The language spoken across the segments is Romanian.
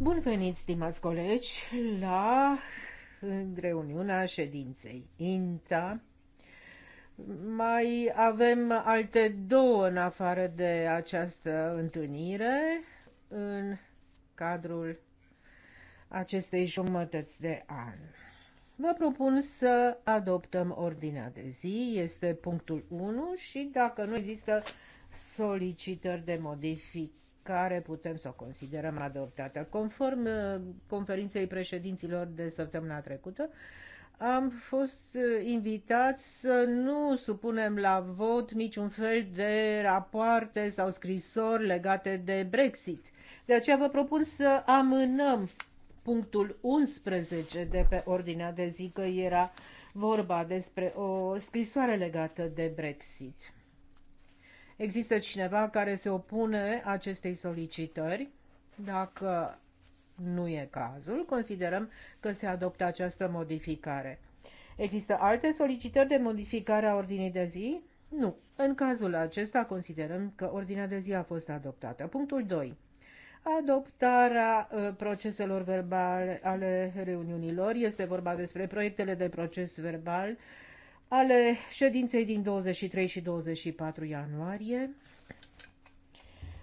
Bun venit, stimați colegi, la reuniunea ședinței INTA. Mai avem alte două în afară de această întâlnire în cadrul acestei jumătăți de an. Vă propun să adoptăm ordinea de zi, este punctul 1 și dacă nu există solicitări de modificare putem să o considerăm adoptată. Conform uh, conferinței președinților de săptămâna trecută, am fost uh, invitați să nu supunem la vot niciun fel de rapoarte sau scrisori legate de Brexit. De aceea vă propun să amânăm punctul 11 de pe ordinea de zi, că era vorba despre o scrisoare legată de Brexit. Există cineva care se opune acestei solicitări? Dacă nu e cazul, considerăm că se adoptă această modificare. Există alte solicitări de modificare a ordinii de zi? Nu. În cazul acesta considerăm că ordinea de zi a fost adoptată. Punctul 2. Adoptarea uh, proceselor verbale ale reuniunilor. Este vorba despre proiectele de proces verbal uh, ale ședinței din 23 și 24 ianuarie.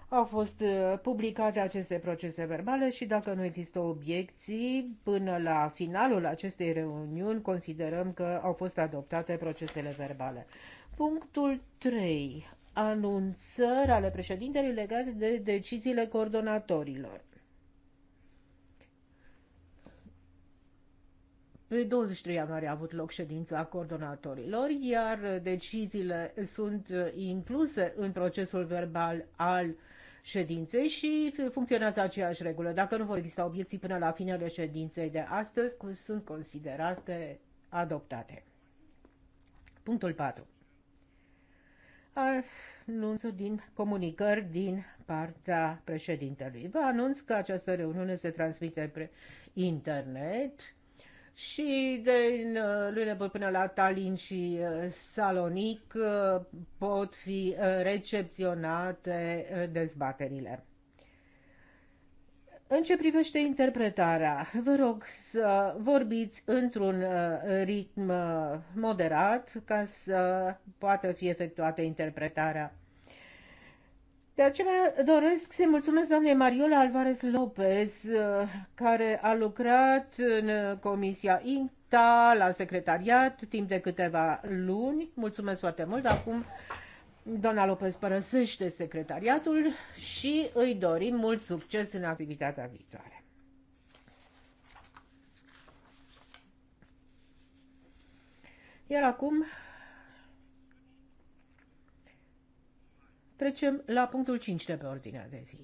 Au fost uh, publicate aceste procese verbale și dacă nu există obiecții, până la finalul acestei reuniuni considerăm că au fost adoptate procesele verbale. Punctul 3. Anunțări ale președintelui legate de deciziile coordonatorilor. Pe 23 ianuarie a avut loc ședința coordonatorilor, iar deciziile sunt incluse în procesul verbal al ședinței și funcționează aceeași regulă. Dacă nu vor exista obiecții până la finele ședinței de astăzi, sunt considerate adoptate. Punctul 4. Anunțul din comunicări din partea președintelui. Vă anunț că această reuniune se transmite pe internet și în uh, Lüneburg până la Tallinn și uh, Salonic uh, pot fi recepționate dezbaterile. În ce privește interpretarea, vă rog să vorbiți într-un ritm moderat ca să poată fi efectuată interpretarea de aceea doresc să mulțumesc doamnei Mariola Alvarez Lopez, uh, care a lucrat în Comisia INTA, la secretariat, timp de câteva luni. Mulțumesc foarte mult. Acum doamna Lopez părăsește secretariatul și îi dorim mult succes în activitatea viitoare. Iar acum Trecem la punctul 5 de pe ordinea de zi.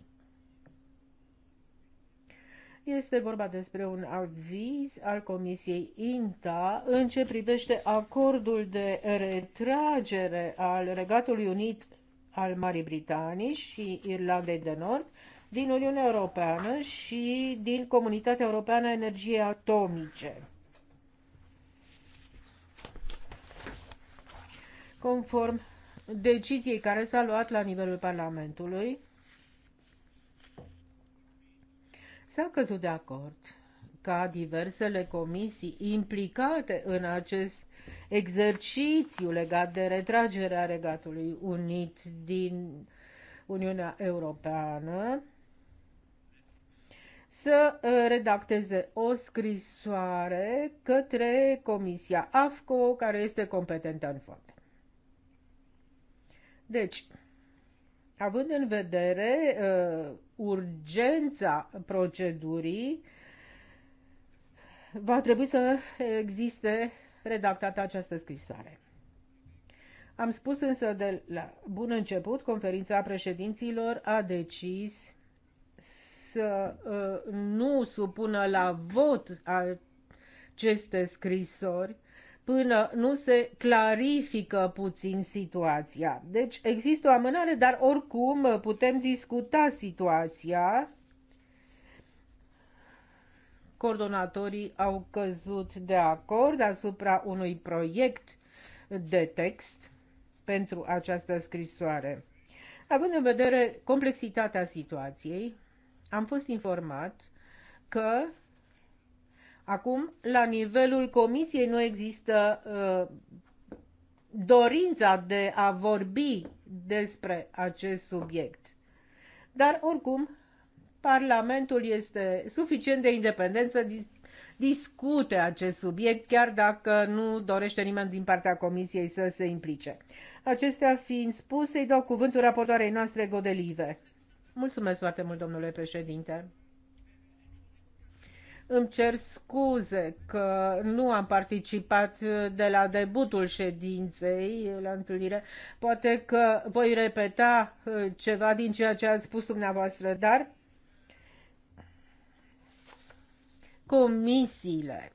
Este vorba despre un aviz al Comisiei INTA în ce privește acordul de retragere al Regatului Unit al Marii Britanii și Irlandei de Nord din Uniunea Europeană și din Comunitatea Europeană a Energiei Atomice. Conform deciziei care s-a luat la nivelul Parlamentului, s-a căzut de acord ca diversele comisii implicate în acest exercițiu legat de retragerea Regatului Unit din Uniunea Europeană să uh, redacteze o scrisoare către Comisia AFCO, care este competentă în fond. Deci, având în vedere uh, urgența procedurii, va trebui să existe redactată această scrisoare. Am spus însă de la bun început, conferința președinților a decis să uh, nu supună la vot aceste scrisori până nu se clarifică puțin situația. Deci există o amânare, dar oricum putem discuta situația. Coordonatorii au căzut de acord asupra unui proiect de text pentru această scrisoare. Având în vedere complexitatea situației, am fost informat că Acum, la nivelul Comisiei nu există uh, dorința de a vorbi despre acest subiect. Dar, oricum, Parlamentul este suficient de independent să dis discute acest subiect, chiar dacă nu dorește nimeni din partea Comisiei să se implice. Acestea fiind spuse, îi dau cuvântul raportoarei noastre Godelive. Mulțumesc foarte mult, domnule președinte. Îmi cer scuze că nu am participat uh, de la debutul ședinței uh, la întâlnire. Poate că voi repeta uh, ceva din ceea ce ați spus dumneavoastră, dar comisiile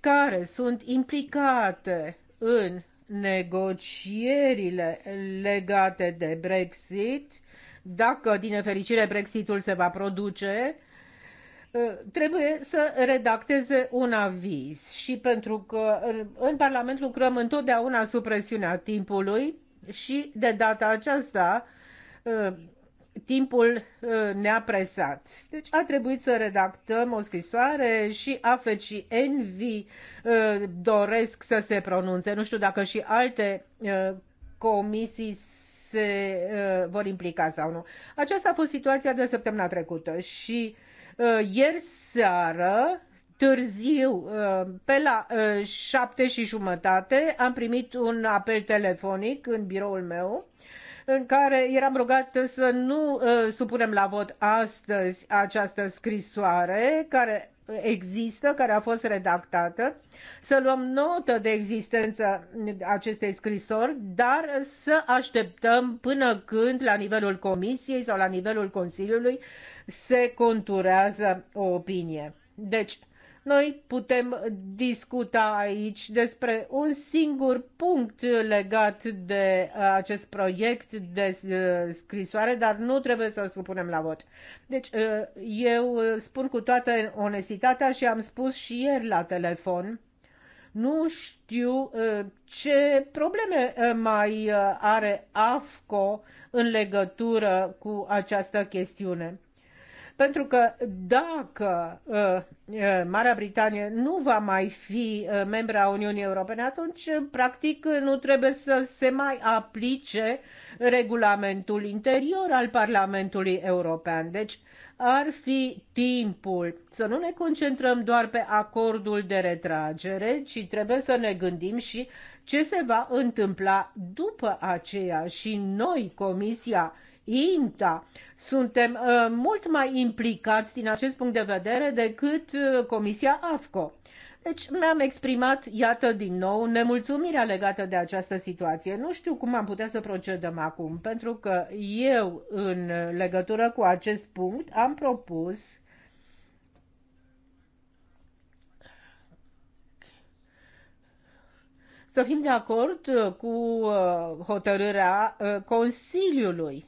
care sunt implicate în negocierile legate de Brexit, dacă din nefericire Brexitul se va produce, Uh, trebuie să redacteze un aviz și pentru că în Parlament lucrăm întotdeauna sub presiunea timpului și de data aceasta uh, timpul uh, ne-a presat. Deci a trebuit să redactăm o scrisoare și AFET și ENVI doresc să se pronunțe. Nu știu dacă și alte comisii se vor implica sau nu. Aceasta a fost situația de săptămâna trecută și uh, Uh, ieri seară, târziu, uh, pe la uh, șapte și jumătate, am primit un apel telefonic în biroul meu în care eram rugat să nu supunem la vot astăzi această scrisoare care există, care a fost redactată, să luăm notă de existență acestei scrisori, dar să așteptăm până când, la nivelul Comisiei sau la nivelul Consiliului, se conturează o opinie. Deci, noi putem discuta aici despre un singur punct legat de uh, acest proiect de uh, scrisoare, dar nu trebuie să o supunem la vot. Deci, uh, eu spun cu toată onestitatea și am spus și ieri la telefon, nu știu ce probleme mai are AFCO în legătură cu această chestiune pentru că dacă uh, uh, Marea Britanie nu va mai fi uh, membra Uniunii Europene, atunci practic nu trebuie să se mai aplice regulamentul interior al Parlamentului European. Deci ar fi timpul să nu ne concentrăm doar pe acordul de retragere, ci trebuie să ne gândim și ce se va întâmpla după aceea și noi, Comisia INTA. Suntem uh, mult mai implicați din acest punct de vedere decât uh, Comisia AFCO. Deci mi-am exprimat, iată, din nou, nemulțumirea legată de această situație. Nu știu cum am putea să procedăm acum, pentru că eu, în legătură cu acest punct, am propus să fim de acord uh, cu hotărârea Consiliului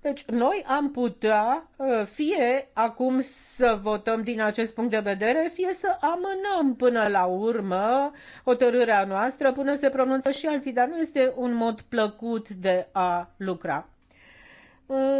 deci noi am putea uh, fie acum să votăm din acest punct de vedere, fie să amânăm până la urmă hotărârea noastră până se pronunță și alții, dar nu este un mod plăcut de a lucra.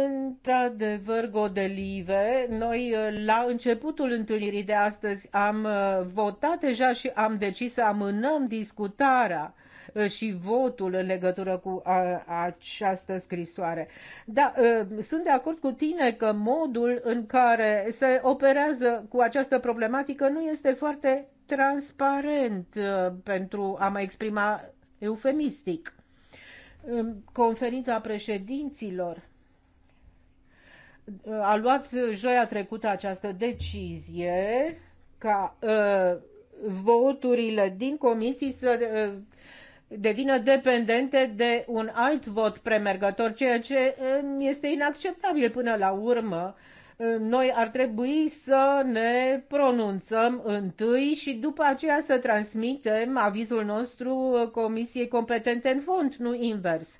Într-adevăr, Godelive, noi uh, la începutul întâlnirii de astăzi am uh, votat deja și am decis să amânăm discutarea Uh, și votul în legătură cu uh, această scrisoare. Da, uh, sunt de acord cu tine că modul în care se operează cu această problematică nu este foarte transparent pentru a mă exprima eufemistic. Conferința președinților a luat joia trecută această decizie ca uh, voturile din comisii să uh, devină dependente de un alt vot premergător, ceea ce um, este inacceptabil până la urmă. Um, noi ar trebui să ne pronunțăm întâi și după aceea să transmitem avizul nostru comisiei competente în fond, nu invers.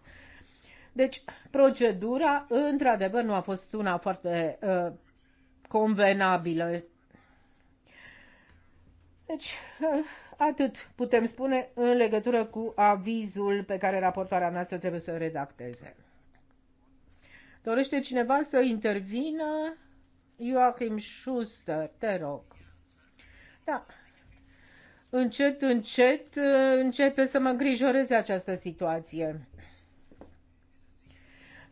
Deci, procedura, într-adevăr, nu a fost una foarte uh, convenabilă. Deci, uh, Atât putem spune în legătură cu avizul pe care raportoarea noastră trebuie să redacteze. Dorește cineva să intervină? Joachim Schuster, te rog. Da. Încet, încet începe să mă îngrijoreze această situație.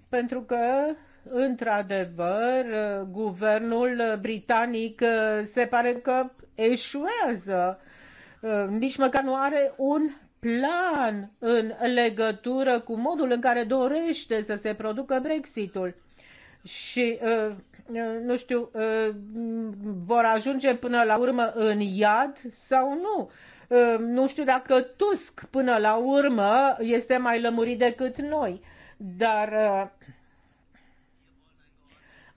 Pentru că într-adevăr, guvernul britanic se pare că eșuează Uh, nici măcar nu are un plan în legătură cu modul în care dorește să se producă Brexitul. Și uh, uh, nu știu, vor ajunge până la urmă în iad sau nu. Nu știu dacă Tusk până la urmă este mai lămurit decât noi, dar uh,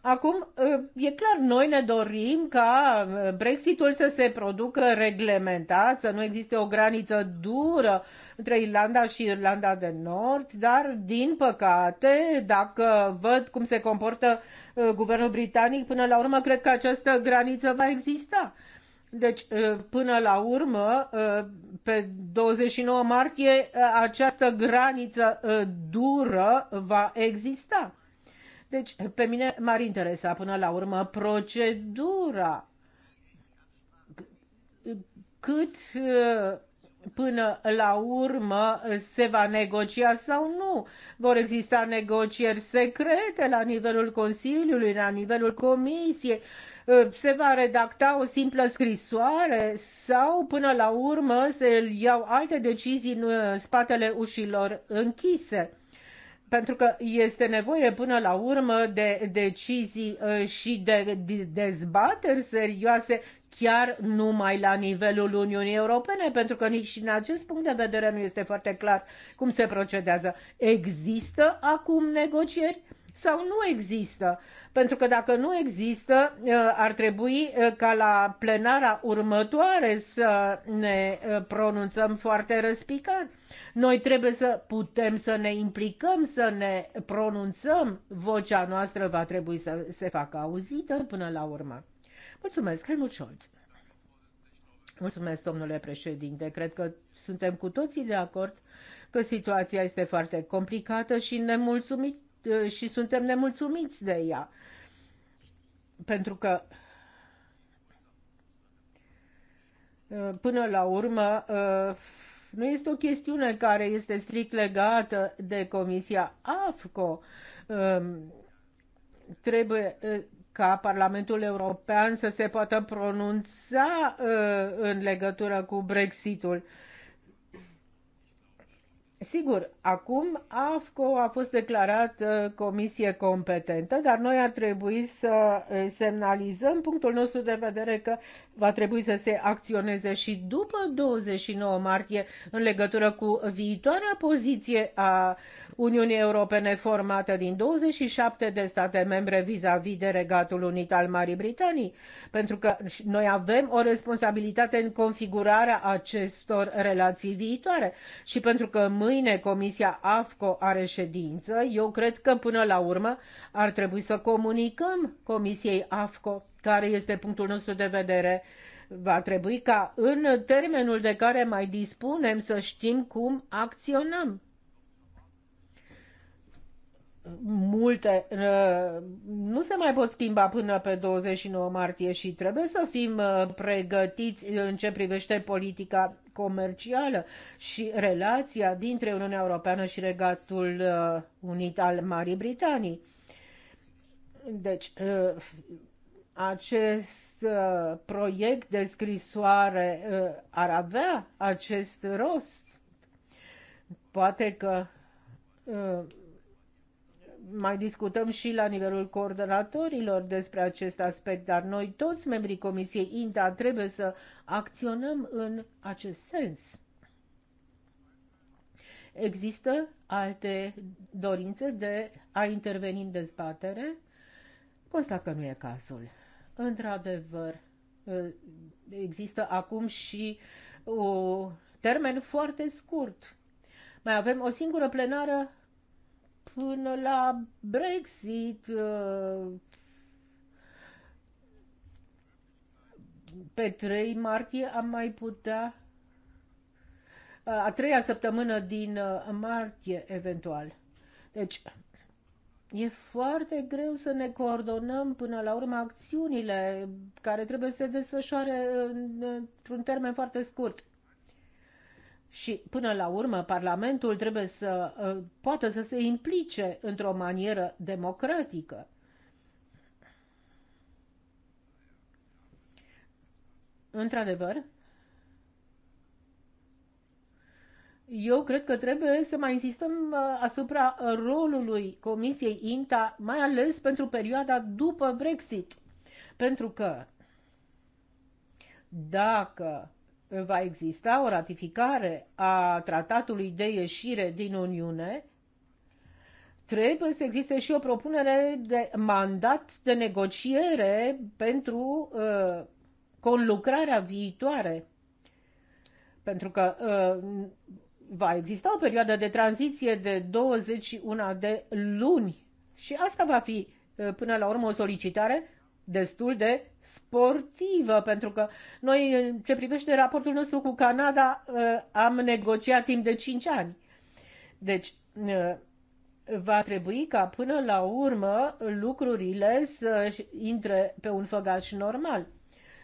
Acum, ă, e clar, noi ne dorim ca ă, Brexitul să se producă reglementat, să nu existe o graniță dură între Irlanda și Irlanda de Nord, dar, din păcate, dacă văd cum se comportă ă, guvernul britanic, până la urmă cred că această graniță va exista. Deci, până la urmă, pe 29 martie, această graniță dură va exista. Deci, pe mine m-ar interesa până la urmă procedura. Cât uh, până la urmă se va negocia sau nu. Vor exista negocieri secrete la nivelul Consiliului, la nivelul Comisiei, uh, se va redacta o simplă scrisoare sau până la urmă se iau alte decizii în uh, spatele ușilor închise pentru că este nevoie până la urmă de decizii uh, și de dezbateri serioase chiar numai la nivelul Uniunii Europene, pentru că nici în acest punct de vedere nu este foarte clar cum se procedează. Există acum negocieri? sau nu există. Pentru că dacă nu există, uh, ar trebui uh, ca la plenara următoare să ne uh, pronunțăm foarte răspicat. Noi trebuie să putem să ne implicăm, să ne pronunțăm. Vocea noastră va trebui să se facă auzită până la urmă. Mulțumesc, Helmut Scholz. Mulțumesc, domnule președinte. Cred că suntem cu toții de acord că situația este foarte complicată și nemulțumită Eh, și suntem nemulțumiți de ea. Pentru că eh, până la urmă eh, nu este o chestiune care este strict legată de Comisia AFCO. Trebuie ca Parlamentul European să se poată pronunța în legătură cu Brexitul. ul Sigur, acum AFCO a fost declarat uh, comisie competentă, dar noi ar trebui să uh, semnalizăm punctul nostru de vedere că va trebui să se acționeze și după 29 martie în legătură cu viitoarea poziție a Uniunii Europene formată din 27 de state membre vis-a-vis -vis de Regatul Unit al Marii Britanii, pentru că noi avem o responsabilitate în configurarea acestor relații viitoare și pentru că mâine Comisia AFCO are ședință, eu cred că până la urmă ar trebui să comunicăm Comisiei AFCO care este punctul nostru de vedere. Va trebui ca în termenul de care mai dispunem să știm cum acționăm. Multe uh, nu se mai pot schimba până pe 29 martie și trebuie să fim uh, pregătiți în ce privește politica comercială și relația dintre Uniunea Europeană și Regatul uh, Unit al Marii Britanii. Deci, acest uh, proiect de scrisoare uh, ar avea acest rost. Poate că uh, mai discutăm și la nivelul coordonatorilor despre acest aspect, dar noi toți membrii Comisiei INTA trebuie să acționăm în acest sens. Există alte dorințe de a interveni în dezbatere? Constat că nu e cazul. Într-adevăr, ă, există acum și un termen foarte scurt. Mai avem o singură plenară până la Brexit. Ă, pe 3 martie am mai putea a treia săptămână din ă, martie, eventual. Deci, E foarte greu să ne coordonăm până la urmă acțiunile care trebuie să se desfășoare într-un termen foarte scurt. Și până la urmă, Parlamentul trebuie să ă, poată să se implice într-o manieră democratică. Într-adevăr, eu cred că trebuie să mai insistăm uh, asupra rolului Comisiei INTA, mai ales pentru perioada după Brexit. Pentru că dacă va exista o ratificare a tratatului de ieșire din Uniune, trebuie să existe și o propunere de mandat de negociere pentru uh, conlucrarea viitoare. Pentru că uh, va exista o perioadă de tranziție de 21 de luni și asta va fi uh, până la urmă o solicitare destul de sportivă, pentru că noi, în ce privește raportul nostru cu Canada, uh, am negociat timp de 5 ani. Deci, uh, va trebui ca până la urmă lucrurile să intre pe un făgaș normal.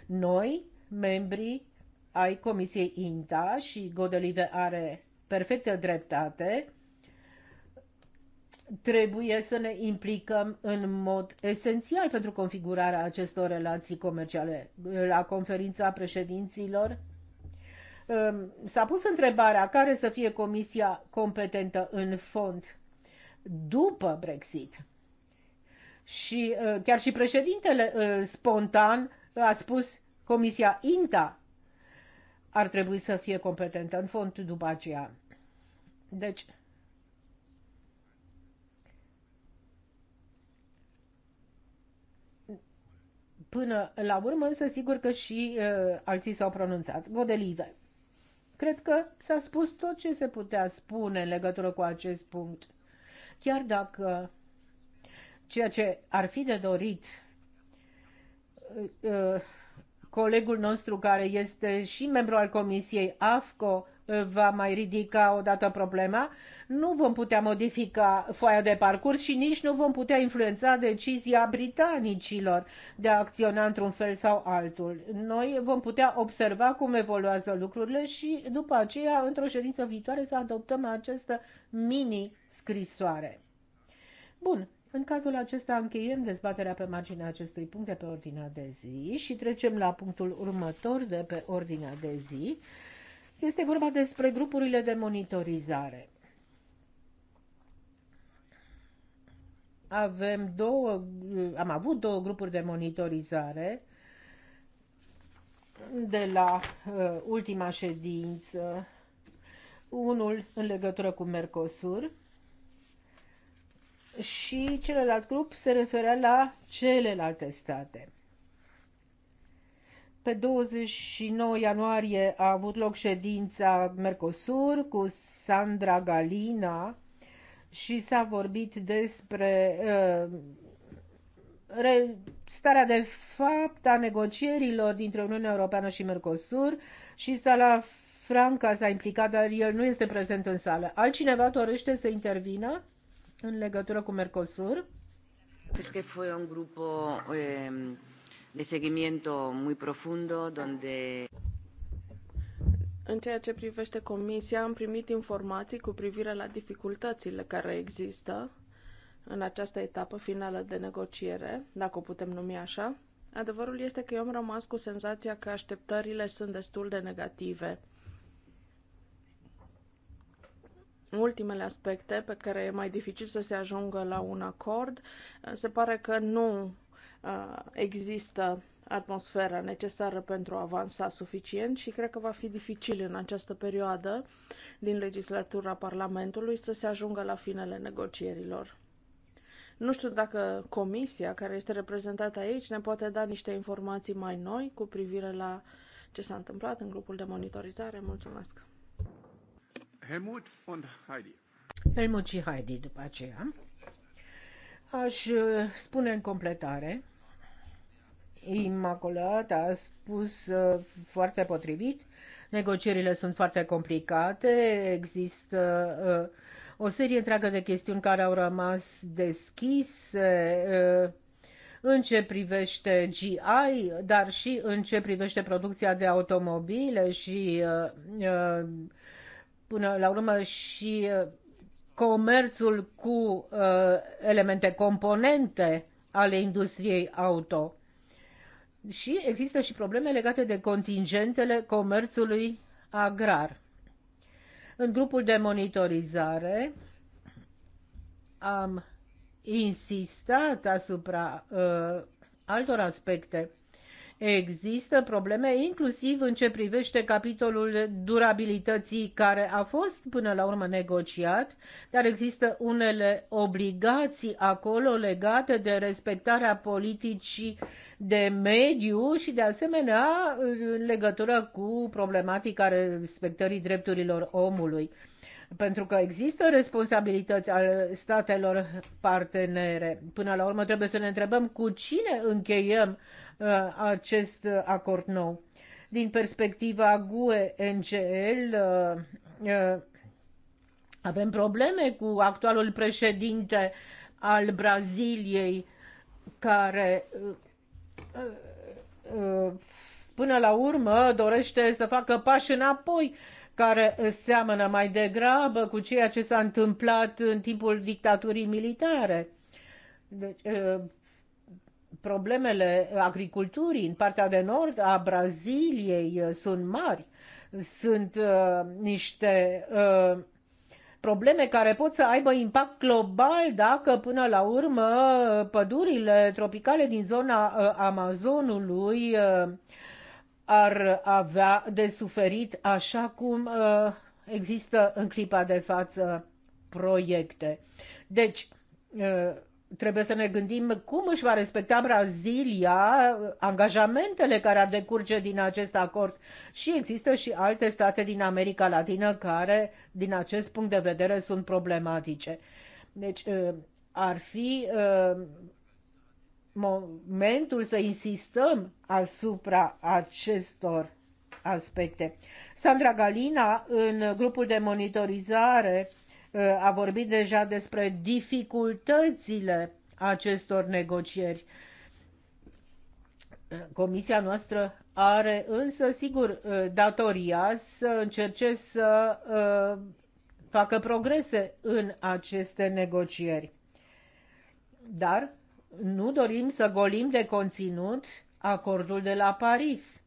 Noi, membrii ai Comisiei INTA și Godelive are perfectă dreptate, trebuie să ne implicăm în mod esențial pentru configurarea acestor relații comerciale. La conferința președinților um, s-a pus întrebarea care să fie comisia competentă în fond după Brexit. Și uh, chiar și președintele uh, spontan a spus Comisia INTA ar trebui să fie competentă în fond după aceea. Deci, până la urmă, însă sigur că și uh, alții s-au pronunțat. Godelive. Cred că s-a spus tot ce se putea spune în legătură cu acest punct. Chiar dacă ceea ce ar fi de dorit uh, uh colegul nostru care este și membru al Comisiei AFCO uh, va mai ridica odată problema, nu vom putea modifica foaia de parcurs și nici nu vom putea influența decizia britanicilor de a acționa într-un fel sau altul. Noi vom putea observa cum evoluează lucrurile și după aceea, într-o ședință viitoare, să adoptăm această mini-scrisoare. Bun, în cazul acesta încheiem dezbaterea pe marginea acestui punct de pe ordinea de zi și trecem la punctul următor de pe ordinea de zi. Este vorba despre grupurile de monitorizare. Avem două, am avut două grupuri de monitorizare de la uh, ultima ședință, unul în legătură cu Mercosur și celălalt grup se referea la celelalte state. Pe 29 ianuarie a avut loc ședința Mercosur cu Sandra Galina și s-a vorbit despre uh, re, starea de fapt a negocierilor dintre Uniunea Europeană și Mercosur și sala Franca s-a implicat, dar el nu este prezent în sală. Altcineva dorește să intervină? în legătură cu Mercosur. Es que fue un grupo eh, de seguimiento muy profundo donde în ceea ce privește comisia, am primit informații cu privire la dificultățile care există în această etapă finală de negociere, dacă o putem numi așa. Adevărul este că eu am rămas cu senzația că așteptările sunt destul de negative ultimele aspecte pe care e mai dificil să se ajungă la un acord. Se pare că nu uh, există atmosfera necesară pentru a avansa suficient și cred că va fi dificil în această perioadă din legislatura Parlamentului să se ajungă la finele negocierilor. Nu știu dacă comisia care este reprezentată aici ne poate da niște informații mai noi cu privire la ce s-a întâmplat în grupul de monitorizare. Mulțumesc! Helmut und Heidi. Helmut și Heidi după aceea. Aș uh, spune în completare, Imaculat a spus uh, foarte potrivit, negocierile sunt foarte complicate, există uh, o serie întreagă de chestiuni care au rămas deschise în ce privește GI, dar și în ce privește producția de automobile și până la urmă și uh, comerțul cu uh, elemente componente ale industriei auto. Și există și probleme legate de contingentele comerțului agrar. În grupul de monitorizare am insistat asupra uh, altor aspecte Există probleme inclusiv în ce privește capitolul durabilității care a fost până la urmă negociat, dar există unele obligații acolo legate de respectarea politicii de mediu și de asemenea în legătură cu problematica respectării drepturilor omului pentru că există responsabilități ale statelor partenere. Până la urmă trebuie să ne întrebăm cu cine încheiem Uh, acest uh, acord nou. Din perspectiva GUE-NGL, uh, avem probleme cu actualul președinte al Braziliei, care până la urmă dorește să facă pași înapoi care seamănă mai degrabă cu ceea ce s-a întâmplat în timpul dictaturii militare. Deci, problemele agriculturii în partea de nord a Braziliei uh, sunt mari. Sunt uh, niște uh, probleme care pot să aibă impact global dacă până la urmă pădurile tropicale din zona uh, Amazonului uh, ar avea de suferit așa cum uh, există în clipa de față proiecte. Deci, uh, trebuie să ne gândim cum își va respecta Brazilia angajamentele care ar decurge din acest acord. Și există și alte state din America Latină care, din acest punct de vedere, sunt problematice. Deci, uh, ar fi uh, momentul să insistăm asupra acestor aspecte. Sandra Galina, în grupul de monitorizare Uh, a vorbit deja despre dificultățile acestor negocieri. Uh, comisia noastră are însă, sigur, uh, datoria să încerce să facă progrese în aceste negocieri. Dar nu dorim să golim de conținut acordul de la Paris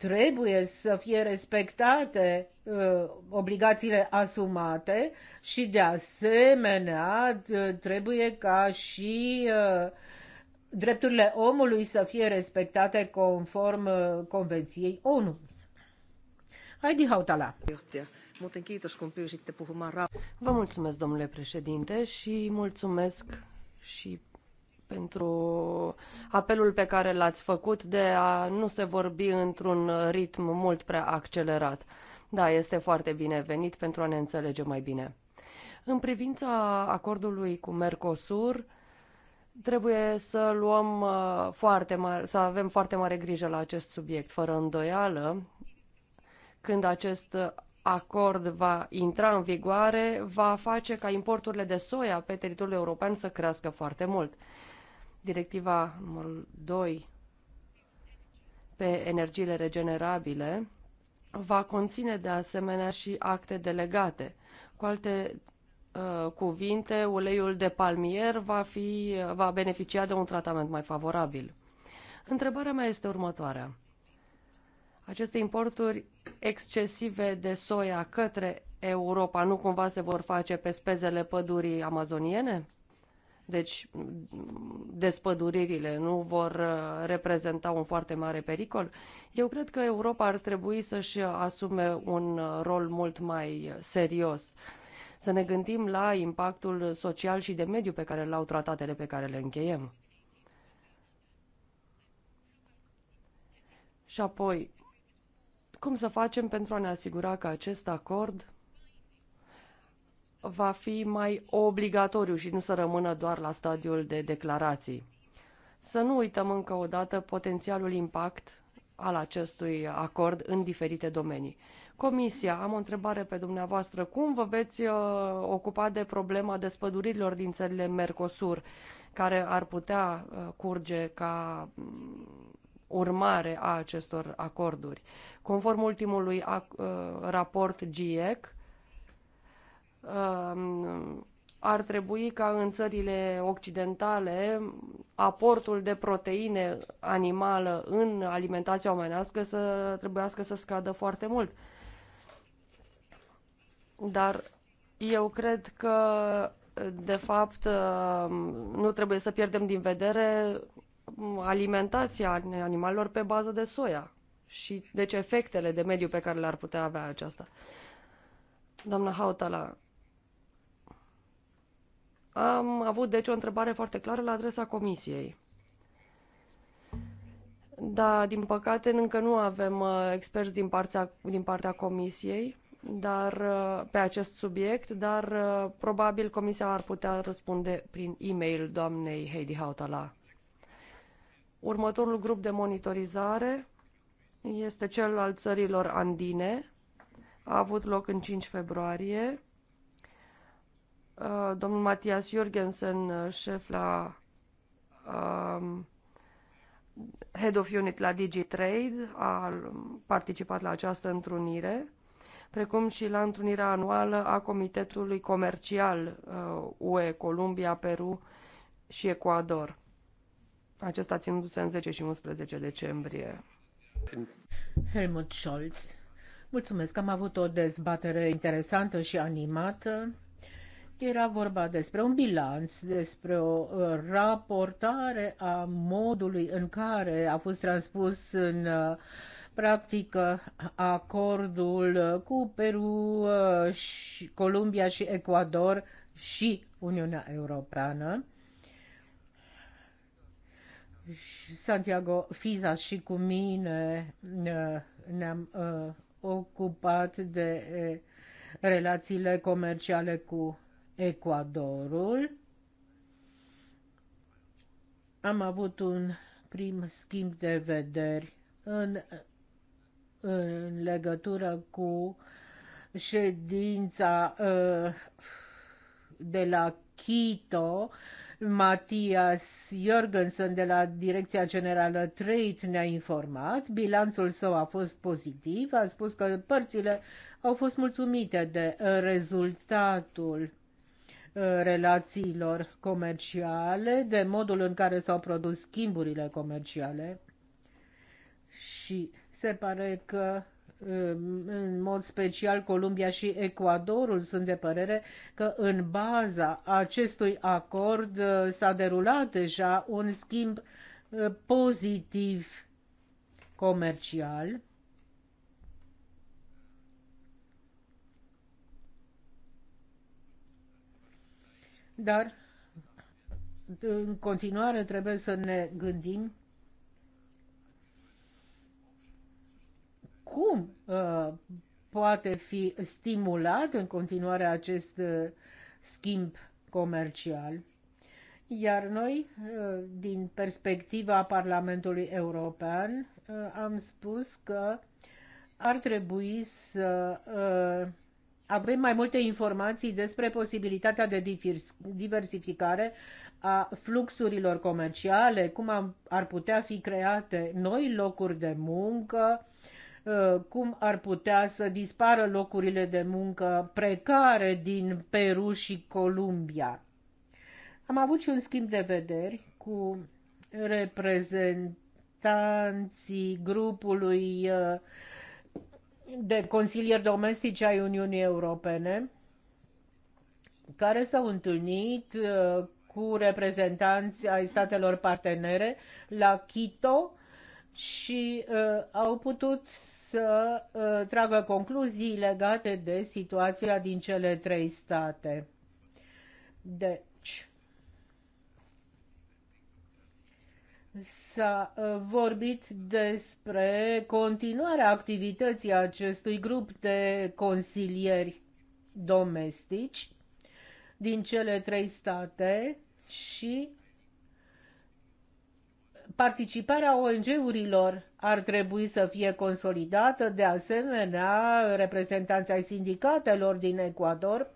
trebuie să fie respectate uh, obligațiile asumate și de asemenea trebuie ca și uh, drepturile omului să fie respectate conform uh, Convenției ONU. Heidi Hautala. Vă mulțumesc, domnule președinte, și mulțumesc și pentru apelul pe care l-ați făcut de a nu se vorbi într-un ritm mult prea accelerat. Da, este foarte binevenit pentru a ne înțelege mai bine. În privința acordului cu Mercosur, trebuie să luăm uh, foarte mar- să avem foarte mare grijă la acest subiect, fără îndoială. Când acest acord va intra în vigoare, va face ca importurile de soia pe teritoriul european să crească foarte mult. Directiva numărul 2 pe energiile regenerabile va conține de asemenea și acte delegate. Cu alte uh, cuvinte, uleiul de palmier va, fi, va beneficia de un tratament mai favorabil. Întrebarea mea este următoarea. Aceste importuri excesive de soia către Europa nu cumva se vor face pe spezele pădurii amazoniene? Deci, despăduririle nu vor uh, reprezenta un foarte mare pericol. Eu cred că Europa ar trebui să-și asume un uh, rol mult mai uh, serios. Să ne gândim la impactul social și de mediu pe care l-au tratatele pe care le încheiem. Și apoi, cum să facem pentru a ne asigura că acest acord va fi mai obligatoriu și nu să rămână doar la stadiul de declarații. Să nu uităm încă o dată potențialul impact al acestui acord în diferite domenii. Comisia, am o întrebare pe dumneavoastră. Cum vă veți uh, ocupa de problema despădurilor din țările Mercosur, care ar putea uh, curge ca mm, urmare a acestor acorduri? Conform ultimului ac, uh, raport GIEC, Um, ar trebui ca în țările occidentale aportul de proteine animală în alimentația omenească să trebuiască să scadă foarte mult. Dar eu cred că, de fapt, um, nu trebuie să pierdem din vedere alimentația animalelor pe bază de soia și, deci, efectele de mediu pe care le-ar putea avea aceasta. Doamna Hautala, am avut deci o întrebare foarte clară la adresa comisiei. Da, din păcate încă nu avem uh, experți din partea, din partea comisiei dar, uh, pe acest subiect, dar uh, probabil comisia ar putea răspunde prin e-mail doamnei Heidi Hautala. Următorul grup de monitorizare este cel al țărilor andine. A avut loc în 5 februarie Uh, domnul Matias Jurgensen, uh, șef la um, Head of Unit la DigiTrade, a participat la această întrunire, precum și la întrunirea anuală a Comitetului Comercial uh, UE, Columbia, Peru și Ecuador. Acesta ținându-se în 10 și 11 decembrie. Helmut Scholz. Mulțumesc, am avut o dezbatere interesantă și animată. Era vorba despre un bilanț, despre o uh, raportare a modului în care a fost transpus în uh, practică acordul uh, cu Peru, și Columbia și Ecuador și Uniunea Europeană. Santiago Fiza și cu mine ne-am ocupat de relațiile comerciale cu Ecuadorul. Am avut un prim schimb de vederi în, în legătură cu ședința uh, de la Quito, Matias Jorgensen de la Direcția Generală Trade ne-a informat. Bilanțul său a fost pozitiv, a spus că părțile au fost mulțumite de uh, rezultatul Uh, relațiilor comerciale, de modul în care s-au produs schimburile comerciale și se pare că um, în mod special Columbia și Ecuadorul sunt de părere că în baza acestui acord uh, s-a derulat deja un schimb uh, pozitiv comercial Dar în continuare trebuie să ne gândim cum uh, poate fi stimulat în continuare acest uh, schimb comercial. Iar noi, uh, din perspectiva Parlamentului European, uh, am spus că ar trebui să uh, avem mai multe informații despre posibilitatea de diversificare a fluxurilor comerciale, cum ar putea fi create noi locuri de muncă, uh, cum ar putea să dispară locurile de muncă precare din Peru și Columbia. Am avut și un schimb de vederi cu reprezentanții grupului uh, de consilieri domestici ai Uniunii Europene care s-au întâlnit uh, cu reprezentanți ai statelor partenere la Quito și uh, au putut să uh, tragă concluzii legate de situația din cele trei state. De S-a uh, vorbit despre continuarea activității acestui grup de consilieri domestici din cele trei state și participarea ONG-urilor ar trebui să fie consolidată, de asemenea reprezentanța ai sindicatelor din Ecuador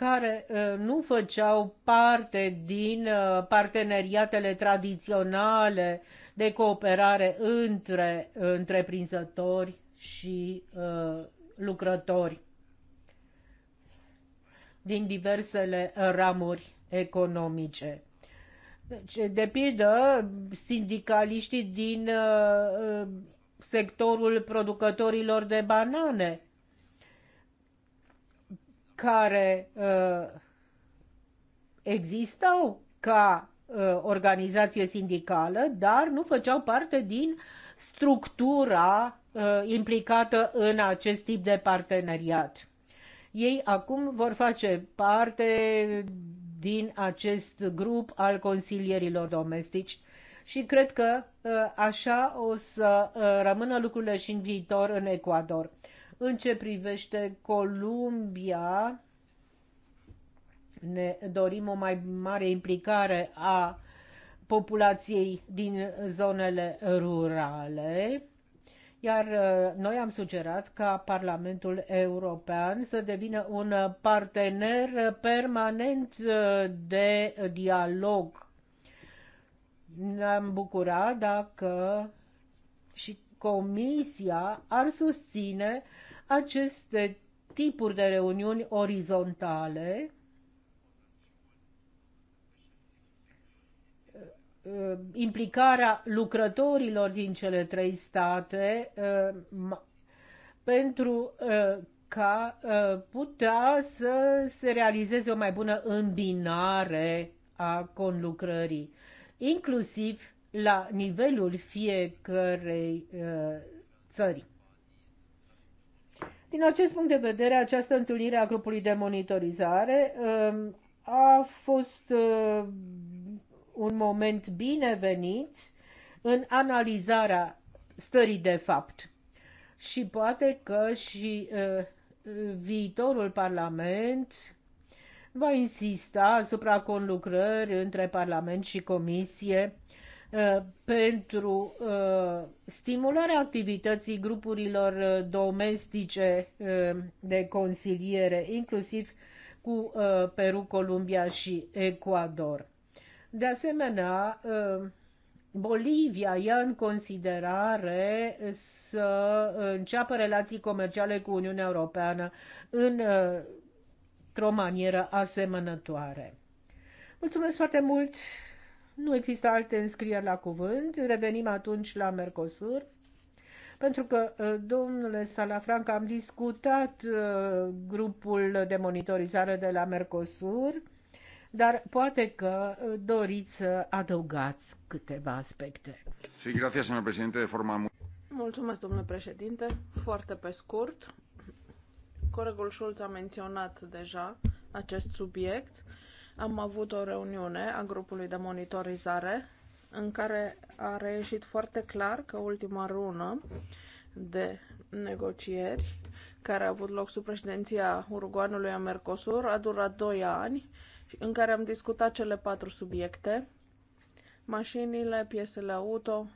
care uh, nu făceau parte din uh, parteneriatele tradiționale de cooperare între întreprinzători și uh, lucrători din diversele ramuri economice. Deci, de pildă, sindicaliștii din sectorul producătorilor de banane care uh, existau ca uh, organizație sindicală, dar nu făceau parte din structura uh, implicată în acest tip de parteneriat. Ei acum vor face parte din acest grup al consilierilor domestici și cred că uh, așa o să uh, rămână lucrurile și în viitor în Ecuador. În ce privește Columbia, ne dorim o mai mare implicare a populației din zonele rurale, iar uh, noi am sugerat ca Parlamentul European să devină un partener permanent uh, de dialog. Ne-am bucurat dacă și Comisia ar susține uh, aceste tipuri de reuniuni orizontale uh, implicarea lucrătorilor din cele trei state uh, pentru uh, ca putea să se realizeze o mai bună îmbinare a conlucrării, inclusiv la nivelul fiecărei țări. Din acest punct de vedere, această întâlnire a grupului de monitorizare um, a fost um, un moment binevenit în analizarea stării de fapt. Și poate că și uh, viitorul Parlament va insista asupra conlucrări între Parlament și Comisie Uh, pentru uh, stimularea activității grupurilor uh, domestice de consiliere, inclusiv cu Peru, Columbia și Ecuador. De asemenea, Bolivia ia în considerare să înceapă relații comerciale cu Uniunea Europeană într-o manieră asemănătoare. Mulțumesc foarte mult nu există alte înscrieri la cuvânt. Revenim atunci la Mercosur. Pentru că, uh, domnule Salafranca, am discutat uh, grupul de monitorizare de la Mercosur, dar poate că uh, doriți să adăugați câteva aspecte. Sí, gracias, señor presidente, de forma... Mulțumesc, domnule președinte. Foarte pe scurt, colegul Schulz a menționat deja acest subiect. Uh, am avut o reuniune a grupului de monitorizare în care a reieșit foarte clar că ultima rună de negocieri care a avut loc sub președinția Uruguanului a Mercosur a durat 2 ani în care am discutat cele patru subiecte mașinile, piesele auto,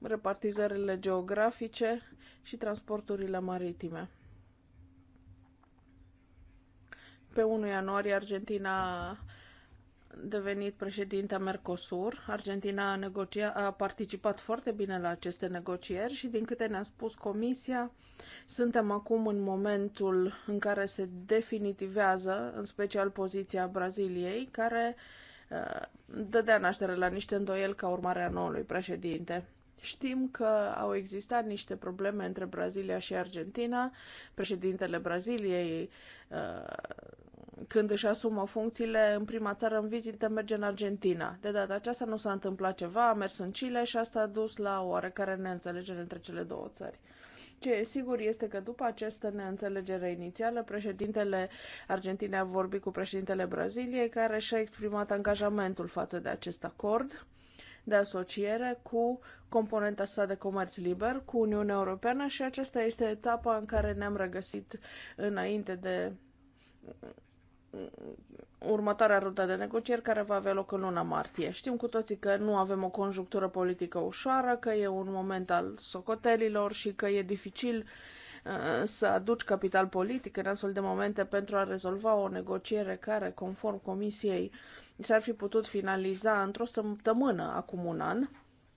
repartizările geografice și transporturile maritime. Pe 1 ianuarie Argentina a devenit președinta Mercosur. Argentina a, negocia, a participat foarte bine la aceste negocieri și din câte ne-a spus Comisia, suntem acum în momentul în care se definitivează, în special poziția Braziliei, care uh, dădea naștere la niște îndoieli ca urmare a noului președinte. Știm că au existat niște probleme între Brazilia și Argentina. Președintele Braziliei, uh, când își asumă funcțiile, în prima țară în vizită merge în Argentina. De data aceasta nu s-a întâmplat ceva, a mers în Chile și asta a dus la o oarecare neînțelegere între cele două țări. Ce e sigur este că după această neînțelegere inițială, președintele Argentinei a vorbit cu președintele Braziliei, care și-a exprimat angajamentul față de acest acord de asociere cu componenta sa de comerț liber, cu Uniunea Europeană și aceasta este etapa în care ne-am regăsit înainte de următoarea rută de negocieri care va avea loc în luna martie. Știm cu toții că nu avem o conjunctură politică ușoară, că e un moment al socotelilor și că e dificil uh, Eh, să aduci capital politic în astfel de momente pentru a rezolva o negociere care, conform Comisiei, s-ar fi putut finaliza într-o săptămână acum un an.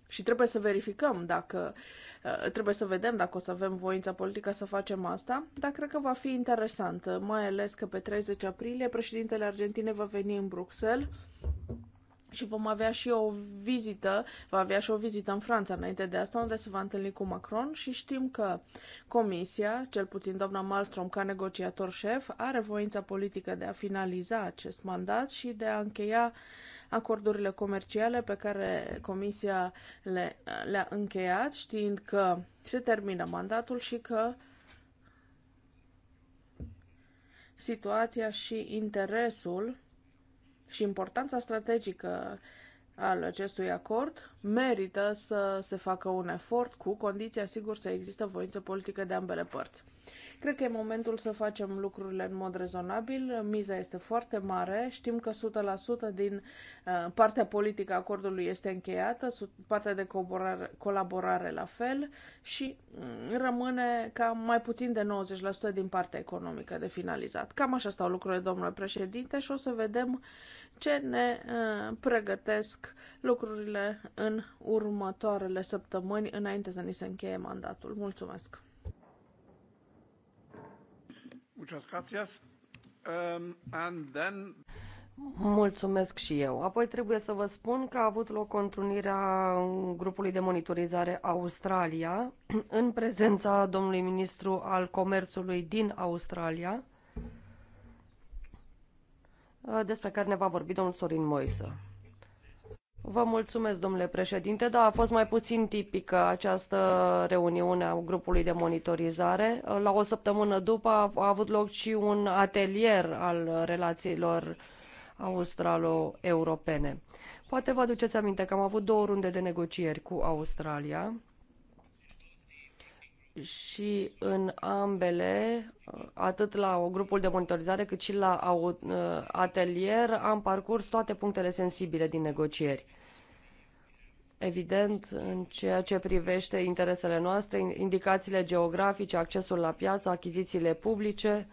Și trebuie să verificăm dacă, eh, trebuie să vedem dacă o să avem voința politică să facem asta, dar cred că va fi interesant, mai ales că pe 30 aprilie președintele Argentinei va veni în Bruxelles și vom avea și o vizită, va avea și o vizită în Franța înainte de asta, unde se va întâlni cu Macron și știm că Comisia, cel puțin doamna Malmström ca negociator șef, are voința politică de a finaliza acest mandat și de a încheia acordurile comerciale pe care Comisia le, le-a încheiat, știind că se termină mandatul și că situația și interesul și importanța strategică al acestui acord merită să se facă un efort cu condiția, sigur, să există voință politică de ambele părți. Cred că e momentul să facem lucrurile în mod rezonabil. Miza este foarte mare. Știm că 100% din uh, partea politică a acordului este încheiată, partea de colaborare la fel și mm, rămâne ca mai puțin de 90% din partea economică de finalizat. Cam așa stau lucrurile, domnule președinte, și o să vedem ce ne uh, pregătesc lucrurile în următoarele săptămâni înainte să ni se încheie mandatul. Mulțumesc! Um, Mulțumesc și eu. Apoi trebuie să vă spun că a avut loc o întrunire a grupului de monitorizare Australia în prezența domnului ministru al comerțului din Australia, uh, despre care ne va vorbi domnul Sorin Moisă. Vă mulțumesc, domnule președinte, da, a fost mai puțin tipică această reuniune a grupului de monitorizare. La o săptămână după a avut loc și un atelier al relațiilor australo-europene. Poate vă aduceți aminte că am avut două runde de negocieri cu Australia și în ambele atât la grupul de monitorizare cât și la uh, atelier, am parcurs toate punctele sensibile din negocieri. Evident, în ceea ce privește interesele noastre, indicațiile geografice, accesul la piață, achizițiile publice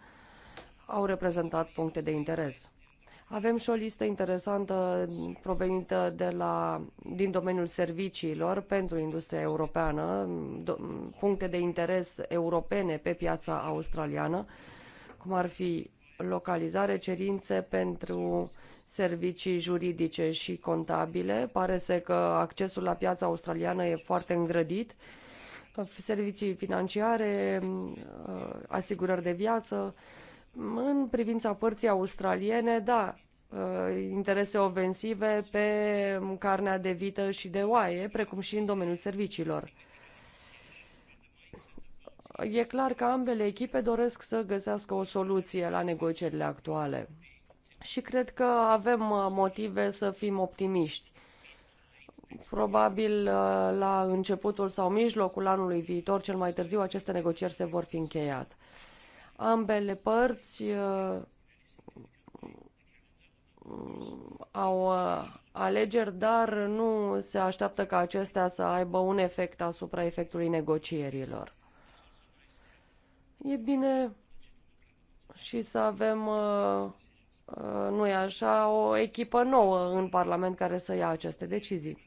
au reprezentat puncte de interes. Avem și o listă interesantă provenită de la, din domeniul serviciilor pentru industria europeană, do, puncte de interes europene pe piața australiană, cum ar fi localizare, cerințe pentru servicii juridice și contabile. Pare să că accesul la piața australiană e foarte îngrădit. Servicii financiare, uh, asigurări de viață, privința părții australiene, da, uh, interese ofensive pe carnea de vită și de oaie, precum și în domeniul serviciilor. E clar că ambele echipe doresc să găsească o soluție la negocierile actuale și cred că avem uh, motive să fim optimiști. Probabil uh, la începutul sau mijlocul anului viitor, cel mai târziu, aceste negocieri se vor fi încheiate. Ambele părți uh, au uh, alegeri, dar nu se așteaptă ca acestea să aibă un efect asupra efectului negocierilor. E bine și să avem, uh, nu e așa, o echipă nouă în Parlament care să ia aceste decizii.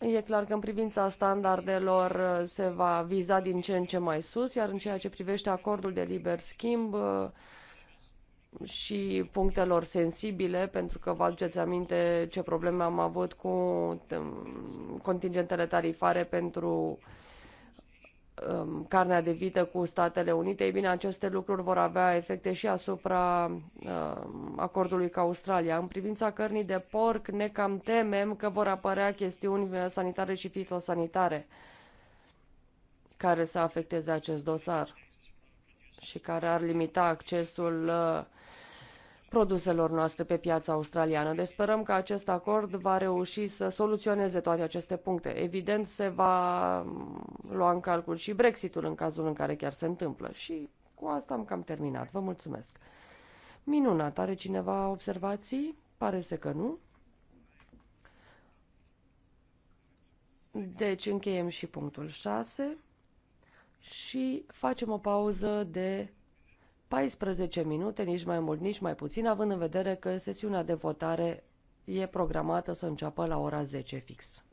E clar că în privința standardelor uh, se va viza din ce în ce mai sus, iar în ceea ce privește acordul de liber schimb uh, și punctelor sensibile, pentru că vă aduceți aminte ce probleme am avut cu um, contingentele tarifare pentru um, carnea de vită cu Statele Unite, ei bine, aceste lucruri vor avea efecte și asupra um, acordului cu Australia. În privința cărnii de porc, ne cam temem că vor apărea chestiuni uh, sanitare și fitosanitare care să afecteze acest dosar și care ar limita accesul uh, produselor noastre pe piața australiană. Deci sperăm că acest acord va reuși să soluționeze toate aceste puncte. Evident, se va mm, lua în calcul și Brexitul în cazul în care chiar se întâmplă. Și cu asta am cam terminat. Vă mulțumesc. Minunat. Are cineva observații? Pare să că nu. Deci încheiem și punctul 6 și facem o pauză de 14 minute, nici mai mult, nici mai puțin, având în vedere că sesiunea de votare e programată să înceapă la ora 10 fix.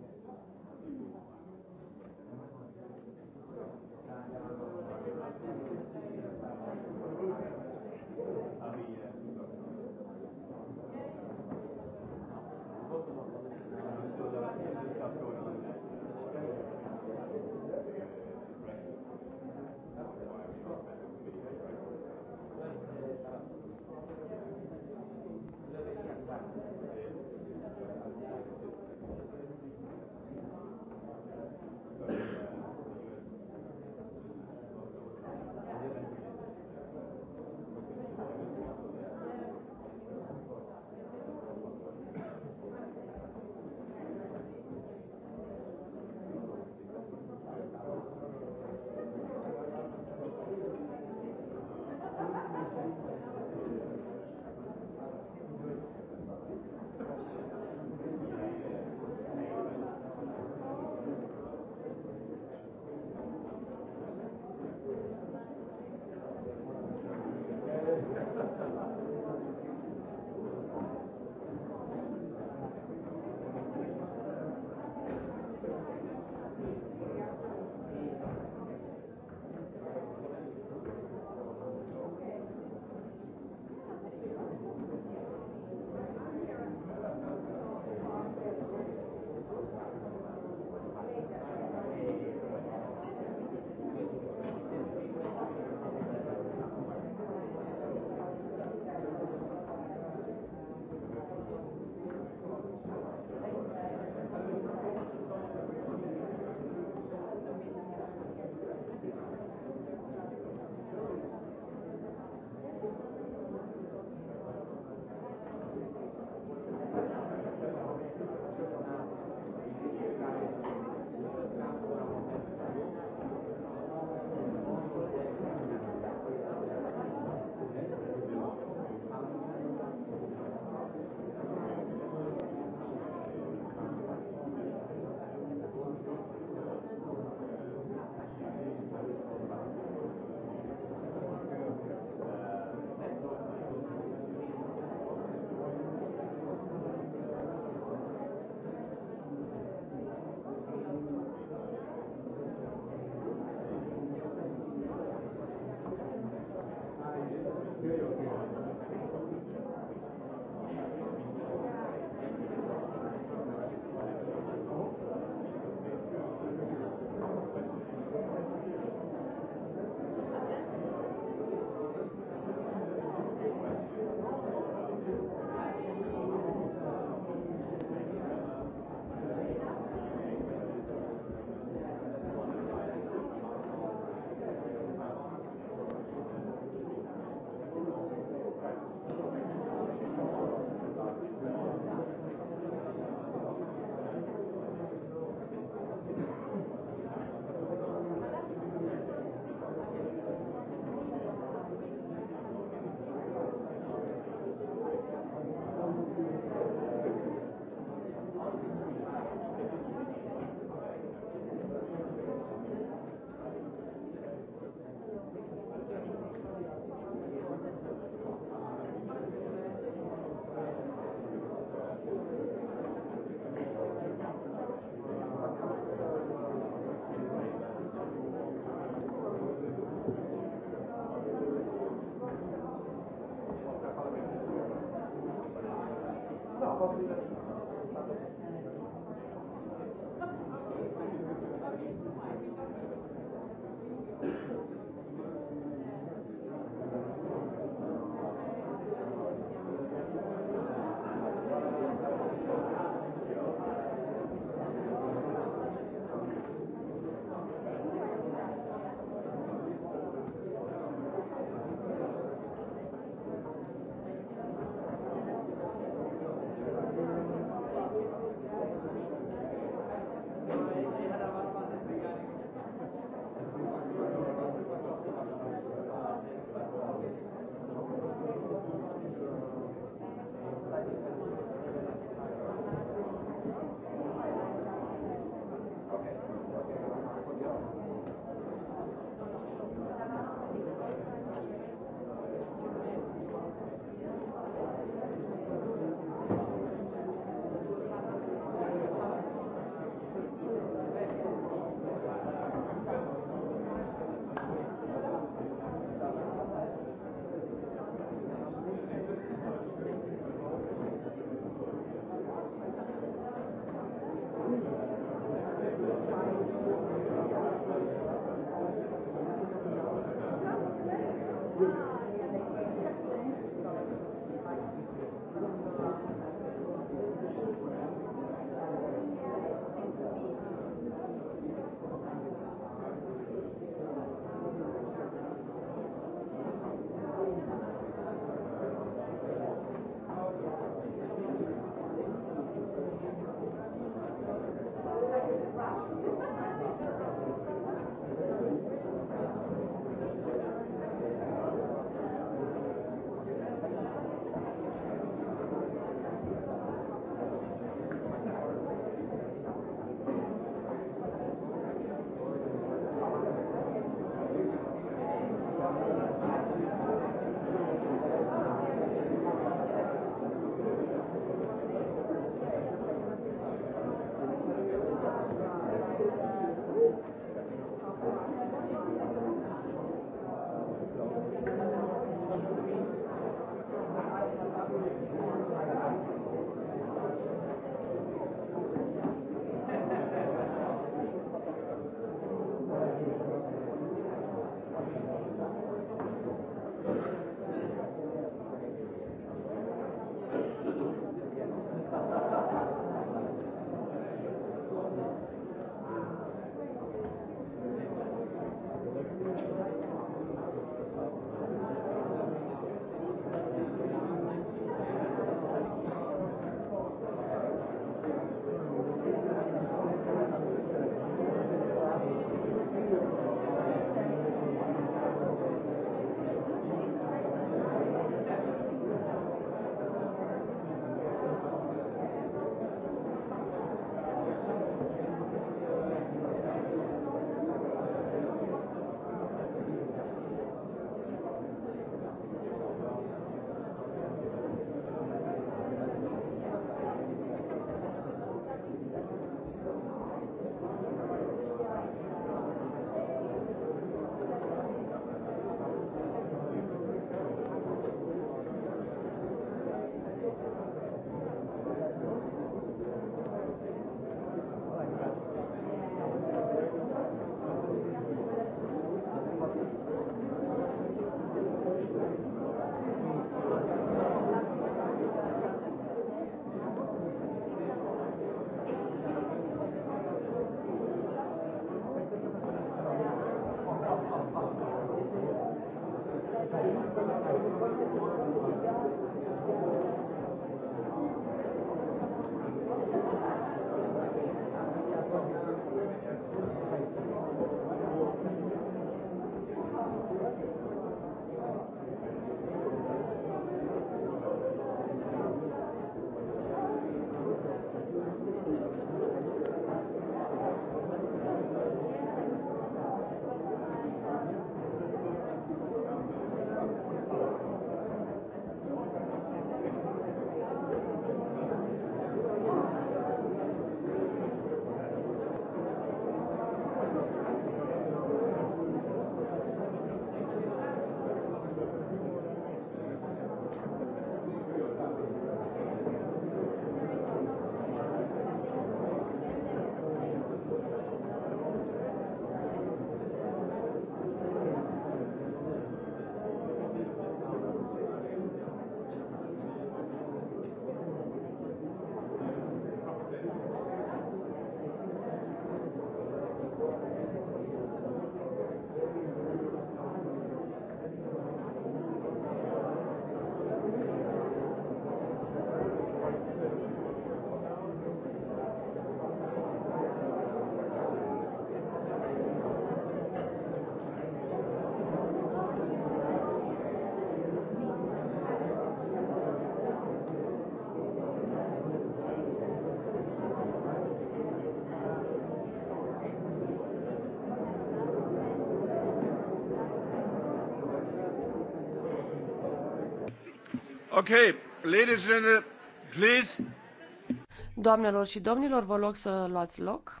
Doamnelor și domnilor, vă rog să luați loc,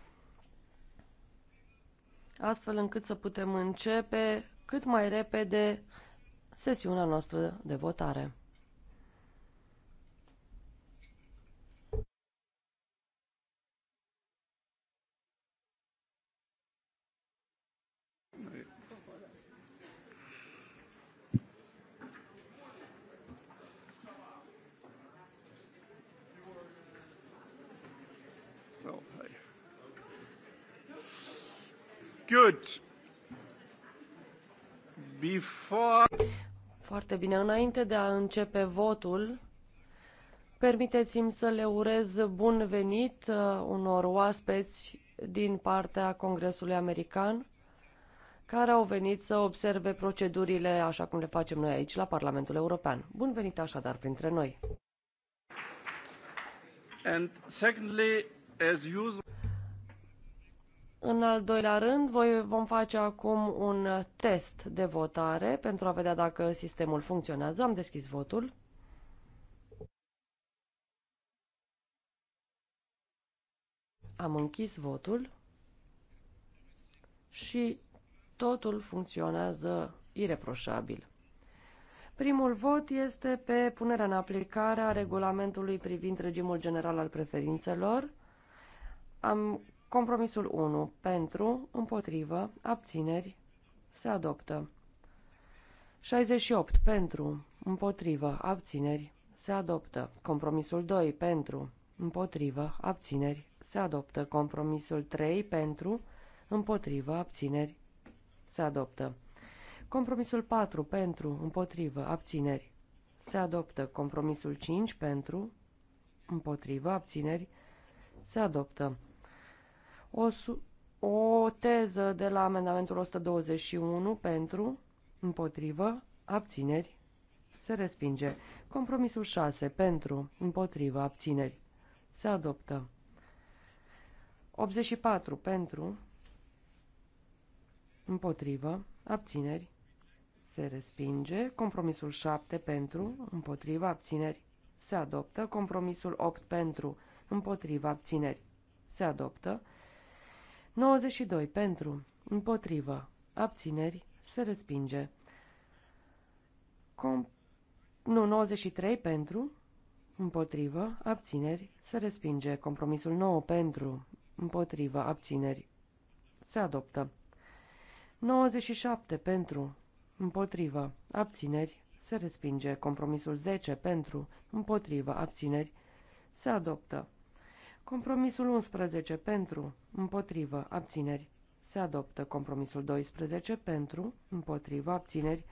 astfel încât să putem începe cât mai repede sesiunea noastră de votare. bine. Înainte de a începe votul, permiteți-mi să le urez bun venit uh, unor oaspeți din partea Congresului American care au venit să observe procedurile așa cum le facem noi aici la Parlamentul European. Bun venit așadar printre noi! And secondly, as usual... În al doilea rând, voi vom face acum un test de votare pentru a vedea dacă sistemul funcționează. Am deschis votul. Am închis votul și totul funcționează ireproșabil. Primul vot este pe punerea în aplicare a regulamentului privind regimul general al preferințelor. Am Compromisul 1. Pentru, împotrivă, abțineri, se adoptă. 68. Pentru, împotrivă, abțineri, se adoptă. Compromisul 2. Pentru, împotrivă, abțineri, se adoptă. Compromisul 3. Pentru, împotrivă, abțineri, se adoptă. Compromisul 4. Pentru, împotrivă, abțineri, se adoptă. Compromisul 5. Pentru, împotrivă, abțineri, se adoptă. O, o teză de la amendamentul 121 pentru, împotrivă, abțineri, se respinge. Compromisul 6 pentru, împotrivă, abțineri, se adoptă. 84 pentru, împotrivă, abțineri, se respinge. Compromisul 7 pentru, împotrivă, abțineri, se adoptă. Compromisul 8 pentru, împotrivă, abțineri, se adoptă. 92 pentru, împotrivă, abțineri, se respinge. Com nu, 93 pentru, împotrivă, abțineri, se respinge. Compromisul 9 pentru, împotrivă, abțineri, se adoptă. 97 pentru, împotrivă, abțineri, se respinge. Compromisul 10 pentru, împotrivă, abțineri, se adoptă. Compromisul 11 pentru, împotrivă, abțineri, se adoptă. Compromisul 12 pentru, împotrivă, abțineri,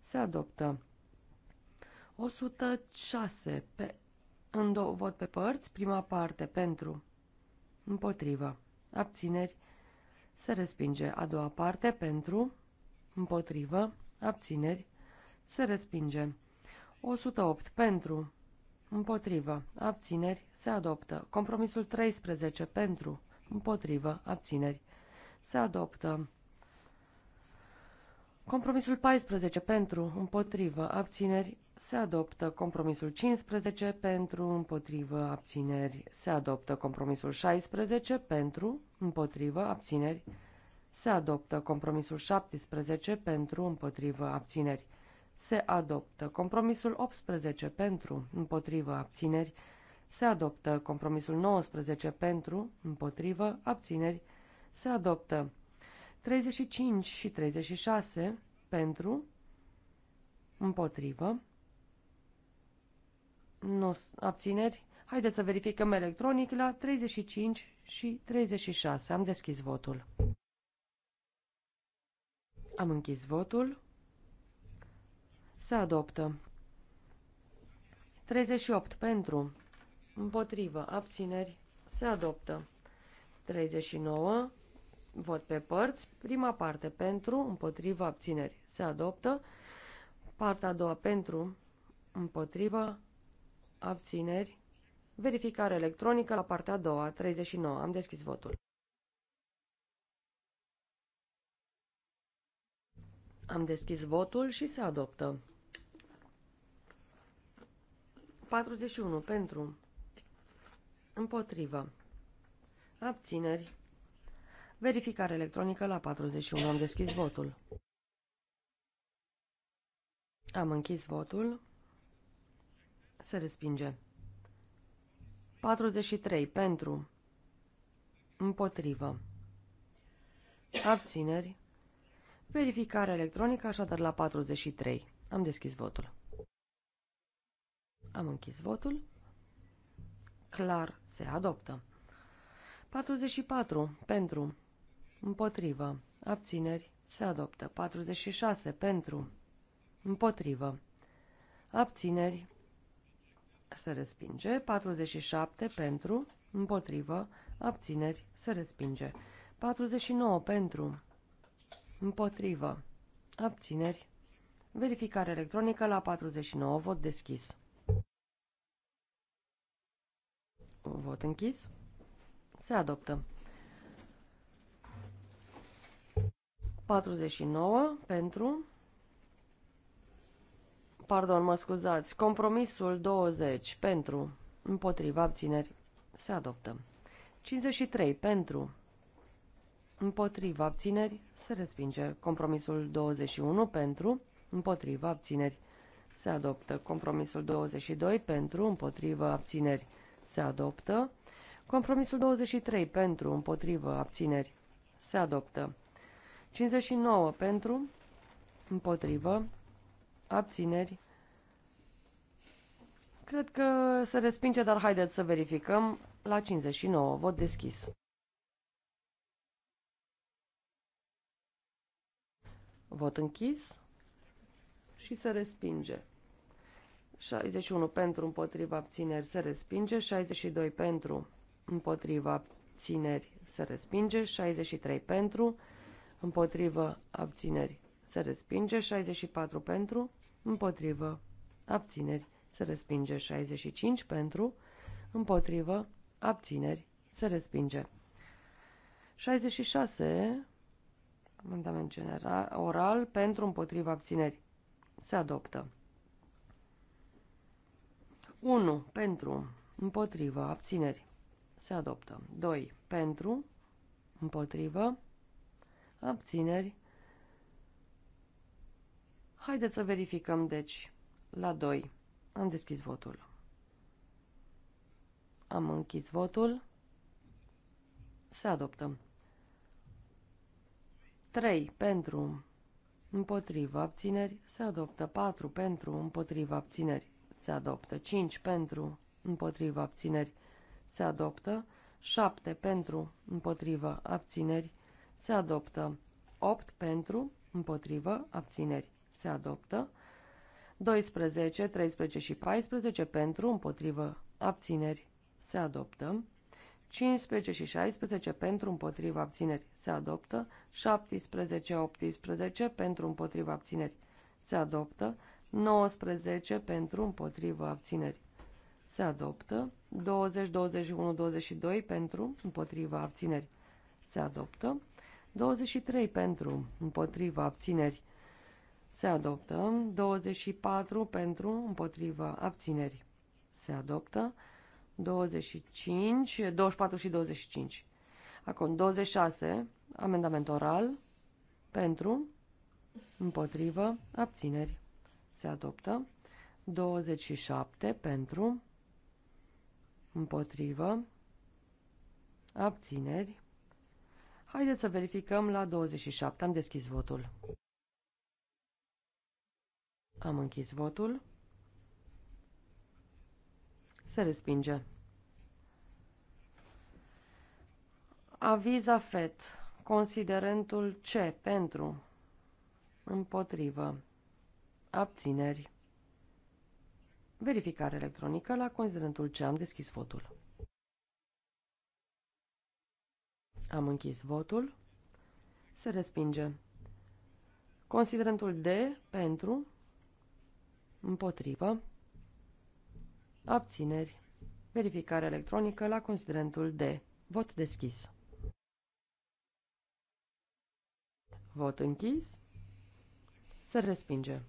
se adoptă. 106 pe, în două vot pe părți, prima parte pentru, împotrivă, abțineri, se respinge. A doua parte pentru, împotrivă, abțineri, se respinge. 108 pentru, Împotrivă. Abțineri. Se adoptă. Compromisul 13. Pentru. Împotrivă. Abțineri. Se adoptă. Compromisul 14. Pentru. Împotrivă. Abțineri. Se adoptă. Compromisul 15. Pentru. Împotrivă. Abțineri. Se adoptă. Compromisul 16. Pentru. Împotrivă. Abțineri. Se adoptă. Compromisul 17. Pentru. Împotrivă. Abțineri se adoptă. Compromisul 18 pentru, împotrivă, abțineri, se adoptă. Compromisul 19 pentru, împotrivă, abțineri, se adoptă. 35 și 36 pentru, împotrivă, nu, abțineri. Haideți să verificăm electronic la 35 și 36. Am deschis votul. Am închis votul. Se adoptă. 38. Pentru. Împotrivă. Abțineri. Se adoptă. 39. Vot pe părți. Prima parte. Pentru. Împotrivă. Abțineri. Se adoptă. Partea a doua. Pentru. Împotrivă. Abțineri. Verificare electronică la partea a doua. 39. Am deschis votul. Am deschis votul și se adoptă. 41 pentru, împotrivă, abțineri, verificare electronică la 41, am deschis votul. Am închis votul, se respinge. 43 pentru, împotrivă, abțineri, verificare electronică așadar la 43, am deschis votul. Am închis votul. Clar se adoptă. 44. Pentru. Împotrivă. Abțineri. Se adoptă. 46. Pentru. Împotrivă. Abțineri. Se respinge. 47. Pentru. Împotrivă. Abțineri. Se respinge. 49. Pentru. Împotrivă. Abțineri. Verificare electronică la 49. Vot deschis. Vot închis. Se adoptă. 49 pentru. Pardon, mă scuzați. Compromisul 20 pentru. Împotriva abțineri. Se adoptă. 53 pentru. Împotriva abțineri. Se respinge. Compromisul 21 pentru. Împotriva abțineri. Se adoptă. Compromisul 22 pentru. Împotriva abțineri se adoptă. Compromisul 23 pentru, împotrivă, abțineri, se adoptă. 59 pentru, împotrivă, abțineri. Cred că se respinge, dar haideți să verificăm la 59, vot deschis. Vot închis și se respinge. 61 pentru, împotriva abțineri se respinge, 62 pentru, împotriva abțineri se respinge, 63 pentru, împotriva abțineri se respinge, 64 pentru, împotriva abțineri se respinge, 65 pentru, împotriva abțineri se respinge. 66 amendament general, oral pentru împotriva abțineri se adoptă. 1. Pentru, împotrivă, abțineri, se adoptă. 2. Pentru, împotrivă, abțineri. Haideți să verificăm, deci, la 2. Am deschis votul. Am închis votul. Se adoptă. 3. Pentru, împotrivă, abțineri, se adoptă. 4. Pentru, împotrivă, abțineri, se adoptă. 5 pentru, împotrivă, abțineri, se adoptă. 7 pentru, împotrivă, abțineri, se adoptă. 8 pentru, împotrivă, abțineri, se adoptă. 12, 13 și 14 pentru, împotrivă, abțineri, se adoptă. 15 și 16 pentru împotriva abțineri se adoptă, 17-18 pentru împotriva abțineri se adoptă, 19 pentru, împotrivă, abțineri se adoptă. 20, 21, 22 pentru, împotrivă, abțineri se adoptă. 23 pentru, împotrivă, abțineri se adoptă. 24 pentru, împotrivă, abțineri se adoptă. 25, 24 și 25. Acum, 26, amendament oral, pentru, împotrivă, abțineri se adoptă. 27 pentru, împotrivă, abțineri. Haideți să verificăm la 27. Am deschis votul. Am închis votul. Se respinge. Aviza FET, considerentul C pentru, împotrivă, Abțineri. Verificare electronică la considerentul ce am deschis votul. Am închis votul. Se respinge. Considerentul D pentru, împotrivă, abțineri, verificare electronică la considerentul D, vot deschis. Vot închis, se respinge.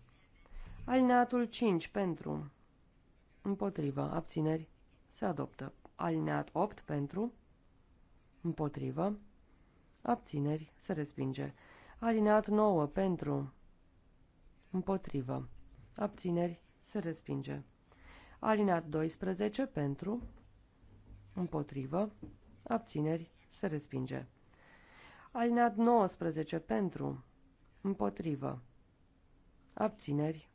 Alineatul 5 pentru, împotrivă, abțineri, se adoptă. Alineat 8 pentru, împotrivă, abțineri, se respinge. Alineat 9 pentru, împotrivă, abțineri, se respinge. Alineat 12 pentru, împotrivă, abțineri, se respinge. Alineat 19 pentru, împotrivă, abțineri,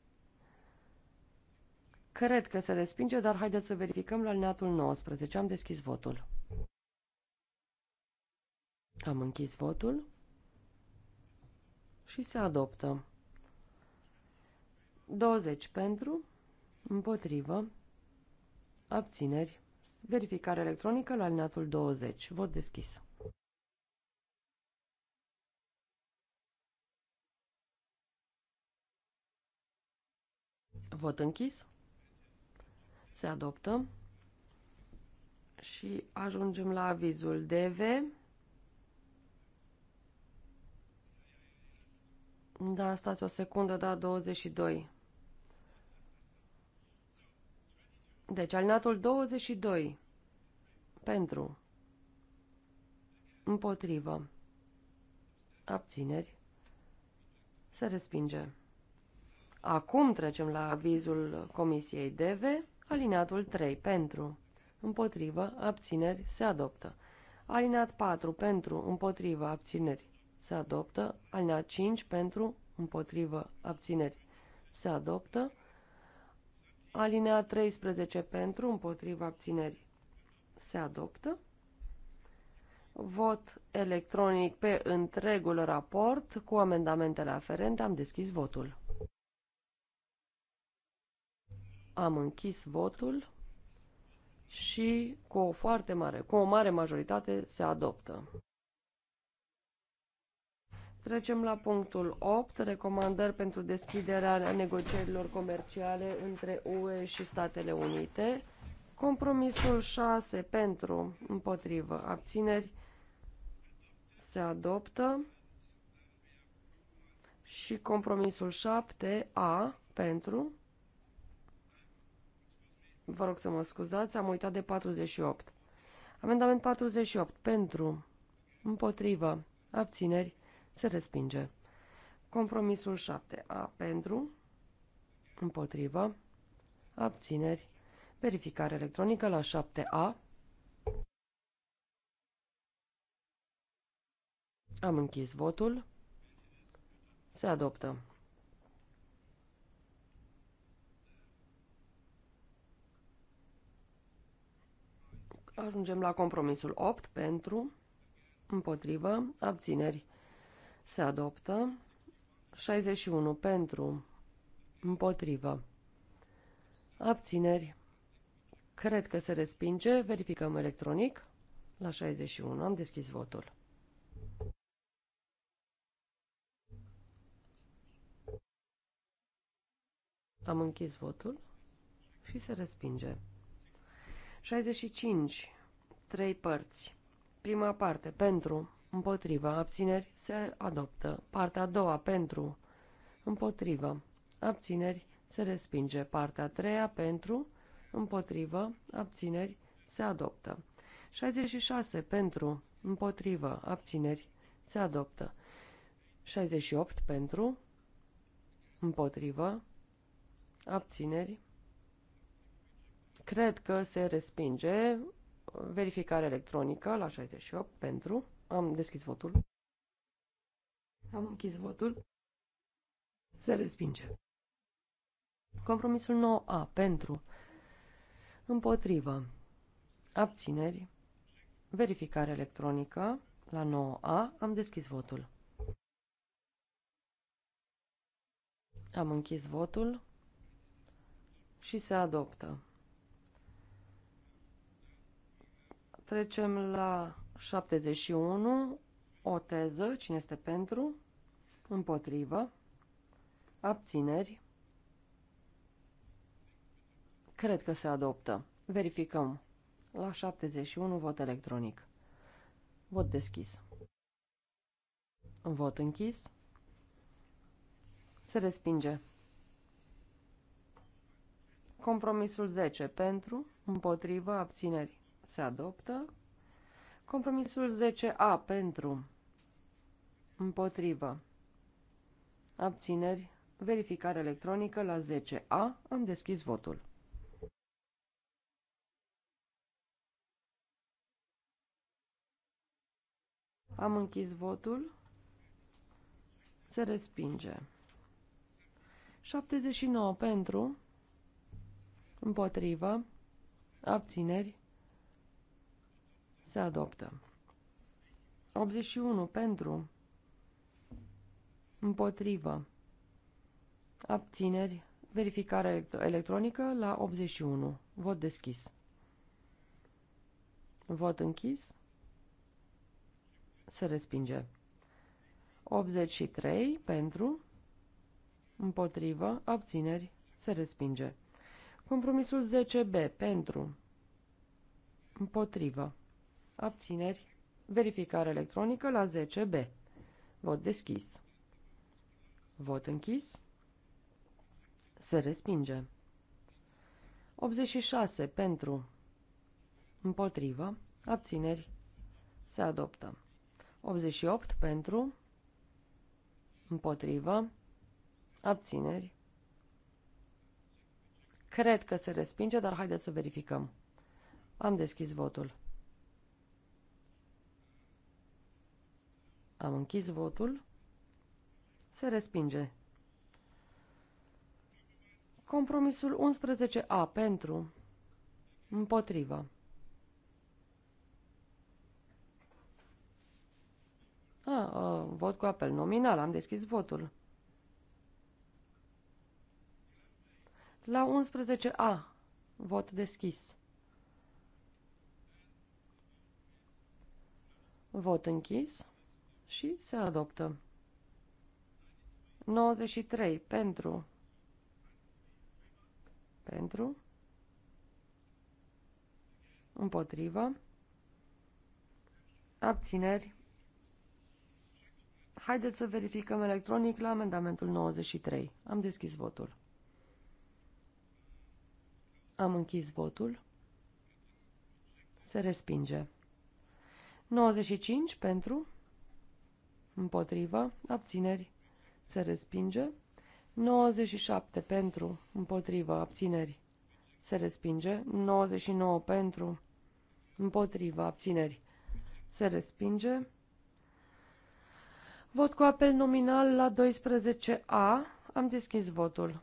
Cred că se respinge, dar haideți să verificăm la alineatul 19. Am deschis votul. Am închis votul și se adoptă. 20 pentru, împotrivă, abțineri, verificare electronică la alineatul 20, vot deschis. Vot închis. Se adoptă. Și ajungem la avizul DV. Da, stați o secundă, da, 22. Deci, alinatul 22. Pentru. Împotrivă. Abțineri. Se respinge. Acum trecem la avizul Comisiei DV. Alineatul 3 pentru, împotrivă, abțineri, se adoptă. Alineat 4 pentru, împotrivă, abțineri, se adoptă. Alineat 5 pentru, împotrivă, abțineri, se adoptă. Alineat 13 pentru, împotrivă, abțineri, se adoptă. Vot electronic pe întregul raport cu amendamentele aferente. Am deschis votul. Am închis votul și cu o foarte mare, cu o mare majoritate se adoptă. Trecem la punctul 8, recomandări pentru deschiderea negocierilor comerciale între UE și Statele Unite. Compromisul 6 pentru, împotrivă, abțineri se adoptă și compromisul 7 A pentru, Vă rog să mă scuzați, am uitat de 48. Amendament 48. Pentru. Împotrivă. Abțineri. Se respinge. Compromisul 7. A. Pentru. Împotrivă. Abțineri. Verificare electronică la 7A. Am închis votul. Se adoptă. Ajungem la compromisul 8 pentru, împotrivă, abțineri. Se adoptă. 61 pentru, împotrivă, abțineri. Cred că se respinge. Verificăm electronic. La 61 am deschis votul. Am închis votul și se respinge. 65. Trei părți. Prima parte. Pentru. Împotriva. Abțineri. Se adoptă. Partea a doua. Pentru. Împotriva. Abțineri. Se respinge. Partea a treia. Pentru. Împotrivă. Abțineri. Se adoptă. 66. Pentru. Împotrivă. Abțineri. Se adoptă. 68. Pentru. Împotrivă. Abțineri. Cred că se respinge. Verificare electronică la 68 pentru. Am deschis votul. Am închis votul. Se respinge. Compromisul 9A pentru. Împotrivă. Abțineri. Verificare electronică. La 9A am deschis votul. Am închis votul și se adoptă. Trecem la 71, o teză, cine este pentru, împotrivă, abțineri, cred că se adoptă. Verificăm. La 71, vot electronic. Vot deschis. Vot închis. Se respinge. Compromisul 10. Pentru, împotrivă, abțineri se adoptă. Compromisul 10A pentru, împotrivă, abțineri, verificare electronică la 10A, am deschis votul. Am închis votul. Se respinge. 79 pentru, împotrivă, abțineri, se adoptă. 81. Pentru. Împotrivă. Abțineri. Verificare electronică la 81. Vot deschis. Vot închis. Se respinge. 83 pentru, împotrivă, abțineri, se respinge. Compromisul 10B pentru, împotrivă, abțineri, verificare electronică la 10B. Vot deschis. Vot închis. Se respinge. 86 pentru, împotrivă, abțineri, se adoptă. 88 pentru, împotrivă, abțineri. Cred că se respinge, dar haideți să verificăm. Am deschis votul. Am închis votul. Se respinge. Compromisul 11A pentru. Împotrivă. A, a, vot cu apel nominal. Am deschis votul. La 11A. Vot deschis. Vot închis și se adoptă. 93 pentru pentru împotrivă abțineri Haideți să verificăm electronic la amendamentul 93. Am deschis votul. Am închis votul. Se respinge. 95 pentru împotrivă, abțineri, se respinge. 97 pentru, împotrivă, abțineri, se respinge. 99 pentru, împotrivă, abțineri, se respinge. Vot cu apel nominal la 12A. Am deschis votul.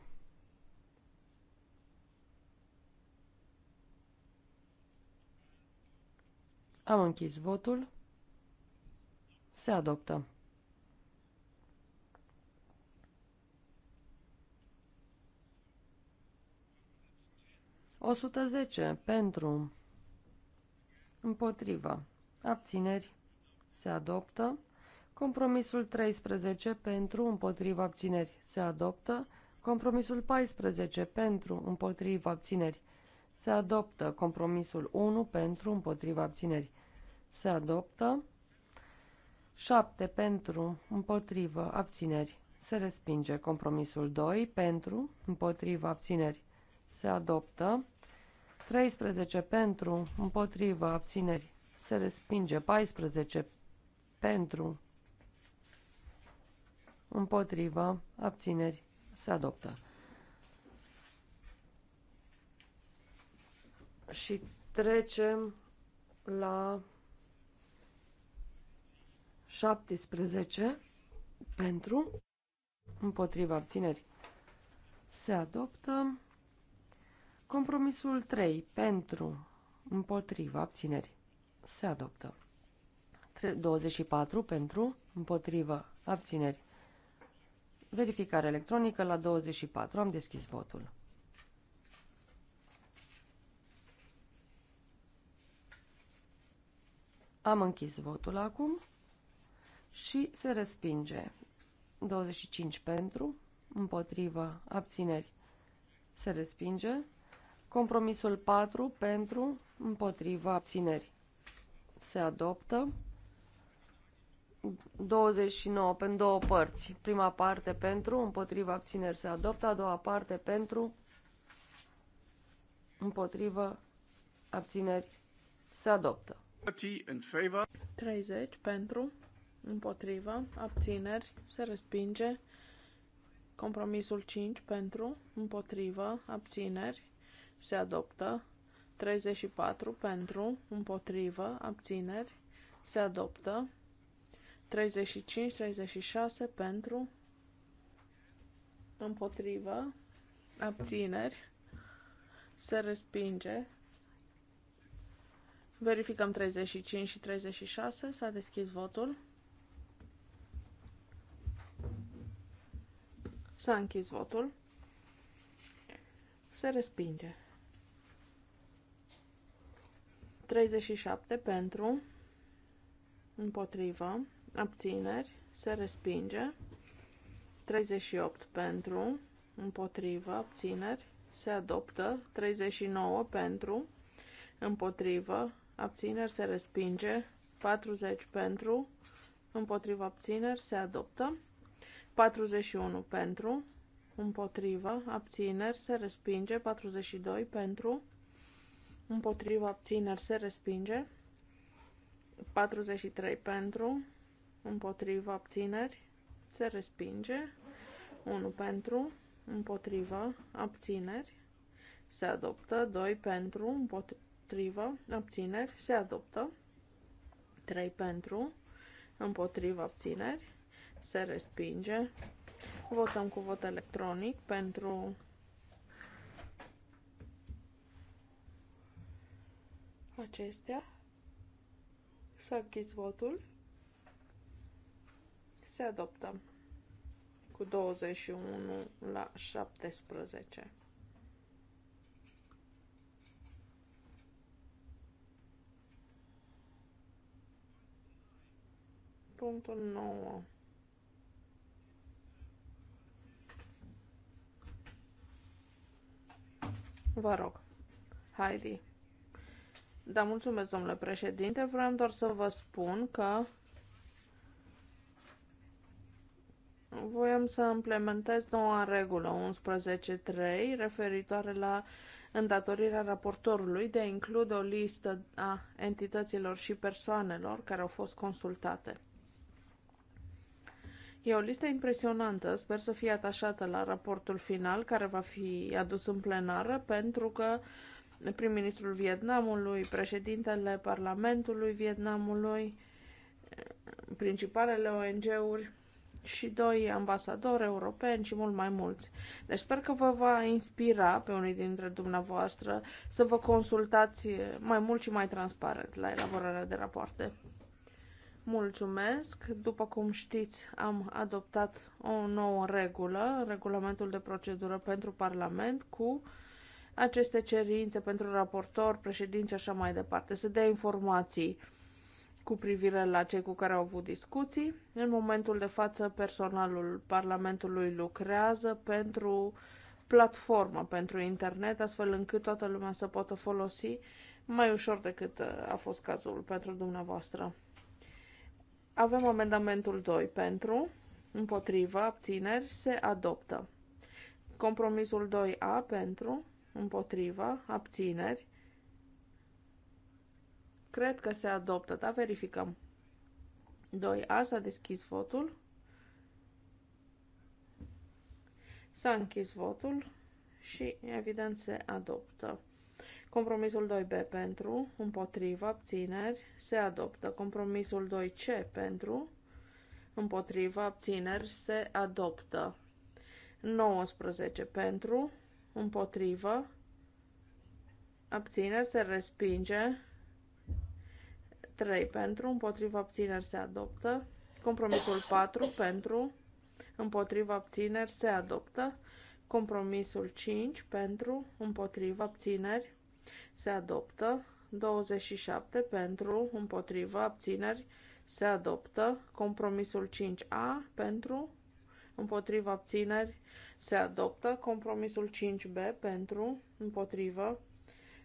Am închis votul. Se adoptă. 110 pentru, împotrivă, abțineri, se adoptă. Compromisul 13 pentru, împotrivă, abțineri, se adoptă. Compromisul 14 pentru, împotrivă, abțineri, se adoptă. Compromisul 1 pentru, împotrivă, abțineri, se adoptă. 7 pentru, împotrivă, abțineri, se respinge. Compromisul 2 pentru, împotrivă, abțineri, se adoptă, 13 pentru, împotrivă, abțineri, se respinge, 14 pentru, împotrivă, abțineri, se adoptă. Și trecem la 17 pentru, împotriva abțineri, se adoptă Compromisul 3. Pentru, împotriva, abțineri. Se adoptă. 24. Pentru, împotriva, abțineri. Verificare electronică la 24. Am deschis votul. Am închis votul acum și se respinge. 25 pentru, împotriva abțineri. Se respinge. Compromisul 4 pentru, împotriva, abțineri. Se adoptă. 29 în două părți. Prima parte pentru, împotriva, abțineri se adoptă. A doua parte pentru, împotriva, abțineri se adoptă. 30 pentru, împotriva, abțineri se respinge. Compromisul 5 pentru, împotriva abțineri, se adoptă. 34 pentru, împotrivă, abțineri, se adoptă. 35, 36 pentru, împotrivă, abțineri, se respinge. Verificăm 35 și 36, s-a deschis votul. S-a închis votul. Se respinge. 37 pentru, împotrivă, abțineri, se respinge. 38 pentru, împotrivă, abțineri, se adoptă. 39 pentru, împotrivă, abțineri, se respinge. 40 pentru, împotrivă, abțineri, se adoptă. 41 pentru, împotrivă, abțineri, se respinge. 42 pentru, împotriva abțineri se respinge, 43 pentru, împotriva abțineri se respinge, 1 pentru, împotriva abțineri se adoptă, 2 pentru, împotriva abțineri se adoptă, 3 pentru, împotriva abțineri se respinge. Votăm cu vot electronic pentru acestea. Să închizi votul. Se adoptă cu 21 la 17. Punctul 9. Vă rog, Heidi. Da, mulțumesc, domnule președinte. Vreau doar să vă spun că voiam să implementez noua regulă 11.3 referitoare la îndatorirea raportorului de a include o listă a entităților și persoanelor care au fost consultate. E o listă impresionantă, sper să fie atașată la raportul final care va fi adus în plenară pentru că uh, prim-ministrul Vietnamului, președintele Parlamentului Vietnamului, principalele ONG-uri și doi ambasadori europeni și mult mai mulți. Deci sper că vă va inspira pe unii dintre dumneavoastră să vă consultați mai mult și mai transparent la elaborarea de rapoarte. Mulțumesc! După cum știți, am adoptat o nouă regulă, regulamentul de procedură pentru Parlament, cu uh, aceste cerințe pentru raportor, președinți și așa mai departe, să dea informații cu privire la cei cu care au avut discuții. În momentul de față, personalul Parlamentului lucrează pentru platformă pentru internet, astfel încât toată lumea să poată folosi mai ușor decât uh, a fost cazul pentru dumneavoastră. Avem amendamentul 2 pentru, împotriva, abțineri, se adoptă. Compromisul 2A pentru, împotrivă, abțineri. Cred că se adoptă, dar verificăm. 2A s-a deschis votul. S-a închis votul și, evident, se adoptă. Compromisul 2B pentru, împotrivă, abțineri, se adoptă. Compromisul 2C pentru, împotrivă, abțineri, se adoptă. 19 pentru, împotrivă, abțineri se respinge, 3 pentru, împotrivă abțineri se adoptă, compromisul 4 pentru, împotrivă abțineri se adoptă, compromisul 5 pentru, împotrivă abțineri se adoptă, 27 pentru, împotrivă abțineri se adoptă, compromisul 5A pentru, împotriva abțineri se adoptă. Compromisul 5B pentru, împotrivă,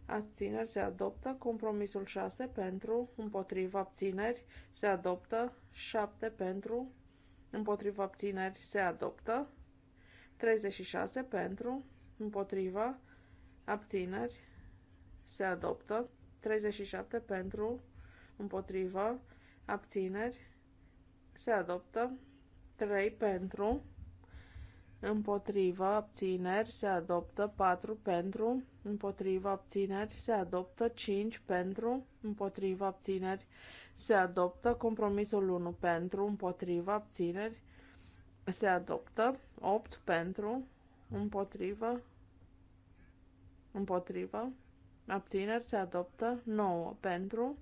abțineri se adoptă. Compromisul 6 pentru, împotriva abțineri se adoptă. 7 pentru, împotriva abțineri se adoptă. 36 pentru, împotriva, abțineri se adoptă. 37 pentru, împotriva, abțineri se adoptă. 3 pentru, împotrivă, abțineri, se adoptă 4 pentru, împotrivă, abțineri, se adoptă 5 pentru, împotrivă, abțineri, se adoptă compromisul 1 pentru, împotrivă, abțineri, se adoptă 8 pentru, împotrivă, împotrivă, abțineri, se adoptă 9 pentru,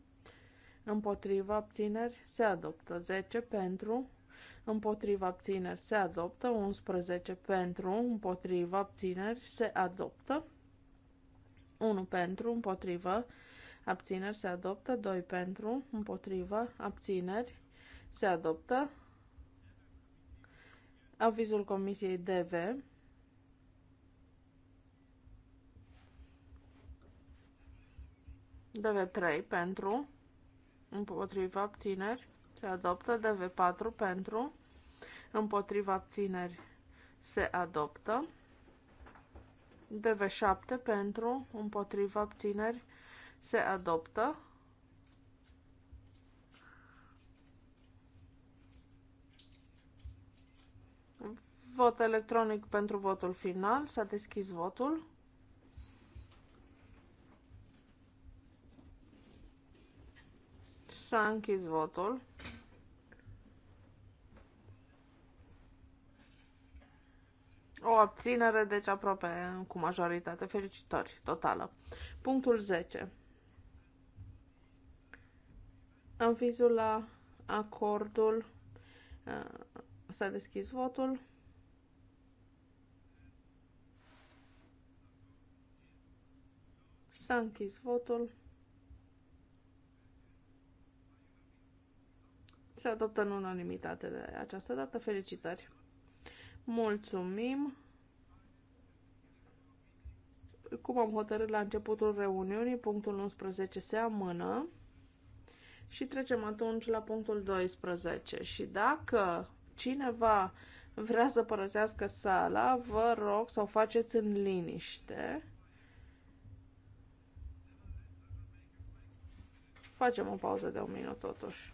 împotriva, abțineri, se adoptă 10 pentru, împotriva abțineri se adoptă, 11 pentru, împotriva abțineri se adoptă, 1 pentru, împotriva abțineri se adoptă, 2 pentru, împotriva abțineri se adoptă, avizul comisiei DV, DV3 pentru, împotriva abțineri, se adoptă, DV4 pentru, împotriva abțineri se adoptă, DV7 pentru, împotriva abțineri se adoptă, Vot electronic pentru votul final. S-a deschis votul. S-a închis votul. O abținere, deci aproape cu majoritate. Felicitări, totală. Punctul 10. vizul la acordul. Uh, s-a deschis votul. S-a închis votul. Se adoptă în unanimitate de această dată. Felicitări! Mulțumim! Cum am hotărât la începutul reuniunii, punctul 11 se amână și trecem atunci la punctul 12. Și dacă cineva vrea să părăsească sala, vă rog să o faceți în liniște. Facem o pauză de un minut totuși.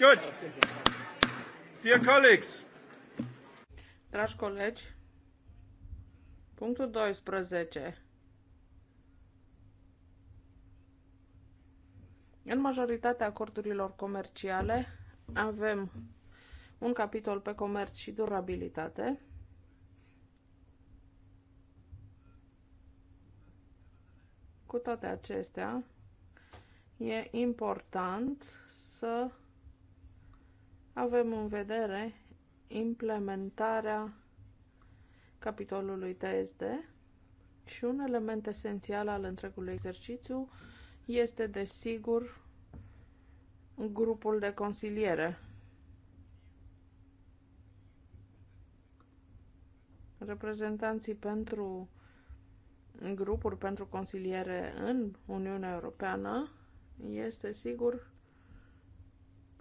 Good. Dear colleagues. Dragi colegi, punctul 12. În majoritatea acordurilor comerciale avem un capitol pe comerț și durabilitate. Cu toate acestea, e important să avem în vedere implementarea capitolului TSD și un element esențial al întregului exercițiu este, desigur, grupul de consiliere. Reprezentanții pentru grupuri pentru consiliere în Uniunea Europeană este, sigur,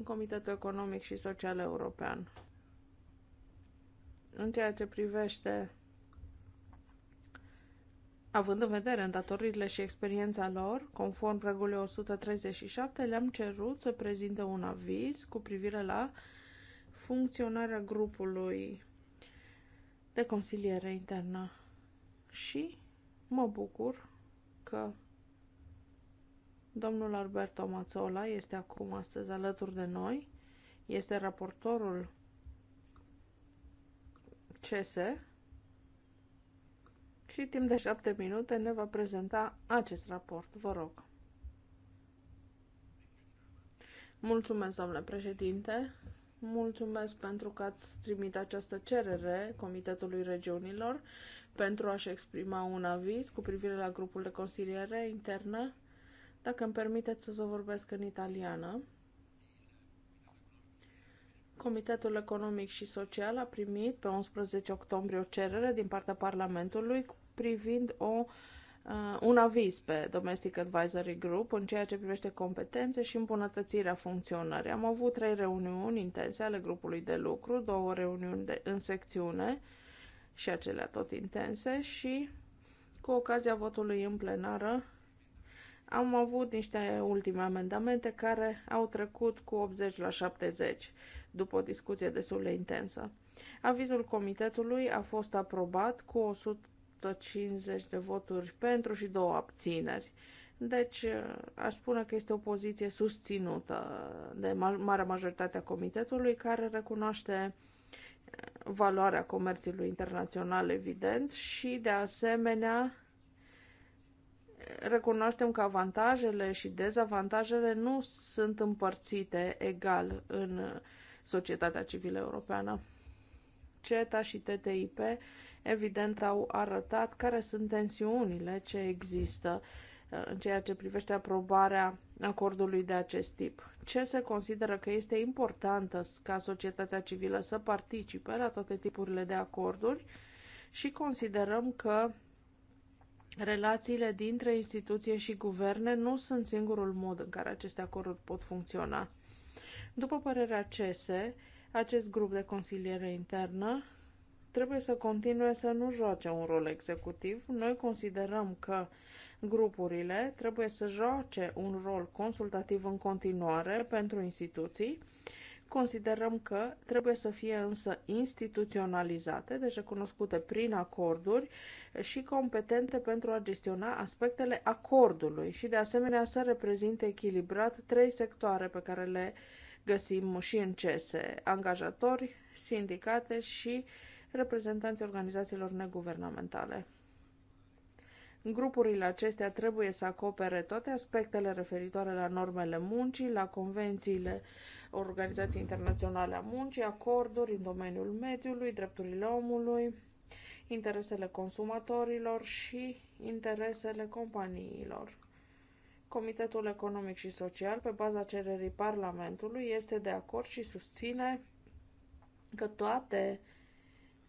Comitetul Economic și Social European. În ceea ce privește, având în vedere îndatoririle și experiența lor, conform regulii 137, le-am cerut să prezinte un aviz cu privire la funcționarea grupului de consiliere internă. Și mă bucur că Domnul Alberto Mazzola este acum astăzi alături de noi. Este raportorul CS și timp de șapte minute ne va prezenta acest raport. Vă rog. Mulțumesc, domnule președinte. Mulțumesc pentru că ați trimit această cerere Comitetului Regiunilor pentru a-și exprima un aviz cu privire la grupul de consiliere internă dacă îmi permiteți să o vorbesc în italiană, Comitetul Economic și Social a primit pe 11 octombrie o cerere din partea Parlamentului privind o, uh, un aviz pe Domestic Advisory Group în ceea ce privește competențe și îmbunătățirea funcționării. Am avut trei reuniuni intense ale grupului de lucru, două reuniuni de, în secțiune și acelea tot intense și cu ocazia votului în plenară am avut niște ultime amendamente care au trecut cu 80 la 70 după o discuție destul de intensă. Avizul comitetului a fost aprobat cu 150 de voturi pentru și două abțineri. Deci, aș spune că este o poziție susținută de marea majoritate a comitetului care recunoaște eh, valoarea comerțului internațional, evident, și, de asemenea, recunoaștem că avantajele și dezavantajele nu sunt împărțite egal în societatea civilă europeană. CETA și TTIP evident au arătat care sunt tensiunile ce există uh, în ceea ce privește aprobarea acordului de acest tip. Ce se consideră că este importantă ca societatea civilă să participe la toate tipurile de acorduri și considerăm că Relațiile dintre instituție și guverne nu sunt singurul mod în care aceste acorduri pot funcționa. După părerea CESE, acest grup de consiliere internă trebuie să continue să nu joace un rol executiv. Noi considerăm că grupurile trebuie să joace un rol consultativ în continuare pentru instituții Considerăm că trebuie să fie însă instituționalizate, deja deci cunoscute prin acorduri și competente pentru a gestiona aspectele acordului și de asemenea să reprezinte echilibrat trei sectoare pe care le găsim și în CESE, angajatori, sindicate și reprezentanții organizațiilor neguvernamentale. Grupurile acestea trebuie să acopere toate aspectele referitoare la normele muncii, la convențiile Organizației Internaționale a Muncii, acorduri în domeniul mediului, drepturile omului, interesele consumatorilor și interesele companiilor. Comitetul Economic și Social, pe baza cererii Parlamentului, este de acord și susține că toate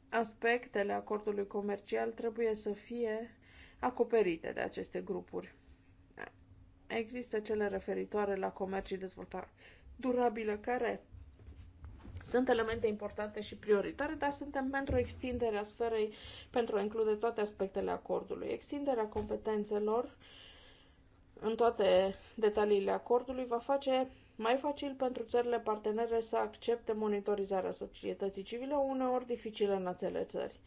aspectele acordului comercial trebuie să fie acoperite de aceste grupuri. Există cele referitoare la comerț și dezvoltare durabilă care sunt elemente importante și prioritare, dar suntem pentru extinderea sferei, pentru a include toate aspectele acordului. Extinderea competențelor în toate detaliile acordului va face mai facil pentru țările partenere să accepte monitorizarea societății civile, uneori dificilă în acele țări.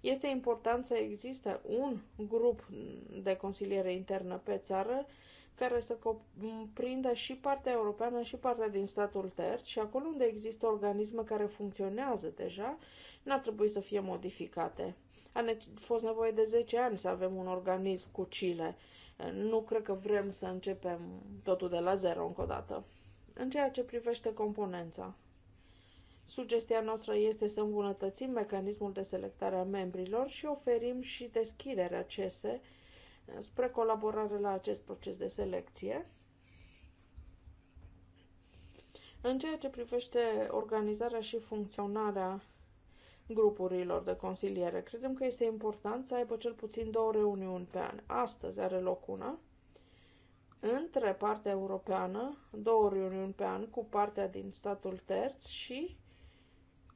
Este important să existe un grup de consiliere internă pe țară care să cuprindă și partea europeană și partea din statul terț și acolo unde există organisme care funcționează deja, n-ar trebui să fie modificate. A ne fost nevoie de 10 ani să avem un organism cu cile. Nu cred că vrem să începem totul de la zero încă o dată. În ceea ce privește componența, Sugestia noastră este să îmbunătățim mecanismul de selectare a membrilor și oferim și deschiderea CESE spre colaborare la acest proces de selecție. În ceea ce privește organizarea și funcționarea grupurilor de consiliere, credem că este important să aibă cel puțin două reuniuni pe an. Astăzi are loc una între partea europeană, două reuniuni pe an cu partea din statul terț și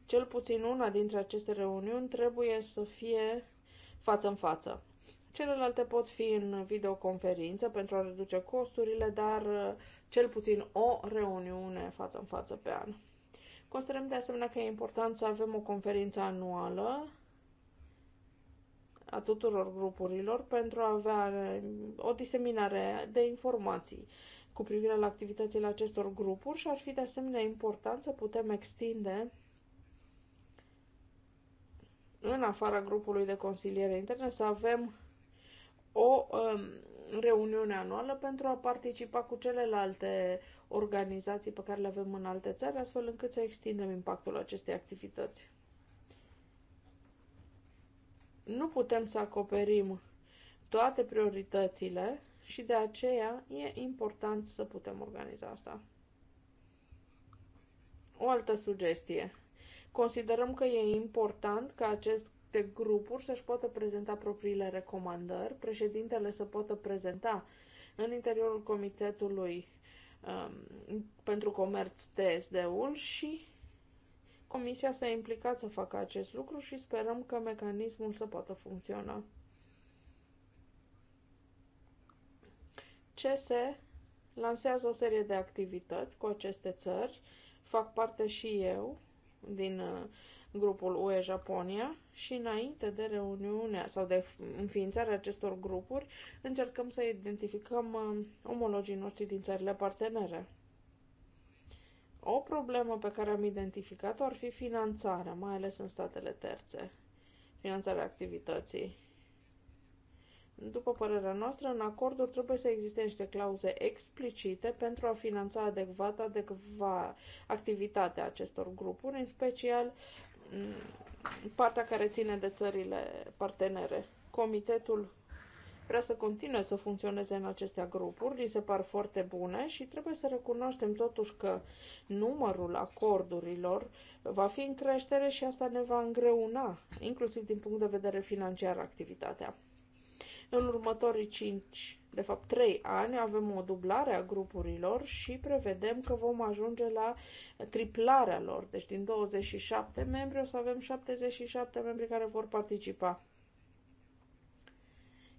cel puțin una dintre aceste reuniuni trebuie să fie față în față. Celelalte pot fi în videoconferință pentru a reduce costurile, dar uh, cel puțin o reuniune față în față pe an. Considerăm de asemenea că e important să avem o conferință anuală a tuturor grupurilor pentru a avea uh, o diseminare de informații cu privire la activitățile acestor grupuri și ar fi de asemenea important să putem extinde în afara grupului de consiliere interne să avem o um, reuniune anuală pentru a participa cu celelalte organizații pe care le avem în alte țări, astfel încât să extindem impactul acestei activități. Nu putem să acoperim toate prioritățile și de aceea e important să putem organiza asta. O altă sugestie. Considerăm că e important ca acest de grupuri să-și poată prezenta propriile recomandări, președintele să poată prezenta în interiorul comitetului um, pentru comerț TSD-ul și comisia s-a implicat să facă acest lucru și sperăm că mecanismul să poată funcționa. CS lansează o serie de activități cu aceste țări, fac parte și eu din uh, grupul UE-Japonia și înainte de reuniunea sau de înființarea acestor grupuri încercăm să identificăm uh, omologii noștri din țările partenere. O problemă pe care am identificat-o ar fi finanțarea, mai ales în statele terțe, finanțarea activității. După părerea noastră, în acorduri trebuie să existe niște clauze explicite pentru a finanța adecvat adecva activitatea acestor grupuri, în special Mm, partea care ține de țările partenere. Comitetul vrea să continue să funcționeze în acestea grupuri, li se par foarte bune și trebuie să recunoaștem totuși că numărul acordurilor va fi în creștere și asta ne va îngreuna, inclusiv din punct de vedere financiar, activitatea. În următorii 5, de fapt 3 ani, avem o dublare a grupurilor și prevedem că vom ajunge la triplarea lor. Deci din 27 membri o să avem 77 membri care vor participa.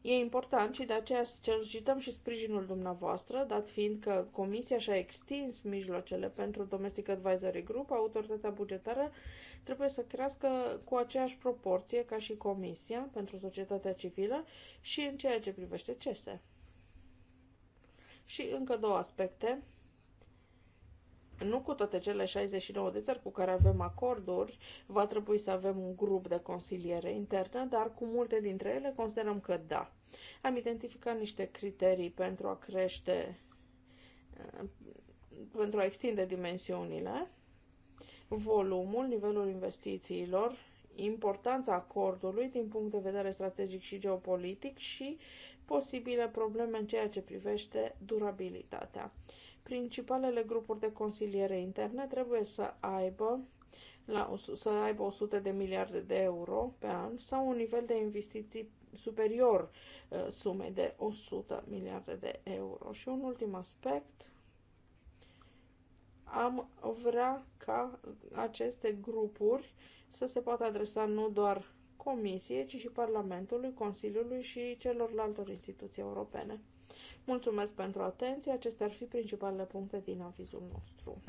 E important și de aceea solicităm și sprijinul dumneavoastră, dat fiind că Comisia și-a extins mijloacele pentru Domestic Advisory Group, autoritatea bugetară trebuie să crească cu aceeași proporție ca și Comisia pentru societatea civilă și în ceea ce privește CESE. Și încă două aspecte nu cu toate cele 69 de țări cu care avem acorduri, va trebui să avem un grup de consiliere internă, dar cu multe dintre ele considerăm că da. Am identificat niște criterii pentru a crește, eh, pentru a extinde dimensiunile, volumul, nivelul investițiilor, importanța acordului din punct de vedere strategic și geopolitic și posibile probleme în ceea ce privește durabilitatea. Principalele grupuri de consiliere interne trebuie să aibă la, să aibă 100 de miliarde de euro pe an sau un nivel de investiții superior uh, sumei de 100 miliarde de euro. Și un ultim aspect, am vrea ca aceste grupuri să se poată adresa nu doar Comisiei, ci și Parlamentului, Consiliului și celorlalte instituții europene. Mulțumesc pentru atenție. Acestea ar fi principalele puncte din avizul nostru.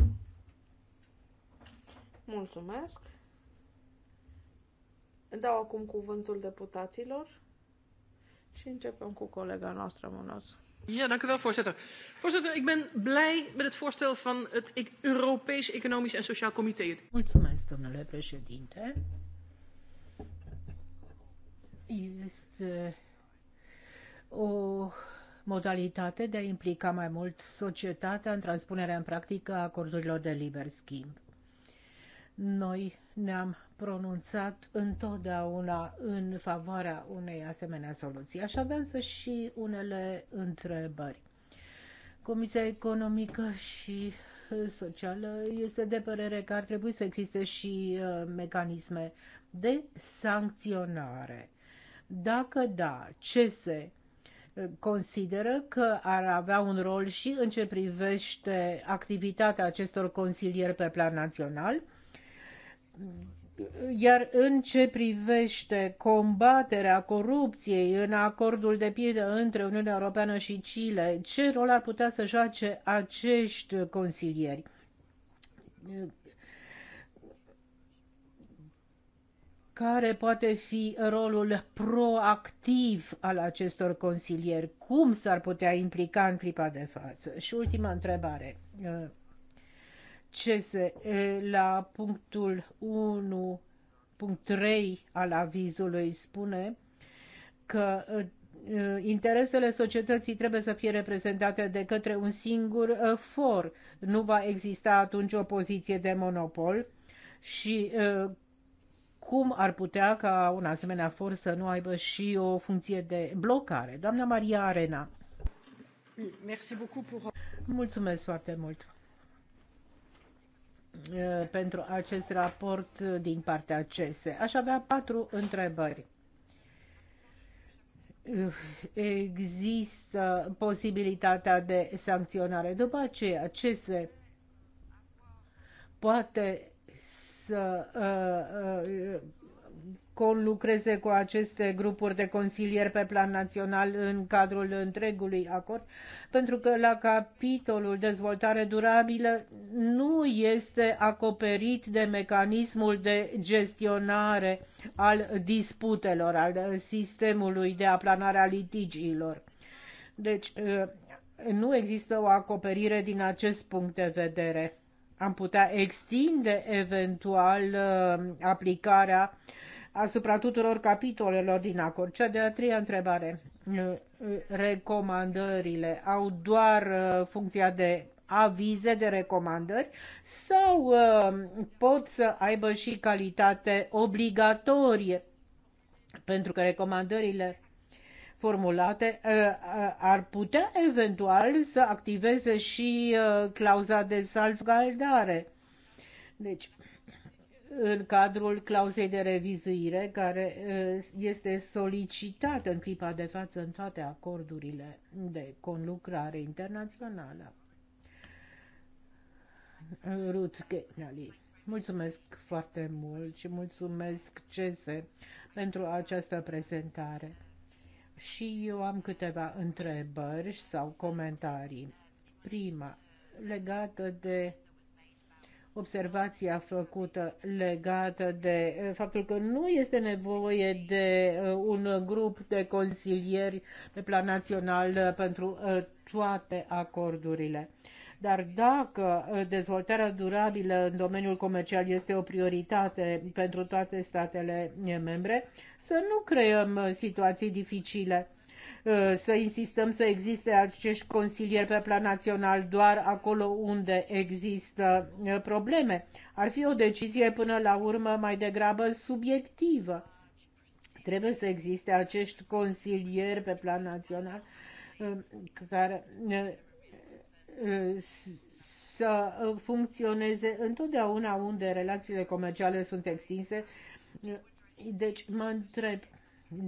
Mulțumesc. Dau acum cuvântul deputaților și începem cu colega noastră, Mănoț. Ja, dank u wel, voorzitter. Voorzitter, ik ben blij met het voorstel van het Europees Economisch en Sociaal Comité. Mulțumesc, domnule președinte. Este o modalitate de a implica mai mult societatea în transpunerea în practică a acordurilor de liber schimb. Noi ne-am pronunțat întotdeauna în favoarea unei asemenea soluții. Așa avem să și unele întrebări. Comisia Economică și uh, Socială este de părere că ar trebui să existe și uh, mecanisme de sancționare. Dacă da, ce se consideră că ar avea un rol și în ce privește activitatea acestor consilieri pe plan național. Iar în ce privește combaterea corupției în acordul de pildă între Uniunea Europeană și Chile, ce rol ar putea să joace acești consilieri? care poate fi rolul proactiv al acestor consilieri? Cum s-ar putea implica în clipa de față? Și ultima întrebare. Ce se la punctul 1, punct 3 al avizului spune că interesele societății trebuie să fie reprezentate de către un singur for. Nu va exista atunci o poziție de monopol și cum ar putea ca un asemenea for să nu aibă și o funcție de blocare. Doamna Maria Arena. Mulțumesc foarte mult pentru acest raport din partea CESE. Aș avea patru întrebări. Există posibilitatea de sancționare. După aceea, CESE poate să uh, uh, conlucreze cu aceste grupuri de consilieri pe plan național în cadrul întregului acord, pentru că la capitolul dezvoltare durabilă nu este acoperit de mecanismul de gestionare al disputelor, al sistemului de aplanare a litigiilor. Deci uh, nu există o acoperire din acest punct de vedere am putea extinde eventual uh, aplicarea asupra tuturor capitolelor din acord. Cea de-a treia întrebare. Uh, uh, recomandările au doar funcția de avize de recomandări sau pot să aibă și calitate obligatorie? Pentru că recomandările formulate uh, uh, ar putea eventual să activeze și uh, clauza de salvgardare. Deci, în cadrul clauzei de revizuire care este solicitată în clipa de față în toate acordurile de conlucrare internațională. Ruth Kenali. Mulțumesc foarte mult și mulțumesc CESE pentru această prezentare. Și eu am câteva întrebări sau comentarii. Prima, legată de observația făcută legată de eh, faptul că nu este nevoie de eh, un grup de consilieri pe plan național eh, pentru toate acordurile. Dar dacă uh, dezvoltarea durabilă în domeniul comercial este o prioritate pentru toate statele membre, să nu creăm uh, situații dificile uh, să insistăm să existe acești consilieri pe plan național doar acolo unde există probleme. Ar fi o decizie până la urmă mai degrabă subiectivă. Trebuie să existe acești consilieri pe plan național care să funcționeze întotdeauna unde relațiile comerciale sunt extinse. Deci mă întreb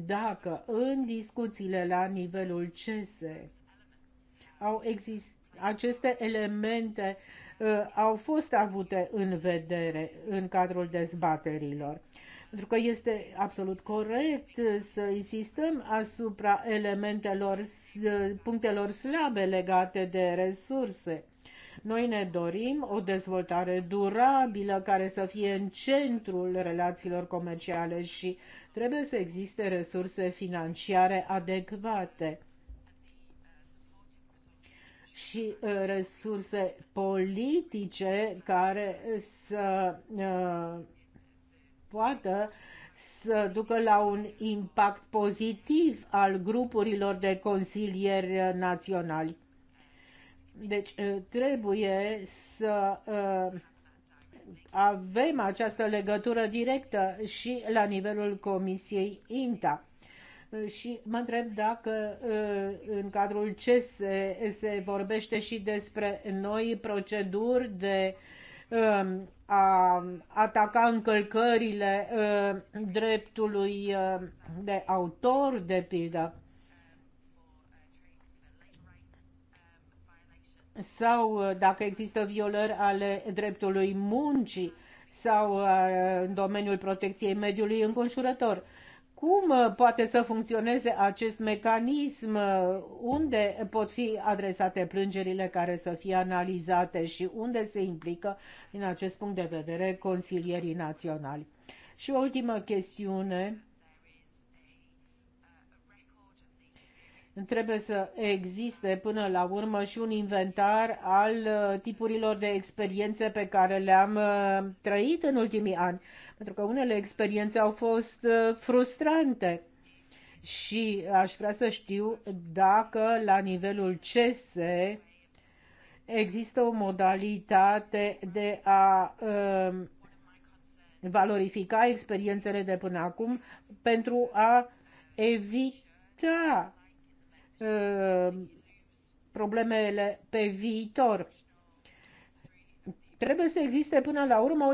dacă în discuțiile la nivelul CS au existat aceste elemente uh, au fost avute în vedere în cadrul dezbaterilor pentru că este absolut corect să insistăm asupra elementelor, punctelor slabe legate de resurse. Noi ne dorim o dezvoltare durabilă care să fie în centrul relațiilor comerciale și trebuie să existe resurse financiare adecvate și uh, resurse politice care să uh, poată să ducă la un impact pozitiv al grupurilor de consilieri naționali. Deci eh, trebuie să eh, avem această legătură directă și la nivelul Comisiei INTA. Eh, și mă întreb dacă în cadrul ce se, se vorbește și despre noi proceduri de a ataca încălcările uh, dreptului uh, de autor, de pildă, sau ă, dacă există violări ale dreptului muncii sau uh, în domeniul protecției mediului înconjurător cum uh, poate să funcționeze acest mecanism, uh, unde pot fi adresate plângerile care să fie analizate și unde se implică, din acest punct de vedere, consilierii naționali. Și o ultimă chestiune. Trebuie să existe până la urmă și un inventar al uh, tipurilor de experiențe pe care le-am trăit în ultimii ani pentru că unele experiențe au fost uh, frustrante. Și aș vrea să știu dacă la nivelul CS există o modalitate de a uh, valorifica experiențele de până acum pentru a evita uh, problemele pe viitor. Trebuie să existe până la urmă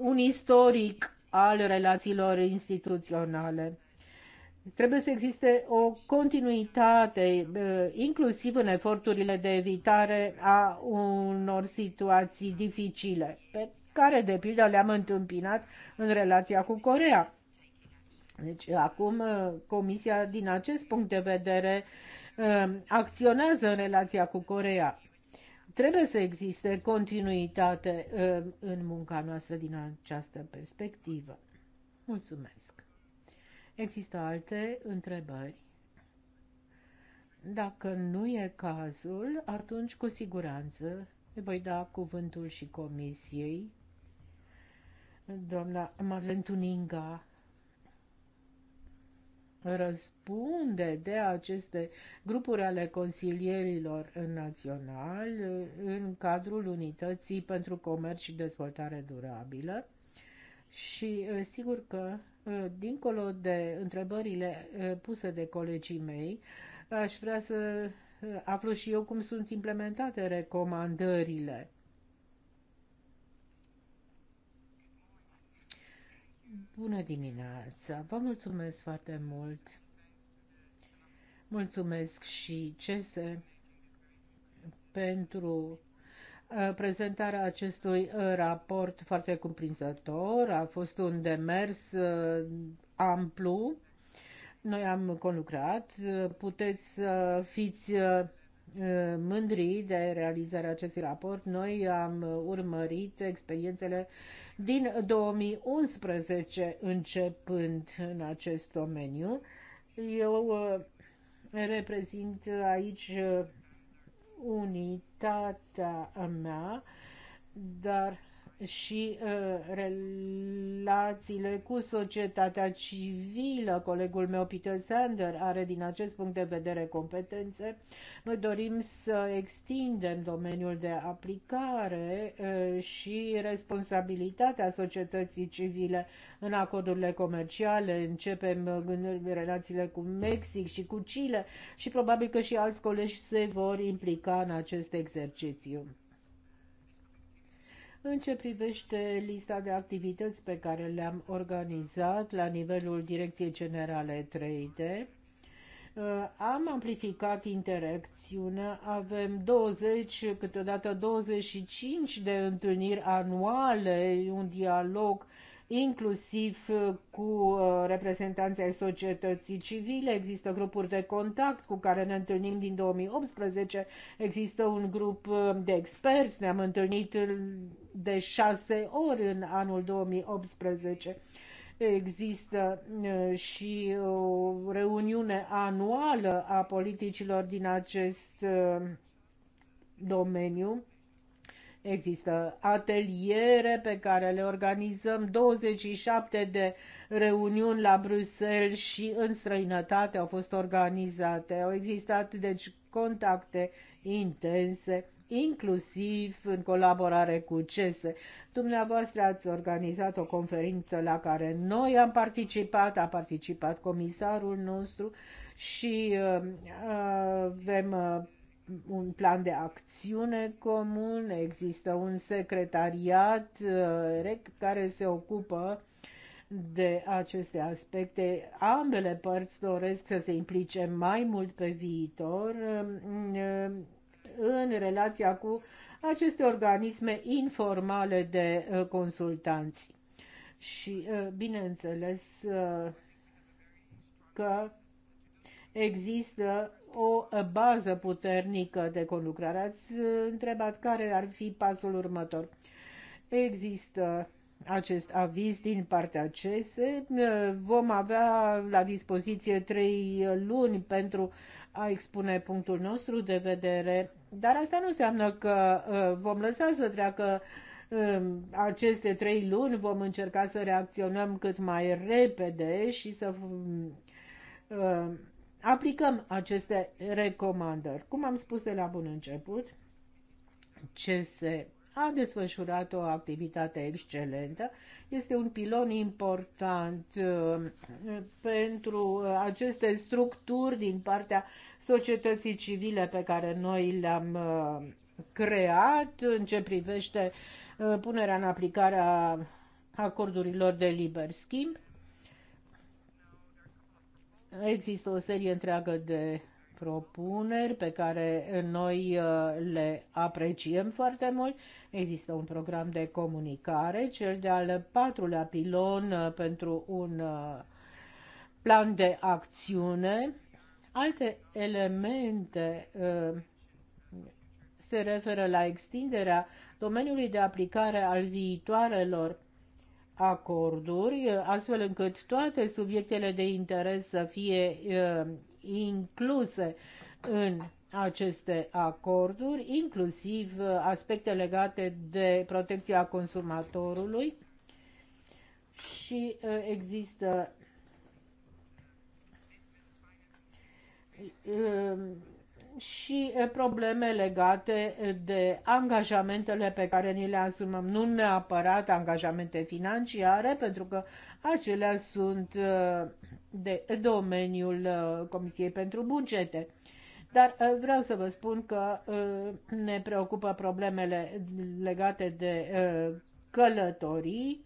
un istoric al relațiilor instituționale. Trebuie să existe o continuitate, eh, inclusiv în eforturile de evitare a unor situații dificile, pe care, de pildă, le-am întâmpinat în relația cu Corea. Deci, acum, eh, Comisia, din acest punct de vedere, eh, acționează în relația cu Corea trebuie să existe continuitate uh, în munca noastră din această perspectivă. Mulțumesc. Există alte întrebări? Dacă nu e cazul, atunci cu siguranță voi da cuvântul și comisiei. Doamna Madeleine răspunde de aceste grupuri ale consilierilor naționali în cadrul Unității pentru Comerț și Dezvoltare Durabilă. Și eh, sigur că, eh, dincolo de întrebările eh, puse de colegii mei, aș vrea să aflu și eu cum sunt implementate recomandările Bună dimineața! Vă mulțumesc foarte mult! Mulțumesc și CESE pentru uh, prezentarea acestui uh, raport foarte cuprinzător. A fost un demers uh, amplu. Noi am conlucrat. Puteți să fiți mândri de realizarea acestui raport. Noi am urmărit experiențele din 2011 începând în acest domeniu. Eu uh, reprezint aici uh, unitatea mea, dar și uh, relațiile cu societatea civilă. Colegul meu, Peter Sander, are din acest punct de vedere competențe. Noi dorim să extindem domeniul de aplicare uh, și responsabilitatea societății civile în acordurile comerciale. Începem uh, relațiile cu Mexic și cu Chile și probabil că și alți colegi se vor implica în acest exercițiu. În ce privește lista de activități pe care le-am organizat la nivelul Direcției Generale 3D, uh, am amplificat interacțiunea, avem 20, câteodată 25 de întâlniri anuale, un dialog inclusiv uh, cu uh, reprezentanții ai societății civile. Există grupuri de contact cu care ne întâlnim din 2018. Există un grup uh, de experți. Ne-am întâlnit de șase ori în anul 2018 există și o reuniune anuală a politicilor din acest domeniu Există ateliere pe care le organizăm, 27 de reuniuni la Bruxelles și în străinătate au fost organizate. Au existat deci contacte intense inclusiv în colaborare cu CESE. Dumneavoastră ați organizat o conferință la care noi am participat, a participat comisarul nostru și uh, uh, avem uh, un plan de acțiune comun, există un secretariat uh, care se ocupă de aceste aspecte. Ambele părți doresc să se implice mai mult pe viitor um, uh, în relația cu aceste organisme informale de uh, consultanți. Și, bineînțeles, că există o bază puternică de conlucrare. Ați întrebat care ar fi pasul următor. Există acest aviz din partea CESE. Vom avea la dispoziție trei luni pentru a expune punctul nostru de vedere, dar asta nu înseamnă că uh, vom lăsa să treacă um, aceste trei luni, vom încerca să reacționăm cât mai repede și să um, uh, aplicăm aceste recomandări. Cum am spus de la bun început, se a desfășurat o activitate excelentă. Este un pilon important uh, pentru uh, aceste structuri din partea societății civile pe care noi le-am uh, creat în ce privește punerea în aplicare a acordurilor de liber schimb. Există o serie întreagă de propuneri pe care noi uh, le apreciem foarte mult. Există un program de comunicare, cel de-al patrulea pilon uh, pentru un uh, plan de acțiune. Alte elemente se referă la extinderea domeniului de aplicare al viitoarelor acorduri, astfel încât toate subiectele de interes să fie uh, incluse în aceste acorduri, inclusiv uh, aspecte legate de protecția consumatorului și uh, există și probleme legate de angajamentele pe care ni le asumăm. Nu neapărat angajamente financiare, pentru că acelea sunt de domeniul Comisiei pentru Bugete. Dar vreau să vă spun că ne preocupă problemele legate de călătorii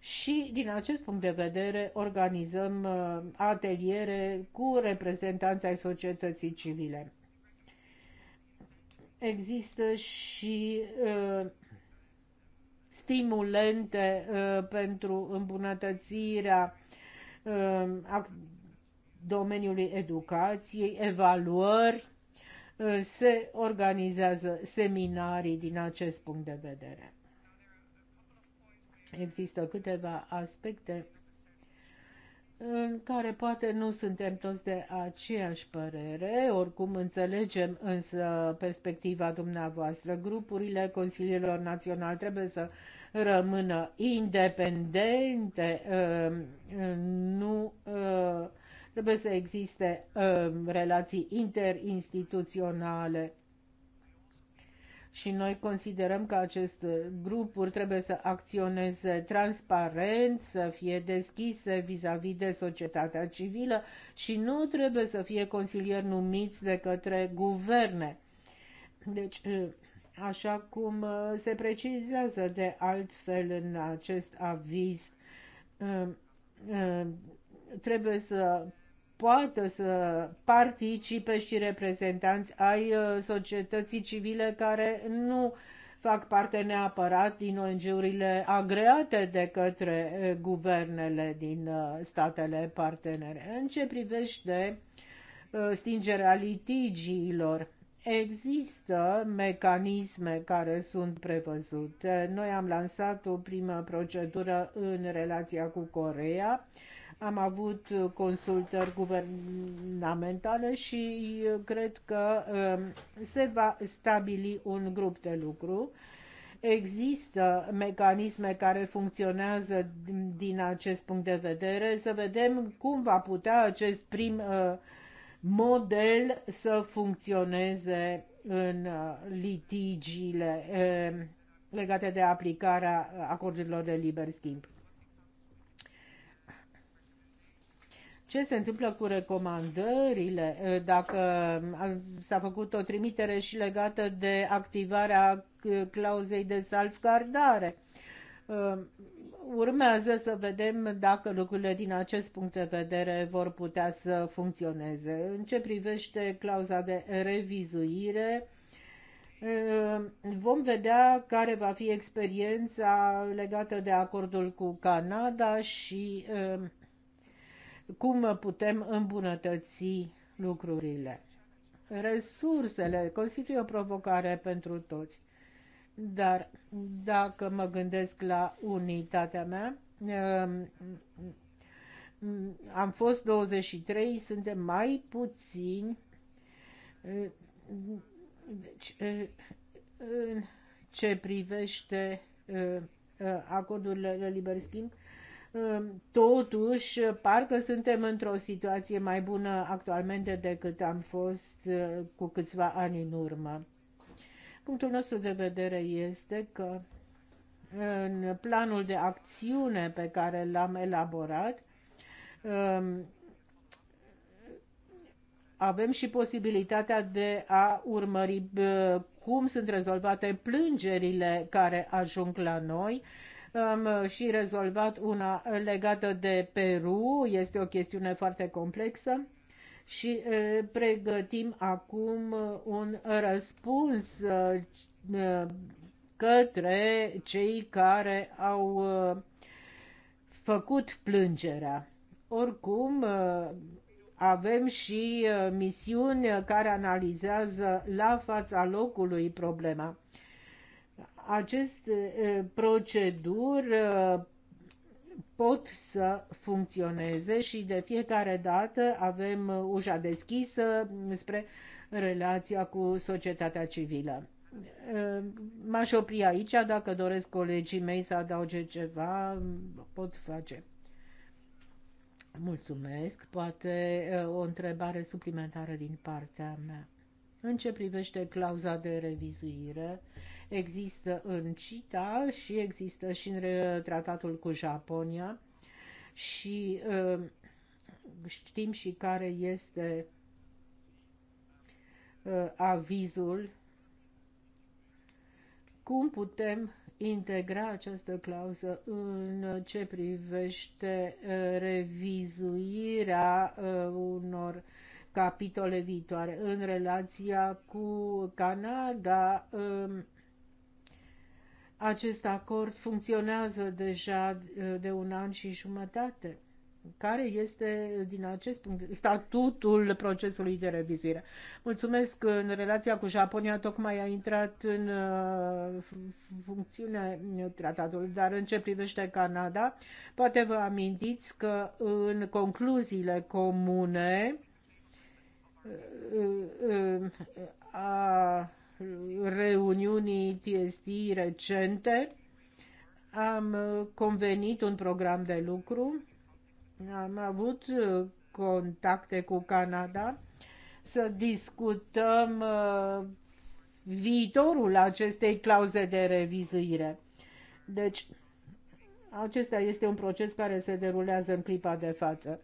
și din acest punct de vedere organizăm ateliere cu reprezentanța ai societății civile. Există și uh, stimulente uh, pentru îmbunătățirea uh, a domeniului educației, evaluări, uh, se organizează seminarii din acest punct de vedere. Există câteva aspecte în care poate nu suntem toți de aceeași părere, oricum înțelegem însă perspectiva dumneavoastră. Grupurile consiliilor Național trebuie să rămână independente, um, nu uh, trebuie să existe um, relații interinstituționale și noi considerăm că aceste grupuri trebuie să acționeze transparent, să fie deschise vis-a-vis -vis de societatea civilă și nu trebuie să fie consilieri numiți de către guverne. Deci, așa cum uh, se precizează de altfel în acest aviz, uh, uh, trebuie să poată să participe și reprezentanți ai uh, societății civile care nu fac parte neapărat din ONG-urile agreate de către uh, guvernele din uh, statele partenere. În ce privește stingerea litigiilor, Există mecanisme care sunt prevăzute. Noi am lansat o primă procedură în relația cu Corea am avut consultări guvernamentale și uh, cred că um, se va stabili un grup de lucru. Există mecanisme care funcționează din acest punct de vedere, să vedem cum va putea acest prim uh, model să funcționeze în uh, litigiile legate de aplicarea acordurilor de liber schimb. ce se întâmplă cu recomandările, eh, dacă eh, s-a făcut o trimitere și legată de activarea eh, clauzei de salvgardare. Urmează să vedem dacă lucrurile din acest punct de vedere vor putea să funcționeze. În ce privește clauza de revizuire, Vom vedea care va fi experiența legată de acordul cu Canada și cum putem îmbunătăți lucrurile. Resursele constituie o provocare pentru toți. Dar dacă mă gândesc la unitatea mea, um, am fost 23, suntem mai puțini. Deci, în ce privește uh, uh, acordurile de liber schimb, Ehm, totuși, parcă suntem într-o situație mai bună actualmente decât am fost eh, cu câțiva ani în urmă. Punctul nostru de vedere este că în planul de acțiune pe care l-am elaborat, ehm, avem și posibilitatea de a urmări eh, cum sunt rezolvate plângerile care ajung la noi am uh, și rezolvat una legată de Peru, este o chestiune foarte complexă și uh, pregătim acum uh, un răspuns către cei care au făcut plângerea. Oricum, avem și misiuni care analizează la fața locului problema aceste proceduri pot să funcționeze și de fiecare dată avem ușa deschisă spre relația cu societatea civilă. M-aș opri aici, dacă doresc colegii mei să adauge ceva, pot face. Mulțumesc, poate o întrebare suplimentară din partea mea. În ce privește clauza de revizuire, există în CITA și există și în uh, tratatul cu Japonia și uh, știm și care este uh, avizul cum putem integra această clauză în ce privește revizuirea unor capitole viitoare în relația cu Canada um, acest acord funcționează deja eh, de un an și jumătate. Care este, eh, din acest punct, statutul procesului de revizuire? Mulțumesc. Eh, în relația cu Japonia tocmai a intrat în funcțiune tratatul, dar în ce privește Canada, poate vă amintiți că în concluziile comune a reuniunii TSD recente am convenit un program de lucru, am avut contacte cu Canada să discutăm uh, viitorul acestei clauze de revizuire. Deci, acesta este un proces care se derulează în clipa de față.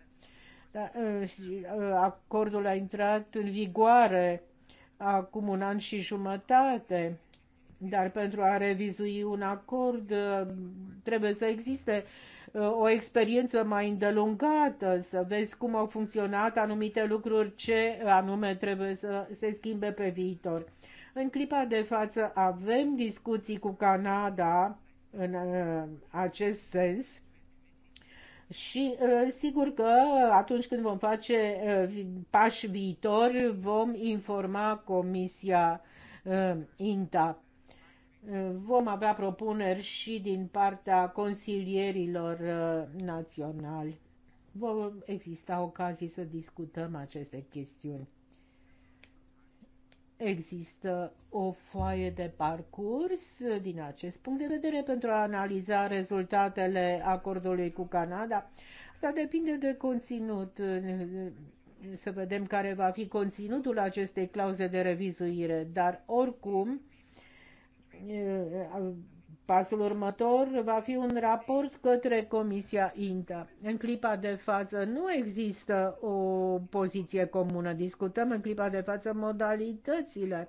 Uh, uh, acordul a intrat în vigoare acum un an și jumătate, dar pentru a revizui un acord uh, trebuie să existe uh, o experiență mai îndelungată, să vezi cum au funcționat anumite lucruri, ce anume trebuie să se schimbe pe viitor. În clipa de față avem discuții cu Canada în uh, acest sens și uh, sigur că atunci când vom face uh, pași viitori, vom informa Comisia uh, INTA. Vom avea propuneri și din partea consilierilor naționali. vom exista ocazii să discutăm aceste chestiuni. Există o foaie de parcurs din acest punct de vedere pentru a analiza rezultatele acordului cu Canada. Asta depinde de conținut. Să vedem care va fi conținutul acestei clauze de revizuire, dar oricum Pasul următor va fi un raport către Comisia INTA. În clipa de față nu există o poziție comună. Discutăm în clipa de față modalitățile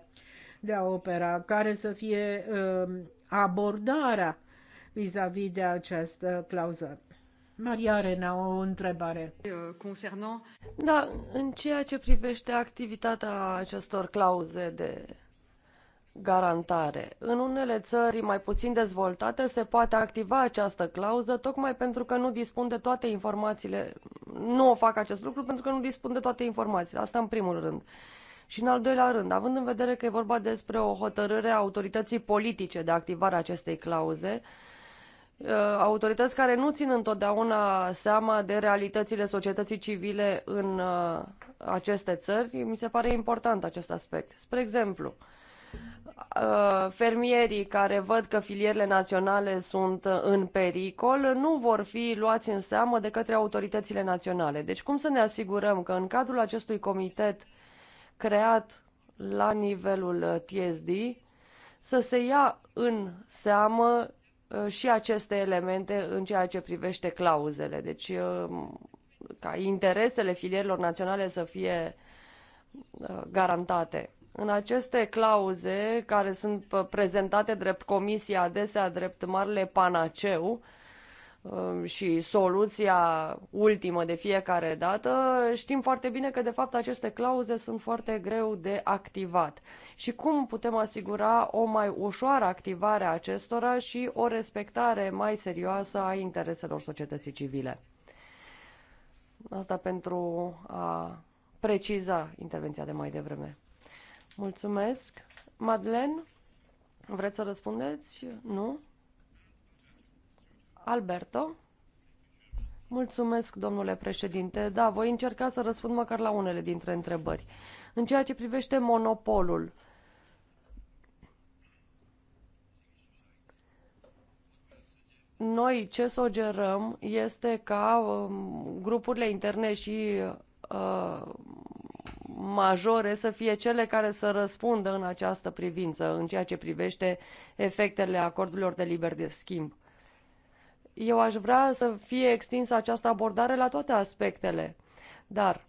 de a opera, care să fie uh, abordarea vis-a-vis -vis de această clauză. Maria Arena, o întrebare. Concernant... Da, în ceea ce privește activitatea acestor clauze de garantare. În unele țări mai puțin dezvoltate se poate activa această clauză tocmai pentru că nu dispun de toate informațiile. Nu o fac acest lucru pentru că nu dispun de toate informațiile. Asta în primul rând. Și în al doilea rând, având în vedere că e vorba despre o hotărâre a autorității politice de activare a acestei clauze, uh, autorități care nu țin întotdeauna seama de realitățile societății civile în uh, aceste țări, mi se pare important acest aspect. Spre exemplu, Uh, fermierii care văd că filierele naționale sunt în pericol nu vor fi luați în seamă de către autoritățile naționale. Deci cum să ne asigurăm că în cadrul acestui comitet creat la nivelul TSD să se ia în seamă uh, și aceste elemente în ceea ce privește clauzele. Deci uh, ca interesele filierilor naționale să fie garantate. În aceste clauze, care sunt prezentate drept comisia adesea, drept marile panaceu uh, și soluția ultimă de fiecare dată, știm foarte bine că, de fapt, aceste clauze sunt foarte greu de activat. Și cum putem asigura o mai ușoară activare a acestora și o respectare mai serioasă a intereselor societății civile? Asta pentru a preciza intervenția de mai devreme. Mulțumesc. Madeleine, vreți să răspundeți? Nu? Alberto? Mulțumesc, domnule președinte. Da, voi încerca să răspund măcar la unele dintre întrebări. În ceea ce privește monopolul, noi ce sugerăm este ca um, grupurile interne și uh, majore să fie cele care să răspundă în această privință, în ceea ce privește efectele acordurilor de liber de schimb. Eu aș vrea să fie extinsă această abordare la toate aspectele, dar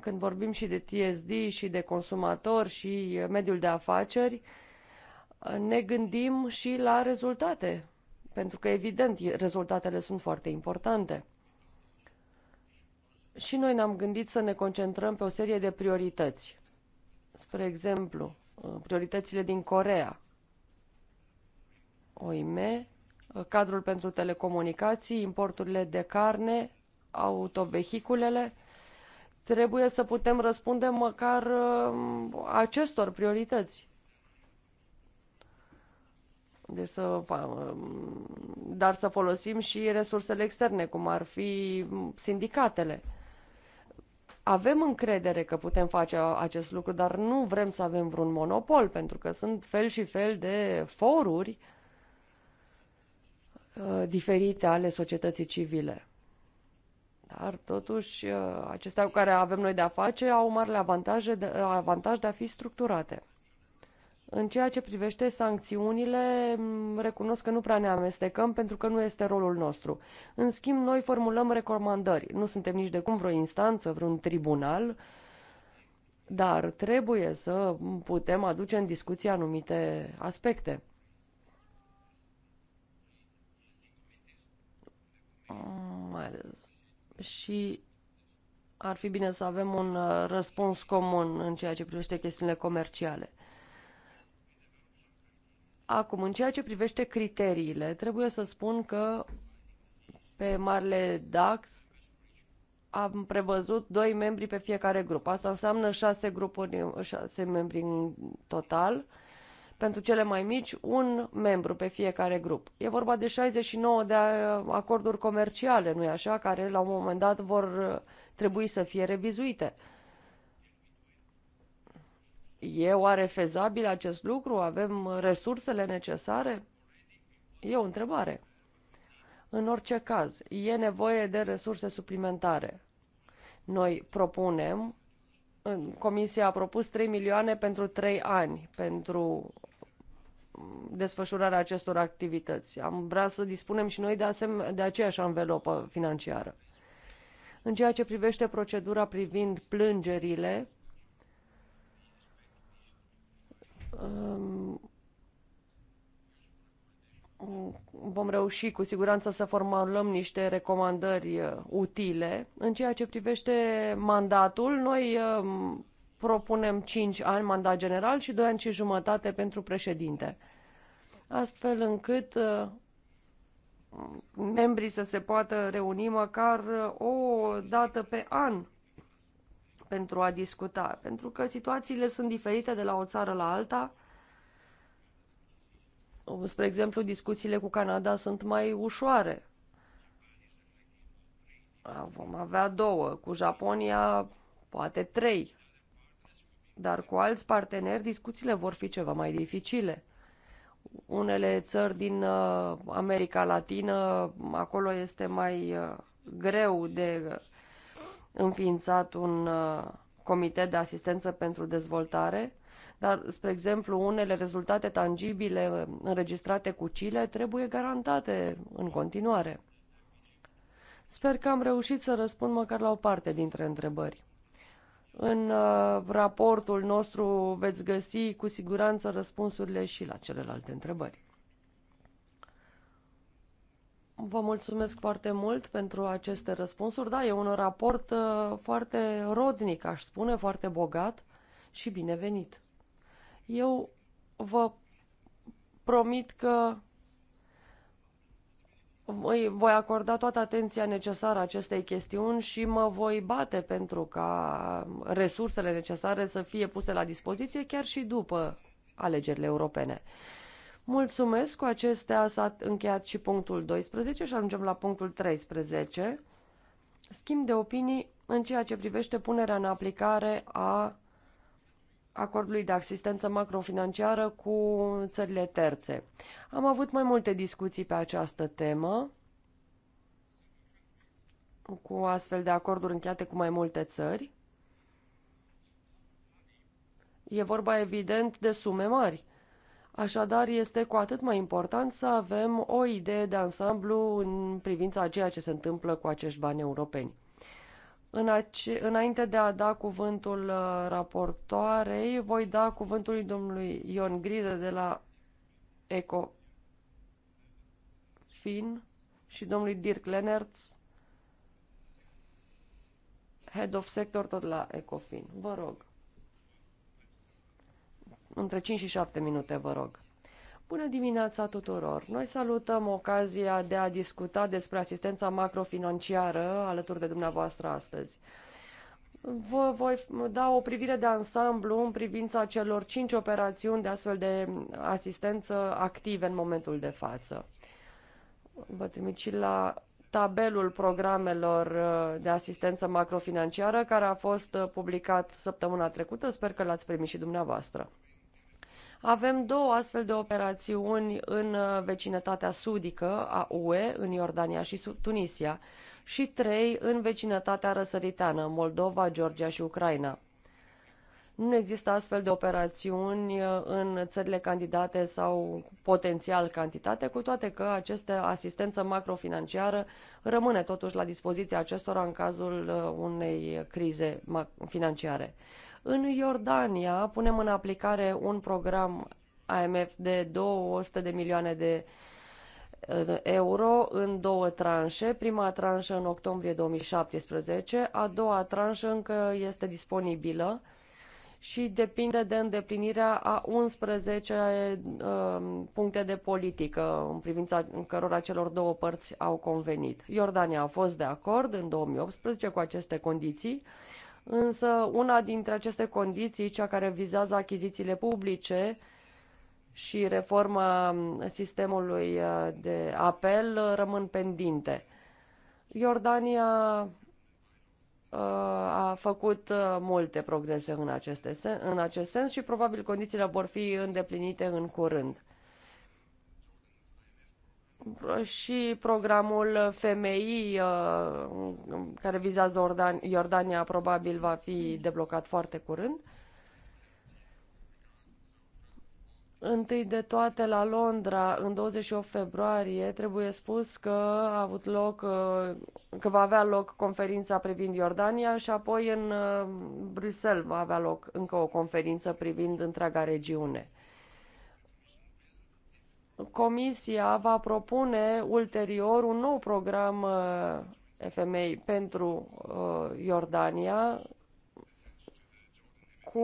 când vorbim și de TSD și de consumator și mediul de afaceri, ne gândim și la rezultate, pentru că, evident, rezultatele sunt foarte importante și noi ne-am gândit să ne concentrăm pe o serie de priorități. Spre exemplu, uh, prioritățile din Corea, OIM, uh, cadrul pentru telecomunicații, importurile de carne, autovehiculele, trebuie să putem răspunde măcar uh, acestor priorități. Deci să, um, dar să folosim și resursele externe, cum ar fi mm, sindicatele. Avem încredere că putem face acest lucru, dar nu vrem să avem vreun monopol, pentru că sunt fel și fel de foruri ă, diferite ale societății civile. Dar, totuși, ă, acestea cu care avem noi de-a face au marele avantaje de, avantaj de a fi structurate. În ceea ce privește sancțiunile, recunosc că nu prea ne amestecăm pentru că nu este rolul nostru. În schimb, noi formulăm recomandări. Nu suntem nici de cum vreo instanță, vreun tribunal, dar trebuie să putem aduce în discuție anumite aspecte. Și ar fi bine să avem un uh, răspuns comun în ceea ce privește chestiunile comerciale. Acum, în ceea ce privește criteriile, trebuie să spun că pe Marle DAX am prevăzut doi membri pe fiecare grup. Asta înseamnă șase grupuri, șase membri în total. Pentru cele mai mici, un membru pe fiecare grup. E vorba de 69 de acorduri comerciale, nu-i așa, care la un moment dat vor trebui să fie revizuite. E oare fezabil acest lucru? Avem resursele necesare? E o întrebare. În orice caz, e nevoie de resurse suplimentare. Noi propunem, Comisia a propus 3 milioane pentru 3 ani pentru desfășurarea acestor activități. Am vrea să dispunem și noi de, asem- de aceeași anvelopă financiară. În ceea ce privește procedura privind plângerile, vom reuși cu siguranță să formulăm niște recomandări uh, utile. În ceea ce privește mandatul, noi um, propunem 5 ani mandat general și 2 ani și jumătate pentru președinte, astfel încât uh, membrii să se poată reuni măcar uh, o dată pe an pentru a discuta, pentru că situațiile sunt diferite de la o țară la alta. Spre exemplu, discuțiile cu Canada sunt mai ușoare. Ah, vom avea două, cu Japonia poate trei, dar cu alți parteneri discuțiile vor fi ceva mai dificile. Unele țări din uh, America Latină, acolo este mai uh, greu de înființat un uh, comitet de asistență pentru dezvoltare, dar, spre exemplu, unele rezultate tangibile uh, înregistrate cu Chile trebuie garantate în continuare. Sper că am reușit să răspund măcar la o parte dintre întrebări. În uh, raportul nostru veți găsi cu siguranță răspunsurile și la celelalte întrebări. Vă mulțumesc foarte mult pentru aceste răspunsuri. Da, e un raport uh, foarte rodnic, aș spune, foarte bogat și binevenit. Eu vă promit că voi acorda toată atenția necesară acestei chestiuni și mă voi bate pentru ca resursele necesare să fie puse la dispoziție chiar și după alegerile europene. Mulțumesc, cu acestea s-a încheiat și punctul 12 și ajungem la punctul 13. Schimb de opinii în ceea ce privește punerea în aplicare a acordului de asistență macrofinanciară cu țările terțe. Am avut mai multe discuții pe această temă cu astfel de acorduri încheiate cu mai multe țări. E vorba evident de sume mari. Așadar, este cu atât mai important să avem o idee de ansamblu în privința a ceea ce se întâmplă cu acești bani europeni. Înainte de a da cuvântul uh, raportoarei, voi da cuvântul domnului Ion Grize de la ECOFIN și domnului Dirk Lennertz, Head of Sector tot la ECOFIN. Vă rog. Între 5 și 7 minute, vă rog. Bună dimineața tuturor! Noi salutăm ocazia de a discuta despre asistența macrofinanciară alături de dumneavoastră astăzi. Vă voi da o privire de ansamblu în privința celor cinci operațiuni de astfel de asistență active în momentul de față. Vă trimit și la tabelul programelor uh, de asistență macrofinanciară care a fost uh, publicat săptămâna trecută. Sper că l-ați primit și dumneavoastră. Avem două astfel de operațiuni în uh, vecinătatea sudică a UE, în Iordania și Tunisia, și trei în vecinătatea răsăriteană, Moldova, Georgia și Ucraina. Nu există astfel de operațiuni uh, în țările candidate sau potențial cantitate, cu toate că aceste asistență macrofinanciară rămâne totuși la dispoziția acestora în cazul uh, unei crize financiare. În Iordania punem în aplicare un program AMF de 200 de milioane de euro în două tranșe. Prima tranșă în octombrie 2017, a doua tranșă încă este disponibilă și depinde de îndeplinirea a 11 uh, um, puncte de politică în privința în cărora celor două părți au convenit. Iordania a fost de acord în 2018 cu aceste condiții însă una dintre aceste condiții, cea care vizează achizițiile publice și reforma sistemului uh, de apel, rămân pendinte. Iordania uh, a făcut uh, multe progrese în, aceste, în acest sens și probabil condițiile vor fi îndeplinite în curând și programul FMI uh, care vizează Iordania probabil va fi deblocat foarte curând. Întâi de toate la Londra, în 28 februarie, trebuie spus că a avut loc, uh, că va avea loc conferința privind Iordania și apoi în uh, Bruxelles va avea loc încă o conferință privind întreaga regiune. Comisia va propune ulterior un nou program uh, FMI pentru uh, Iordania cu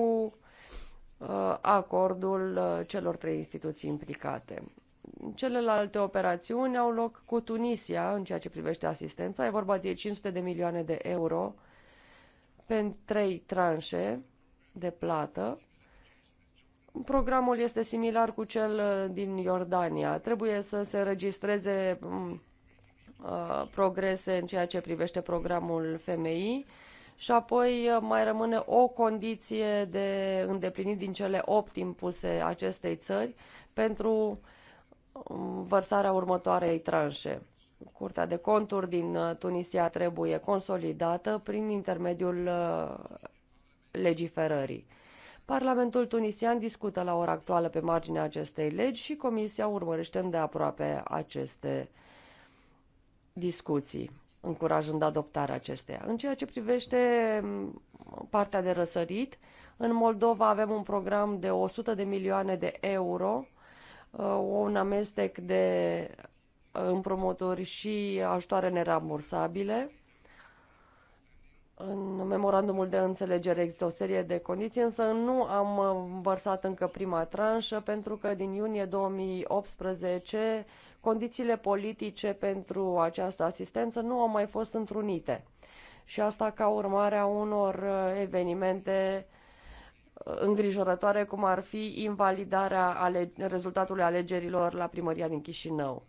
uh, acordul celor trei instituții implicate. Celelalte operațiuni au loc cu Tunisia în ceea ce privește asistența. E vorba de 500 de milioane de euro pentru trei tranșe de plată Programul este similar cu cel uh, din Iordania. Trebuie să se registreze mm, uh, progrese în ceea ce privește programul FMI și apoi uh, mai rămâne o condiție de îndeplinit din cele opt impuse acestei țări pentru mm, vărsarea următoarei tranșe. Curtea de conturi din Tunisia trebuie consolidată prin intermediul legiferării. Parlamentul tunisian discută la ora actuală pe marginea acestei legi și Comisia urmărește îndeaproape aceste discuții, încurajând adoptarea acesteia. În ceea ce privește partea de răsărit, în Moldova avem un program de 100 de milioane de euro, uh, un amestec de uh, împrumuturi și ajutoare nerambursabile în memorandumul de înțelegere există o serie de condiții, însă nu am uh, vărsat încă prima tranșă pentru că din iunie 2018 condițiile politice pentru această asistență nu au mai fost întrunite. Și asta ca urmare a unor uh, evenimente uh, îngrijorătoare, cum ar fi invalidarea ale- rezultatului alegerilor la primăria din Chișinău.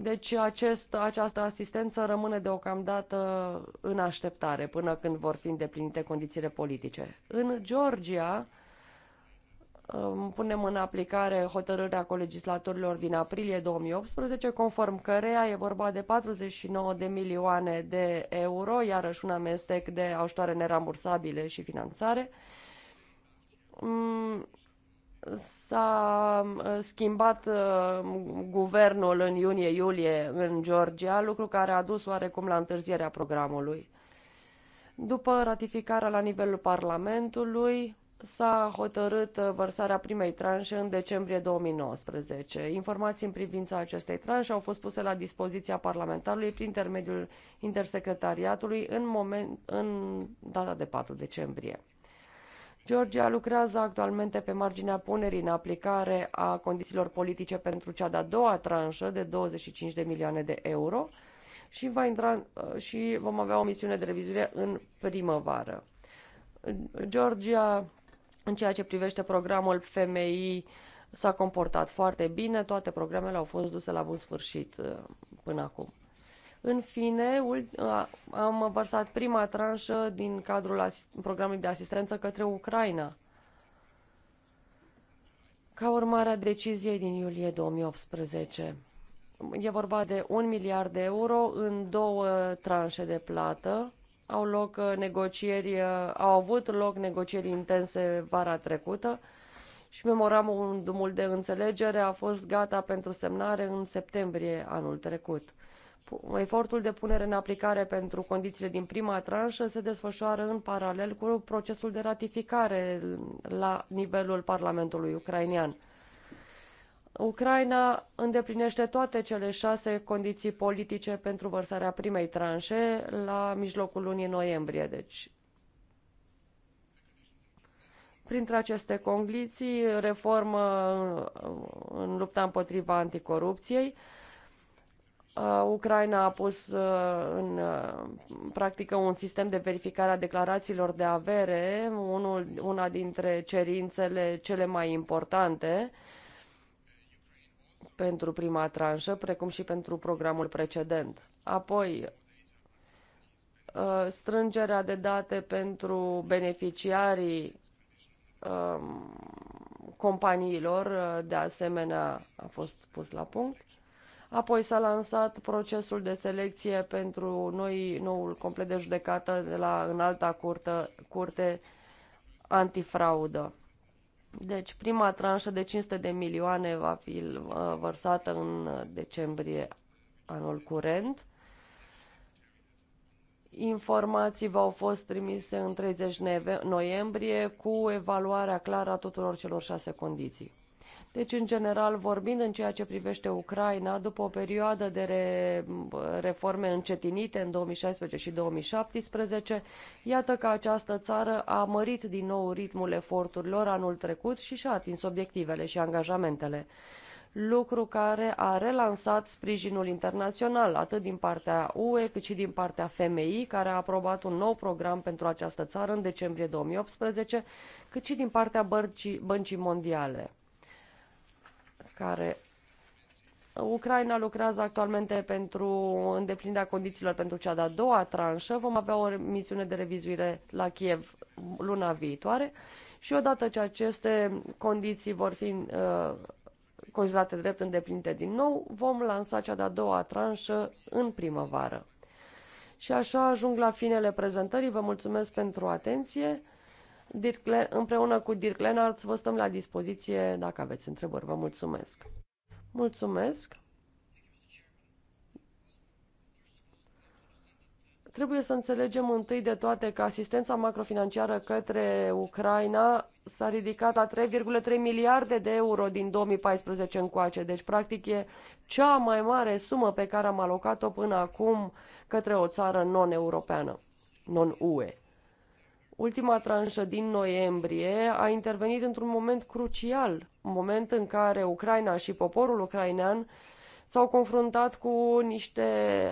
Deci acest, această asistență rămâne deocamdată în așteptare până când vor fi îndeplinite condițiile politice. În Georgia punem în aplicare hotărârea colegislatorilor din aprilie 2018, conform căreia e vorba de 49 de milioane de euro, iarăși un amestec de ajutoare nerambursabile și finanțare mm, S-a schimbat uh, guvernul în iunie-iulie în Georgia, lucru care a dus oarecum la întârzierea programului. După ratificarea la nivelul Parlamentului, s-a hotărât uh, vărsarea primei tranșe în decembrie 2019. Informații în privința acestei tranșe au fost puse la dispoziția parlamentarului prin intermediul intersecretariatului în, moment, în data de 4 decembrie. Georgia lucrează actualmente pe marginea punerii în aplicare a condițiilor politice pentru cea de-a doua tranșă de 25 de milioane de euro și, va intra, uh, și vom avea o misiune de revizuire în primăvară. Georgia, în ceea ce privește programul FMI, s-a comportat foarte bine, toate programele au fost duse la bun sfârșit uh, până acum. În fine, am vărsat prima tranșă din cadrul programului de asistență către Ucraina. Ca urmare a deciziei din iulie 2018, e vorba de un miliard de euro în două tranșe de plată. Au, loc uh, negocieri, uh, au avut loc negocieri intense vara trecută și memoramul de înțelegere a fost gata pentru semnare în septembrie anul trecut efortul de punere în aplicare pentru condițiile din prima tranșă se desfășoară în paralel cu procesul de ratificare la nivelul Parlamentului ucrainean. Ucraina îndeplinește toate cele șase condiții politice pentru vărsarea primei tranșe la mijlocul lunii noiembrie, deci printre aceste condiții, reformă în lupta împotriva anticorupției, Uh, Ucraina a pus uh, în uh, practică un sistem de verificare a declarațiilor de avere, unul, una dintre cerințele cele mai importante pentru prima tranșă, precum și pentru programul precedent. Apoi, strângerea de date pentru beneficiarii um, companiilor, de asemenea, a fost pus la punct Apoi s-a lansat procesul de selecție pentru noi, noul complet de judecată de la înalta curtă, curte antifraudă. Deci prima tranșă de 500 de milioane va fi uh, vărsată în decembrie anul curent. Informații v-au fost trimise în 30 noiembrie cu evaluarea clară a tuturor celor șase condiții. Deci, în general, vorbind în ceea ce privește Ucraina, după o perioadă de re reforme încetinite în 2016 și 2017, iată că această țară a mărit din nou ritmul eforturilor anul trecut și și-a atins obiectivele și angajamentele lucru care a relansat sprijinul internațional, atât din partea UE cât și din partea FMI, care a aprobat un nou program pentru această țară în decembrie 2018, cât și din partea Băncii Mondiale care Ucraina lucrează actualmente pentru îndeplinirea condițiilor pentru cea de-a doua tranșă. Vom avea o misiune de revizuire la Kiev luna viitoare și odată ce aceste condiții vor fi uh, considerate drept îndeplinite din nou, vom lansa cea de-a doua tranșă în primăvară. Și așa ajung la finele prezentării. Vă mulțumesc pentru atenție. Dirkle, împreună cu Dirk Lennart, vă stăm la dispoziție dacă aveți întrebări. Vă mulțumesc! Mulțumesc! Trebuie să înțelegem întâi de toate că asistența macrofinanciară către Ucraina s-a ridicat la 3,3 miliarde de euro din 2014 încoace. Deci, practic, e cea mai mare sumă pe care am alocat-o până acum către o țară non-europeană, non-UE. Ultima tranșă din noiembrie a intervenit într-un moment crucial, un moment în care Ucraina și poporul ucrainean s-au confruntat cu niște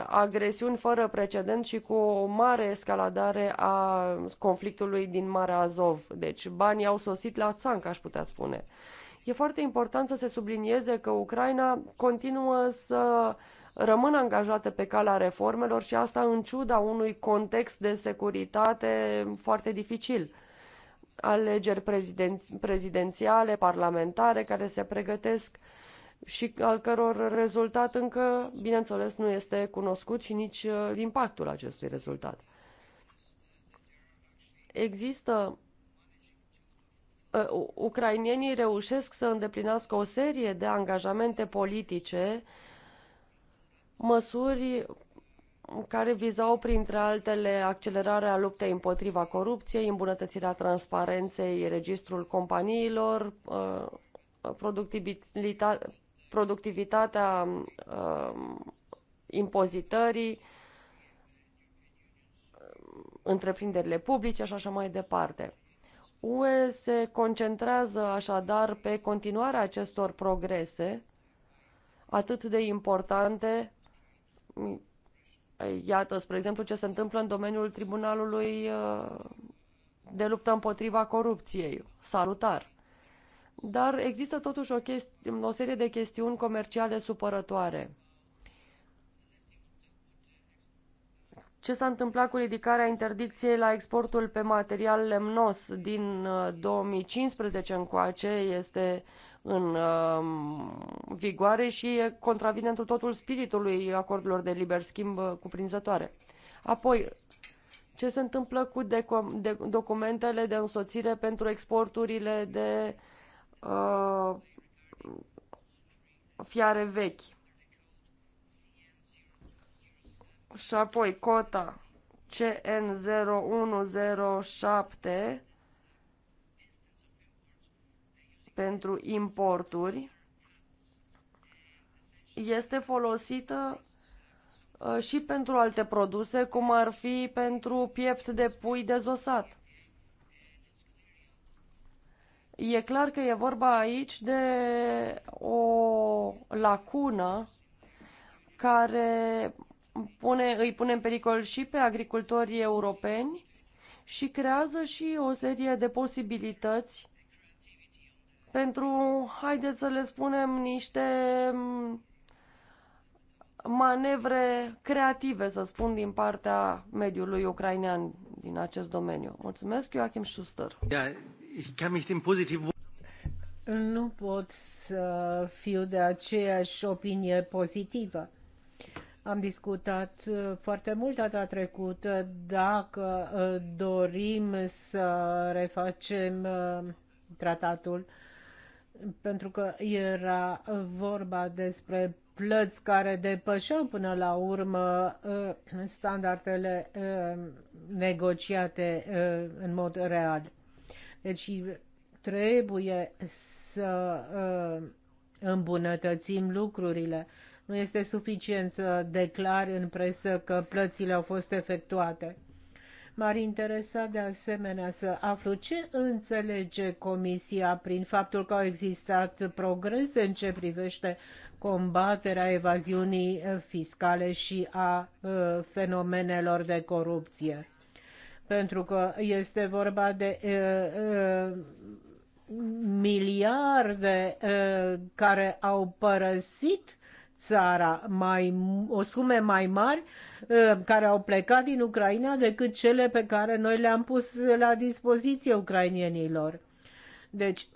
agresiuni fără precedent și cu o mare escaladare a conflictului din Marea Azov. Deci banii au sosit la țanc, aș putea spune. E foarte important să se sublinieze că Ucraina continuă să rămân angajate pe calea reformelor și asta în ciuda unui context de securitate foarte dificil. Alegeri preziden- prezidențiale, parlamentare care se pregătesc și al căror rezultat încă, bineînțeles, nu este cunoscut și nici uh, impactul acestui rezultat. Există uh, ucrainienii reușesc să îndeplinească o serie de angajamente politice uh, măsuri care vizau, printre altele, accelerarea luptei împotriva corupției, îmbunătățirea transparenței, registrul companiilor, uh, productivitatea uh, impozitării, întreprinderile publice și așa mai departe. UE se concentrează așadar pe continuarea acestor progrese atât de importante Iată, spre exemplu, ce se întâmplă în domeniul Tribunalului uh, de luptă împotriva corupției. Salutar! Dar există totuși o, o serie de chestiuni comerciale supărătoare. Ce s-a întâmplat cu ridicarea interdicției la exportul pe material lemnos din 2015 uh, încoace este în uh, vigoare și contravine într totul spiritului acordurilor de liber schimb uh, cuprinzătoare. Apoi, ce se întâmplă cu de documentele de însoțire pentru exporturile de uh, fiare vechi? Și apoi cota CN0107 pentru importuri este folosită uh, și pentru alte produse, cum ar fi pentru piept de pui dezosat. E clar că e vorba aici de o lacună care pune, îi pune în pericol și pe agricultorii europeni și creează și o serie de posibilități pentru, haideți să le spunem, niște mm, manevre creative, să spun, din partea mediului ucrainean din acest domeniu. Mulțumesc, Joachim Schuster. Da, ich kann pozitiv. Nu pot să fiu de aceeași opinie pozitivă. Am discutat uh, foarte mult data trecută dacă uh, dorim să refacem uh, tratatul pentru că era vorba despre plăți care depășeau până la urmă uh, standardele uh, negociate uh, în mod real. Deci trebuie să îmbunătățim lucrurile. Nu este suficient să declari în presă că plățile au fost efectuate. M-ar interesa de asemenea să aflu ce înțelege Comisia prin faptul că au existat progrese în ce privește combaterea evaziunii fiscale și a fenomenelor de corupție. Pentru că este vorba de miliarde care au părăsit țara mai, o sume mai mari ă, care au plecat din Ucraina decât cele pe care noi le-am pus la dispoziție ucrainienilor. Deci,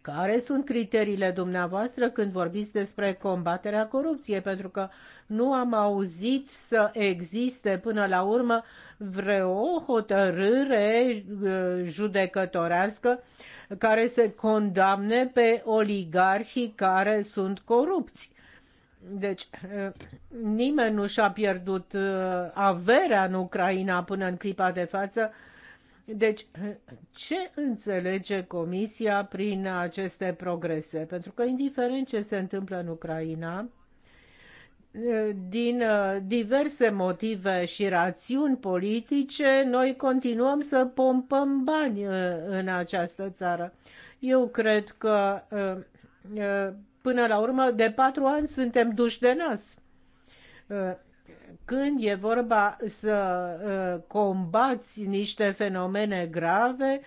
care sunt criteriile dumneavoastră când vorbiți despre combaterea corupției? Pentru că nu am auzit să existe până la urmă vreo hotărâre ă, judecătorească care se condamne pe oligarhii care sunt corupți. Deci nimeni nu și-a pierdut uh, averea în Ucraina până în clipa de față. Deci ce înțelege Comisia prin aceste progrese? Pentru că indiferent ce se întâmplă în Ucraina, din uh, diverse motive și rațiuni politice, noi continuăm să pompăm bani uh, în această țară. Eu cred că uh, până la urmă de patru ani suntem duși de nas. Când e vorba să combați niște fenomene grave,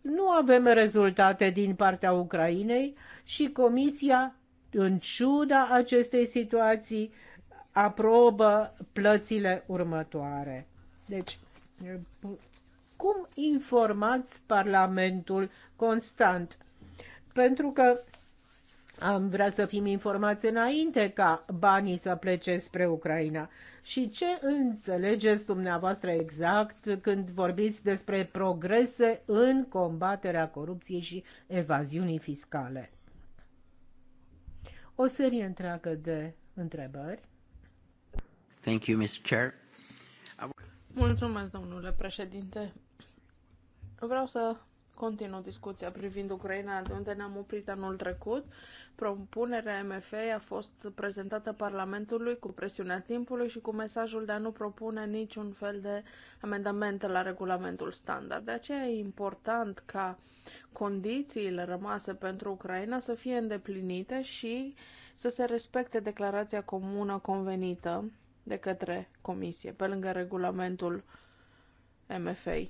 nu avem rezultate din partea Ucrainei și Comisia în ciuda acestei situații, aprobă plățile următoare. Deci, cum informați Parlamentul constant? Pentru că am vrea să fim informați înainte ca banii să plece spre Ucraina. Și ce înțelegeți dumneavoastră exact când vorbiți despre progrese în combaterea corupției și evaziunii fiscale? o serie întreagă de întrebări. Thank you, Mr. Chair. Mulțumesc, domnule președinte. Vreau să continuă discuția privind Ucraina, de unde ne-am oprit anul trecut. Propunerea MF a fost prezentată Parlamentului cu presiunea timpului și cu mesajul de a nu propune niciun fel de amendamente la regulamentul standard. De aceea e important ca condițiile rămase pentru Ucraina să fie îndeplinite și să se respecte declarația comună convenită de către Comisie, pe lângă regulamentul MFA.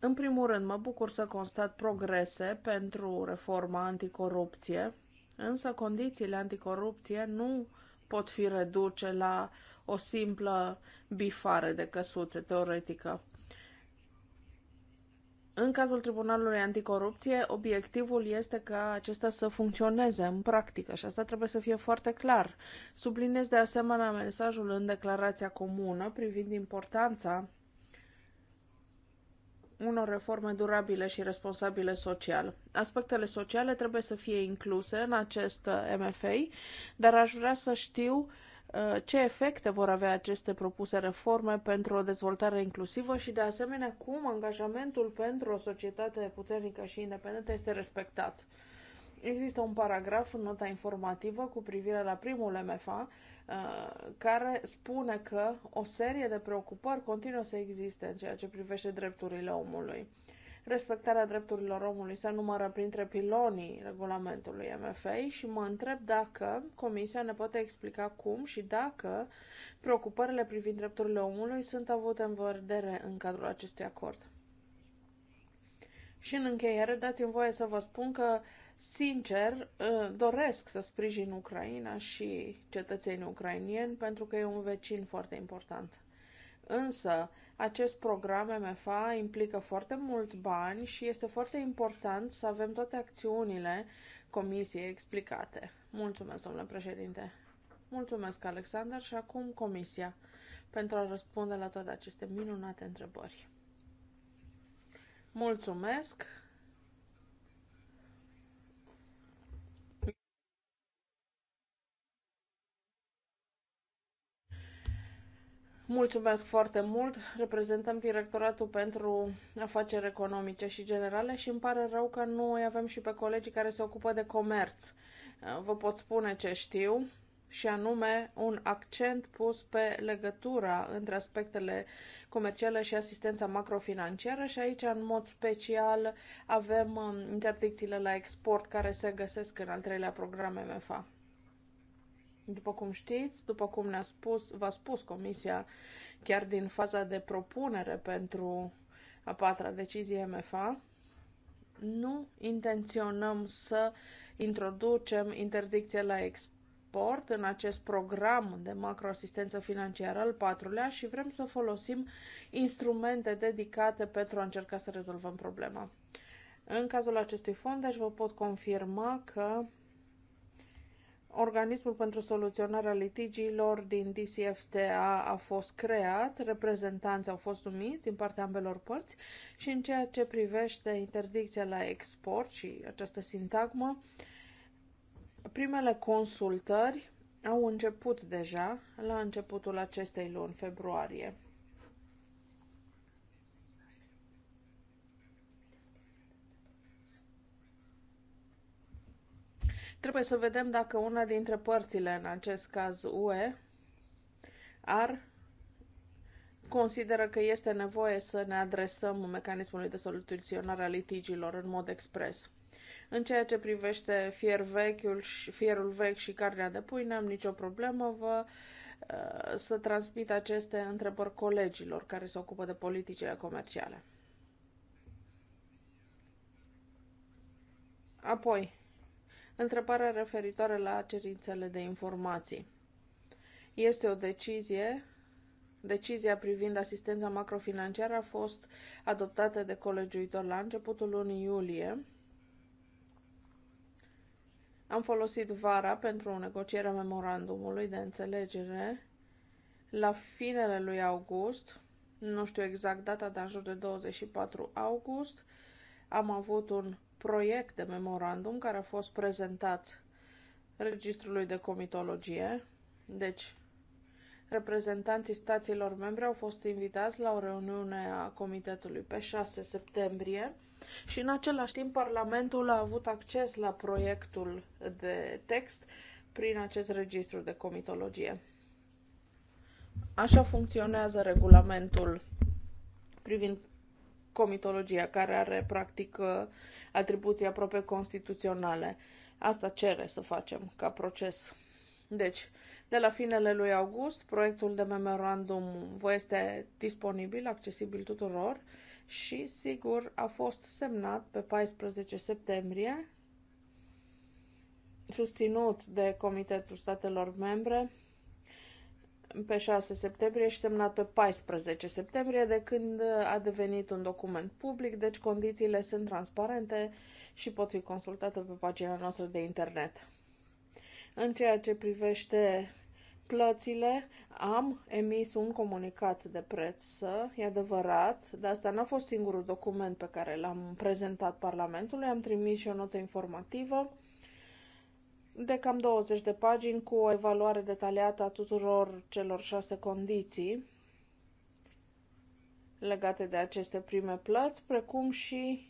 În primul rând, mă bucur să constat progrese pentru reforma anticorupție, însă condițiile anticorupție nu pot fi reduce la o simplă bifare de căsuțe teoretică. În cazul Tribunalului Anticorupție, obiectivul este ca acesta să funcționeze în practică și asta trebuie să fie foarte clar. Subliniez de asemenea mesajul în declarația comună privind importanța unor reforme durabile și responsabile social. Aspectele sociale trebuie să fie incluse în acest uh, MFA, dar aș vrea să știu uh, ce efecte vor avea aceste propuse reforme pentru o dezvoltare inclusivă și, de asemenea, cum angajamentul pentru o societate puternică și independentă este respectat. Există un paragraf în nota informativă cu privire la primul MFA uh, care spune că o serie de preocupări continuă să existe în ceea ce privește drepturile omului. Respectarea drepturilor omului se numără printre pilonii regulamentului MFA și mă întreb dacă Comisia ne poate explica cum și dacă preocupările privind drepturile omului sunt avute în vedere în cadrul acestui acord. Și în încheiere, dați-mi voie să vă spun că uh, Sincer, uh, doresc să sprijin Ucraina și cetățenii ucrainieni pentru că e un vecin foarte important. Însă, acest program MFA implică foarte mult bani și este foarte important să avem toate acțiunile comisiei explicate. Mulțumesc, domnule președinte. Mulțumesc, Alexander, și acum comisia pentru a răspunde la toate aceste minunate întrebări. Mulțumesc! Mulțumesc foarte mult. Reprezentăm Directoratul pentru Afaceri Economice și Generale și îmi pare rău că nu îi avem și pe colegii care se ocupă de comerț. Vă pot spune ce știu și anume un accent pus pe legătura între aspectele comerciale și asistența macrofinanciară și aici în mod special avem um, interdicțiile la export care se găsesc în al treilea program MFA. După cum știți, după cum ne-a spus, v-a spus Comisia chiar din faza de propunere pentru a patra decizie MFA, nu intenționăm să introducem interdicție la export în acest program de macroasistență financiară al patrulea și vrem să folosim instrumente dedicate pentru a încerca să rezolvăm problema. În cazul acestui fond, aș deci, vă pot confirma că Organismul pentru soluționarea litigiilor din DCFTA a fost creat, reprezentanți au fost numiți din partea ambelor părți și în ceea ce privește interdicția la export și această sintagmă, primele consultări au început deja la începutul acestei luni, februarie. Trebuie să vedem dacă una dintre părțile, în acest caz UE, ar consideră că este nevoie să ne adresăm mecanismului de soluționare a litigiilor în mod expres. În ceea ce privește fier vechiul și, fierul vechi și carnea de pui, n-am nicio problemă, vă uh, să transmit aceste întrebări colegilor care se ocupă de politicile comerciale. Apoi, Întrebarea referitoare la cerințele de informații. Este o decizie Decizia privind asistența macrofinanciară a fost adoptată de colegiuitor la începutul lunii iulie. Am folosit vara pentru o negociere a memorandumului de înțelegere la finele lui august, nu știu exact data, dar în jur de 24 august, am avut un proiect de memorandum care a fost prezentat Registrului de Comitologie. Deci, reprezentanții stațiilor membre au fost invitați la o reuniune a Comitetului pe 6 septembrie și în același timp Parlamentul a avut acces la proiectul de text prin acest registru de comitologie. Așa funcționează regulamentul privind comitologia, care are practic uh, atribuții aproape constituționale. Asta cere să facem ca proces. Deci, de la finele lui august, proiectul de memorandum vă este disponibil, accesibil tuturor și, sigur, a fost semnat pe 14 septembrie, susținut de Comitetul Statelor Membre, pe 6 septembrie și semnat pe 14 septembrie, de când uh, a devenit un document public, deci condițiile sunt transparente și pot fi consultate pe pagina noastră de internet. În ceea ce privește plățile, am emis un comunicat de preț, e adevărat, dar asta n-a fost singurul document pe care l-am prezentat Parlamentului, am trimis și o notă informativă de cam 20 de pagini cu o evaluare detaliată a tuturor celor șase condiții legate de aceste prime plăți, precum și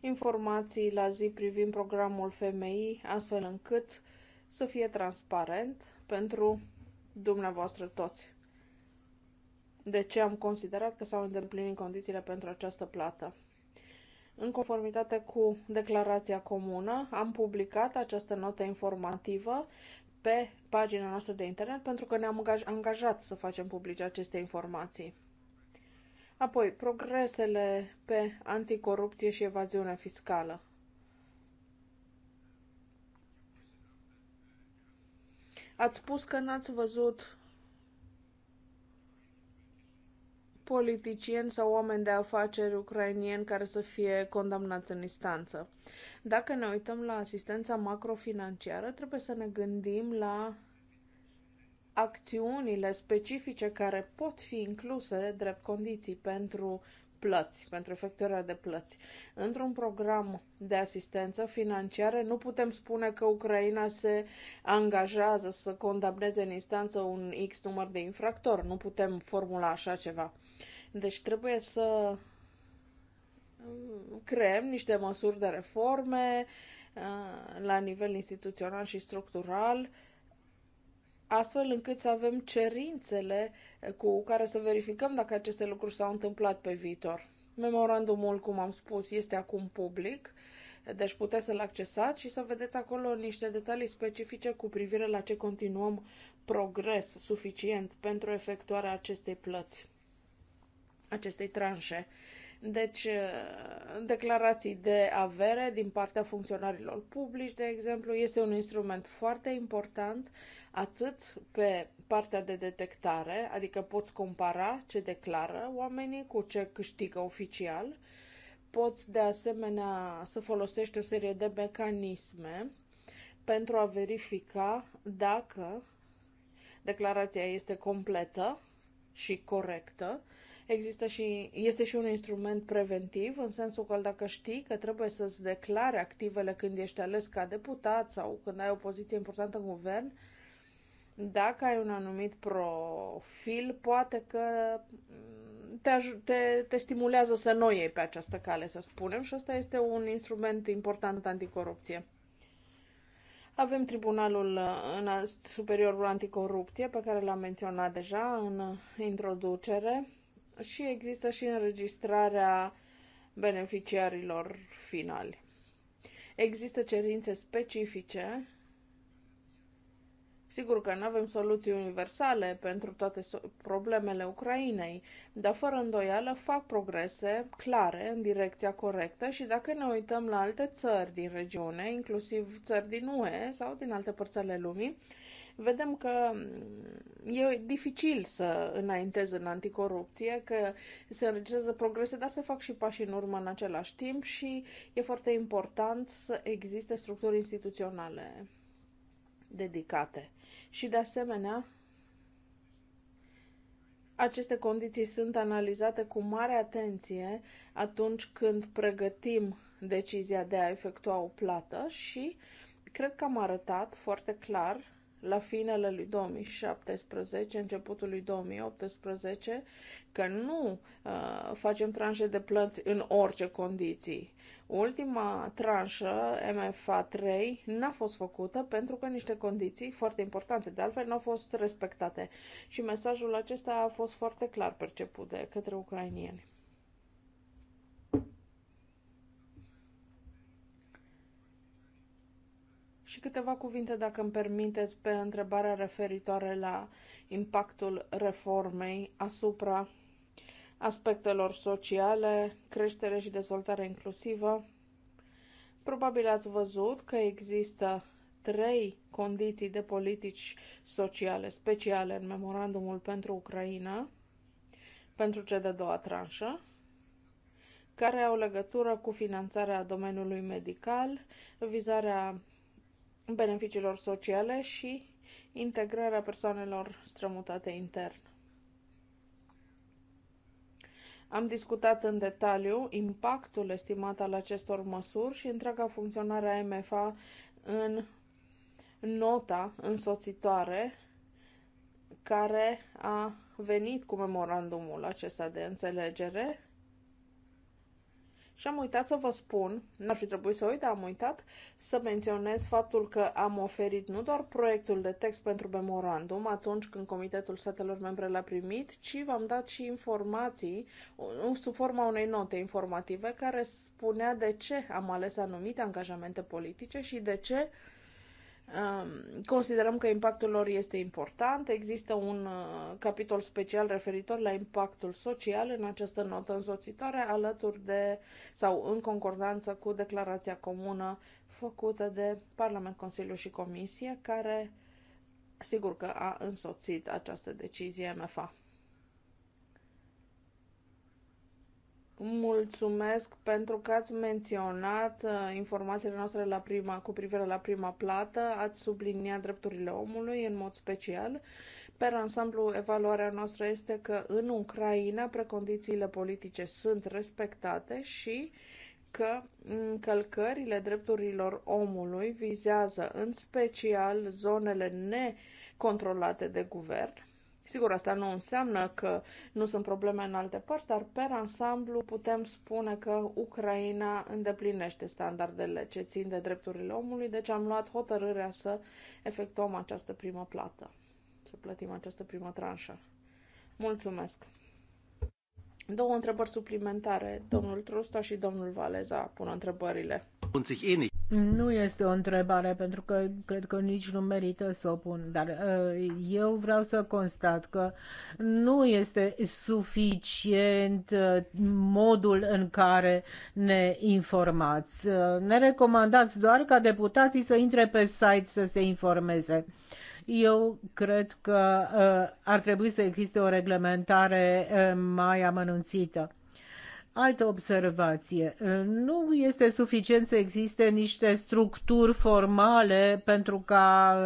informații la zi privind programul FMI, astfel încât să fie transparent pentru dumneavoastră toți. De ce am considerat că s-au îndeplinit condițiile pentru această plată? În conformitate cu declarația comună, am publicat această notă informativă pe pagina noastră de internet pentru că ne-am angajat să facem publice aceste informații. Apoi, progresele pe anticorupție și evaziune fiscală. Ați spus că n-ați văzut politicieni sau oameni de afaceri ucrainieni care să fie condamnați în instanță. Dacă ne uităm la asistența macrofinanciară, trebuie să ne gândim la acțiunile specifice care pot fi incluse drept condiții pentru plăți, pentru efectuarea de plăți. Într-un program de asistență financiară nu putem spune că Ucraina se angajează să condamneze în instanță un X număr de infractori. Nu putem formula așa ceva. Deci trebuie să creăm niște măsuri de reforme uh, la nivel instituțional și structural astfel încât să avem cerințele eh, cu care să verificăm dacă aceste lucruri s-au întâmplat pe viitor. Memorandumul, cum am spus, este acum public, deci puteți să-l accesați și să vedeți acolo niște detalii specifice cu privire la ce continuăm progres suficient pentru efectuarea acestei plăți, acestei tranșe. Deci, uh, declarații de avere din partea funcționarilor publici, de exemplu, este un instrument foarte important atât pe partea de detectare, adică poți compara ce declară oamenii cu ce câștigă oficial, poți de asemenea să folosești o serie de mecanisme pentru a verifica dacă declarația este completă și corectă, Există și, este și un instrument preventiv, în sensul că dacă știi că trebuie să-ți declare activele când ești ales ca deputat sau când ai o poziție importantă în guvern, dacă ai un anumit profil, poate că te, te, te stimulează să nu iei pe această cale, să spunem, și asta este un instrument important anticorupție. Avem Tribunalul superior uh, Superiorul Anticorupție, pe care l-am menționat deja în introducere și există și înregistrarea beneficiarilor finali. Există cerințe specifice. Sigur că nu avem soluții universale pentru toate problemele Ucrainei, dar fără îndoială fac progrese clare în direcția corectă și dacă ne uităm la alte țări din regiune, inclusiv țări din UE sau din alte părți ale lumii, vedem că mm, e dificil să înaintez în anticorupție, că se înregistrează progrese, dar se fac și pași în urmă în același timp și e foarte important să existe structuri instituționale dedicate. Și de asemenea, aceste condiții sunt analizate cu mare atenție atunci când pregătim decizia de a efectua o plată și cred că am arătat foarte clar la finele lui 2017, începutul lui 2018, că nu uh, facem tranșe de plăți în orice condiții. Ultima tranșă, MFA 3, n-a fost făcută pentru că niște condiții foarte importante, de altfel, n-au fost respectate. Și mesajul acesta a fost foarte clar perceput de către ucrainieni. Și câteva cuvinte, dacă îmi permiteți, pe întrebarea referitoare la impactul reformei asupra aspectelor sociale, creștere și dezvoltare inclusivă. Probabil ați văzut că există trei condiții de politici sociale speciale în memorandumul pentru Ucraina, pentru cea de doua tranșă, care au legătură cu finanțarea domeniului medical, vizarea beneficiilor sociale și integrarea persoanelor strămutate intern. Am discutat în detaliu impactul estimat al acestor măsuri și întreaga funcționare a MFA în nota însoțitoare care a venit cu memorandumul acesta de înțelegere și am uitat să vă spun, n-ar fi trebuit să uit, am uitat să menționez faptul că am oferit nu doar proiectul de text pentru memorandum atunci când Comitetul Statelor Membre l-a primit, ci v-am dat și informații sub forma unei note informative care spunea de ce am ales anumite angajamente politice și de ce Um, considerăm că impactul lor este important. Există un uh, capitol special referitor la impactul social în această notă însoțitoare, alături de sau în concordanță cu declarația comună făcută de Parlament, Consiliu și Comisie, care sigur că a însoțit această decizie MFA. Mulțumesc pentru că ați menționat uh, informațiile noastre la prima, cu privire la prima plată, ați subliniat drepturile omului în mod special. Per ansamblu, evaluarea noastră este că în Ucraina precondițiile politice sunt respectate și că încălcările drepturilor omului vizează în special zonele necontrolate de guvern Sigur, asta nu înseamnă că nu sunt probleme în alte părți, dar per ansamblu putem spune că Ucraina îndeplinește standardele ce țin de drepturile omului, deci am luat hotărârea să efectuăm această primă plată, să plătim această primă tranșă. Mulțumesc! Două întrebări suplimentare. Domnul Trusta și domnul Valeza pun întrebările. Nu este o întrebare, pentru că cred că nici nu merită să o pun, dar ă, eu vreau să constat că nu este suficient ă, modul în care ne informați. Ă, ne recomandați doar ca deputații să intre pe site să se informeze. Eu cred că ar trebui să existe o reglementare mai amănunțită altă observație. Nu este suficient să existe niște structuri formale pentru ca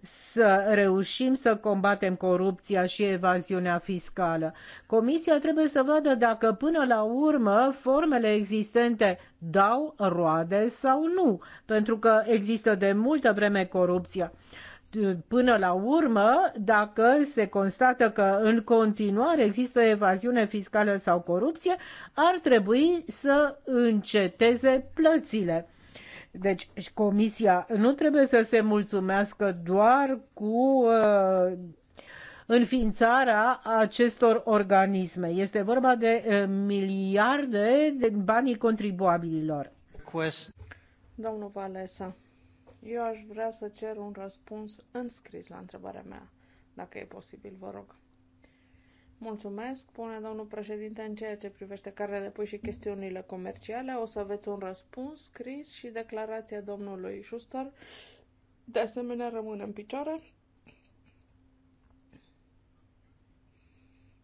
să reușim să combatem corupția și evaziunea fiscală. Comisia trebuie să vadă dacă până la urmă formele existente dau roade sau nu, pentru că există de multă vreme corupția. Până la urmă, dacă se constată că în continuare există evaziune fiscală sau corupție, ar trebui să înceteze plățile. Deci comisia nu trebuie să se mulțumească doar cu uh, înființarea acestor organisme. Este vorba de uh, miliarde de banii contribuabililor. Domnul Valesa, eu aș vrea să cer un răspuns înscris la întrebarea mea, dacă e posibil, vă rog. Mulțumesc, spune domnul președinte, în ceea ce privește care le pui și chestiunile comerciale, o să aveți un răspuns scris și declarația domnului Schuster. De asemenea, rămâne în picioare.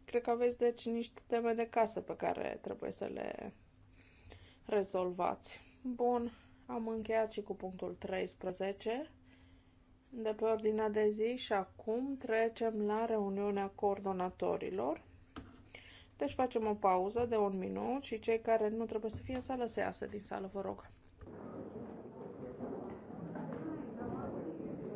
Cred că aveți, deci, niște teme de casă pe care trebuie să le rezolvați. Bun, am încheiat și cu punctul 13 de pe ordinea de zi și acum trecem la reuniunea coordonatorilor. Deci facem o pauză de un minut și cei care nu trebuie să fie în sală să iasă din sală, vă rog.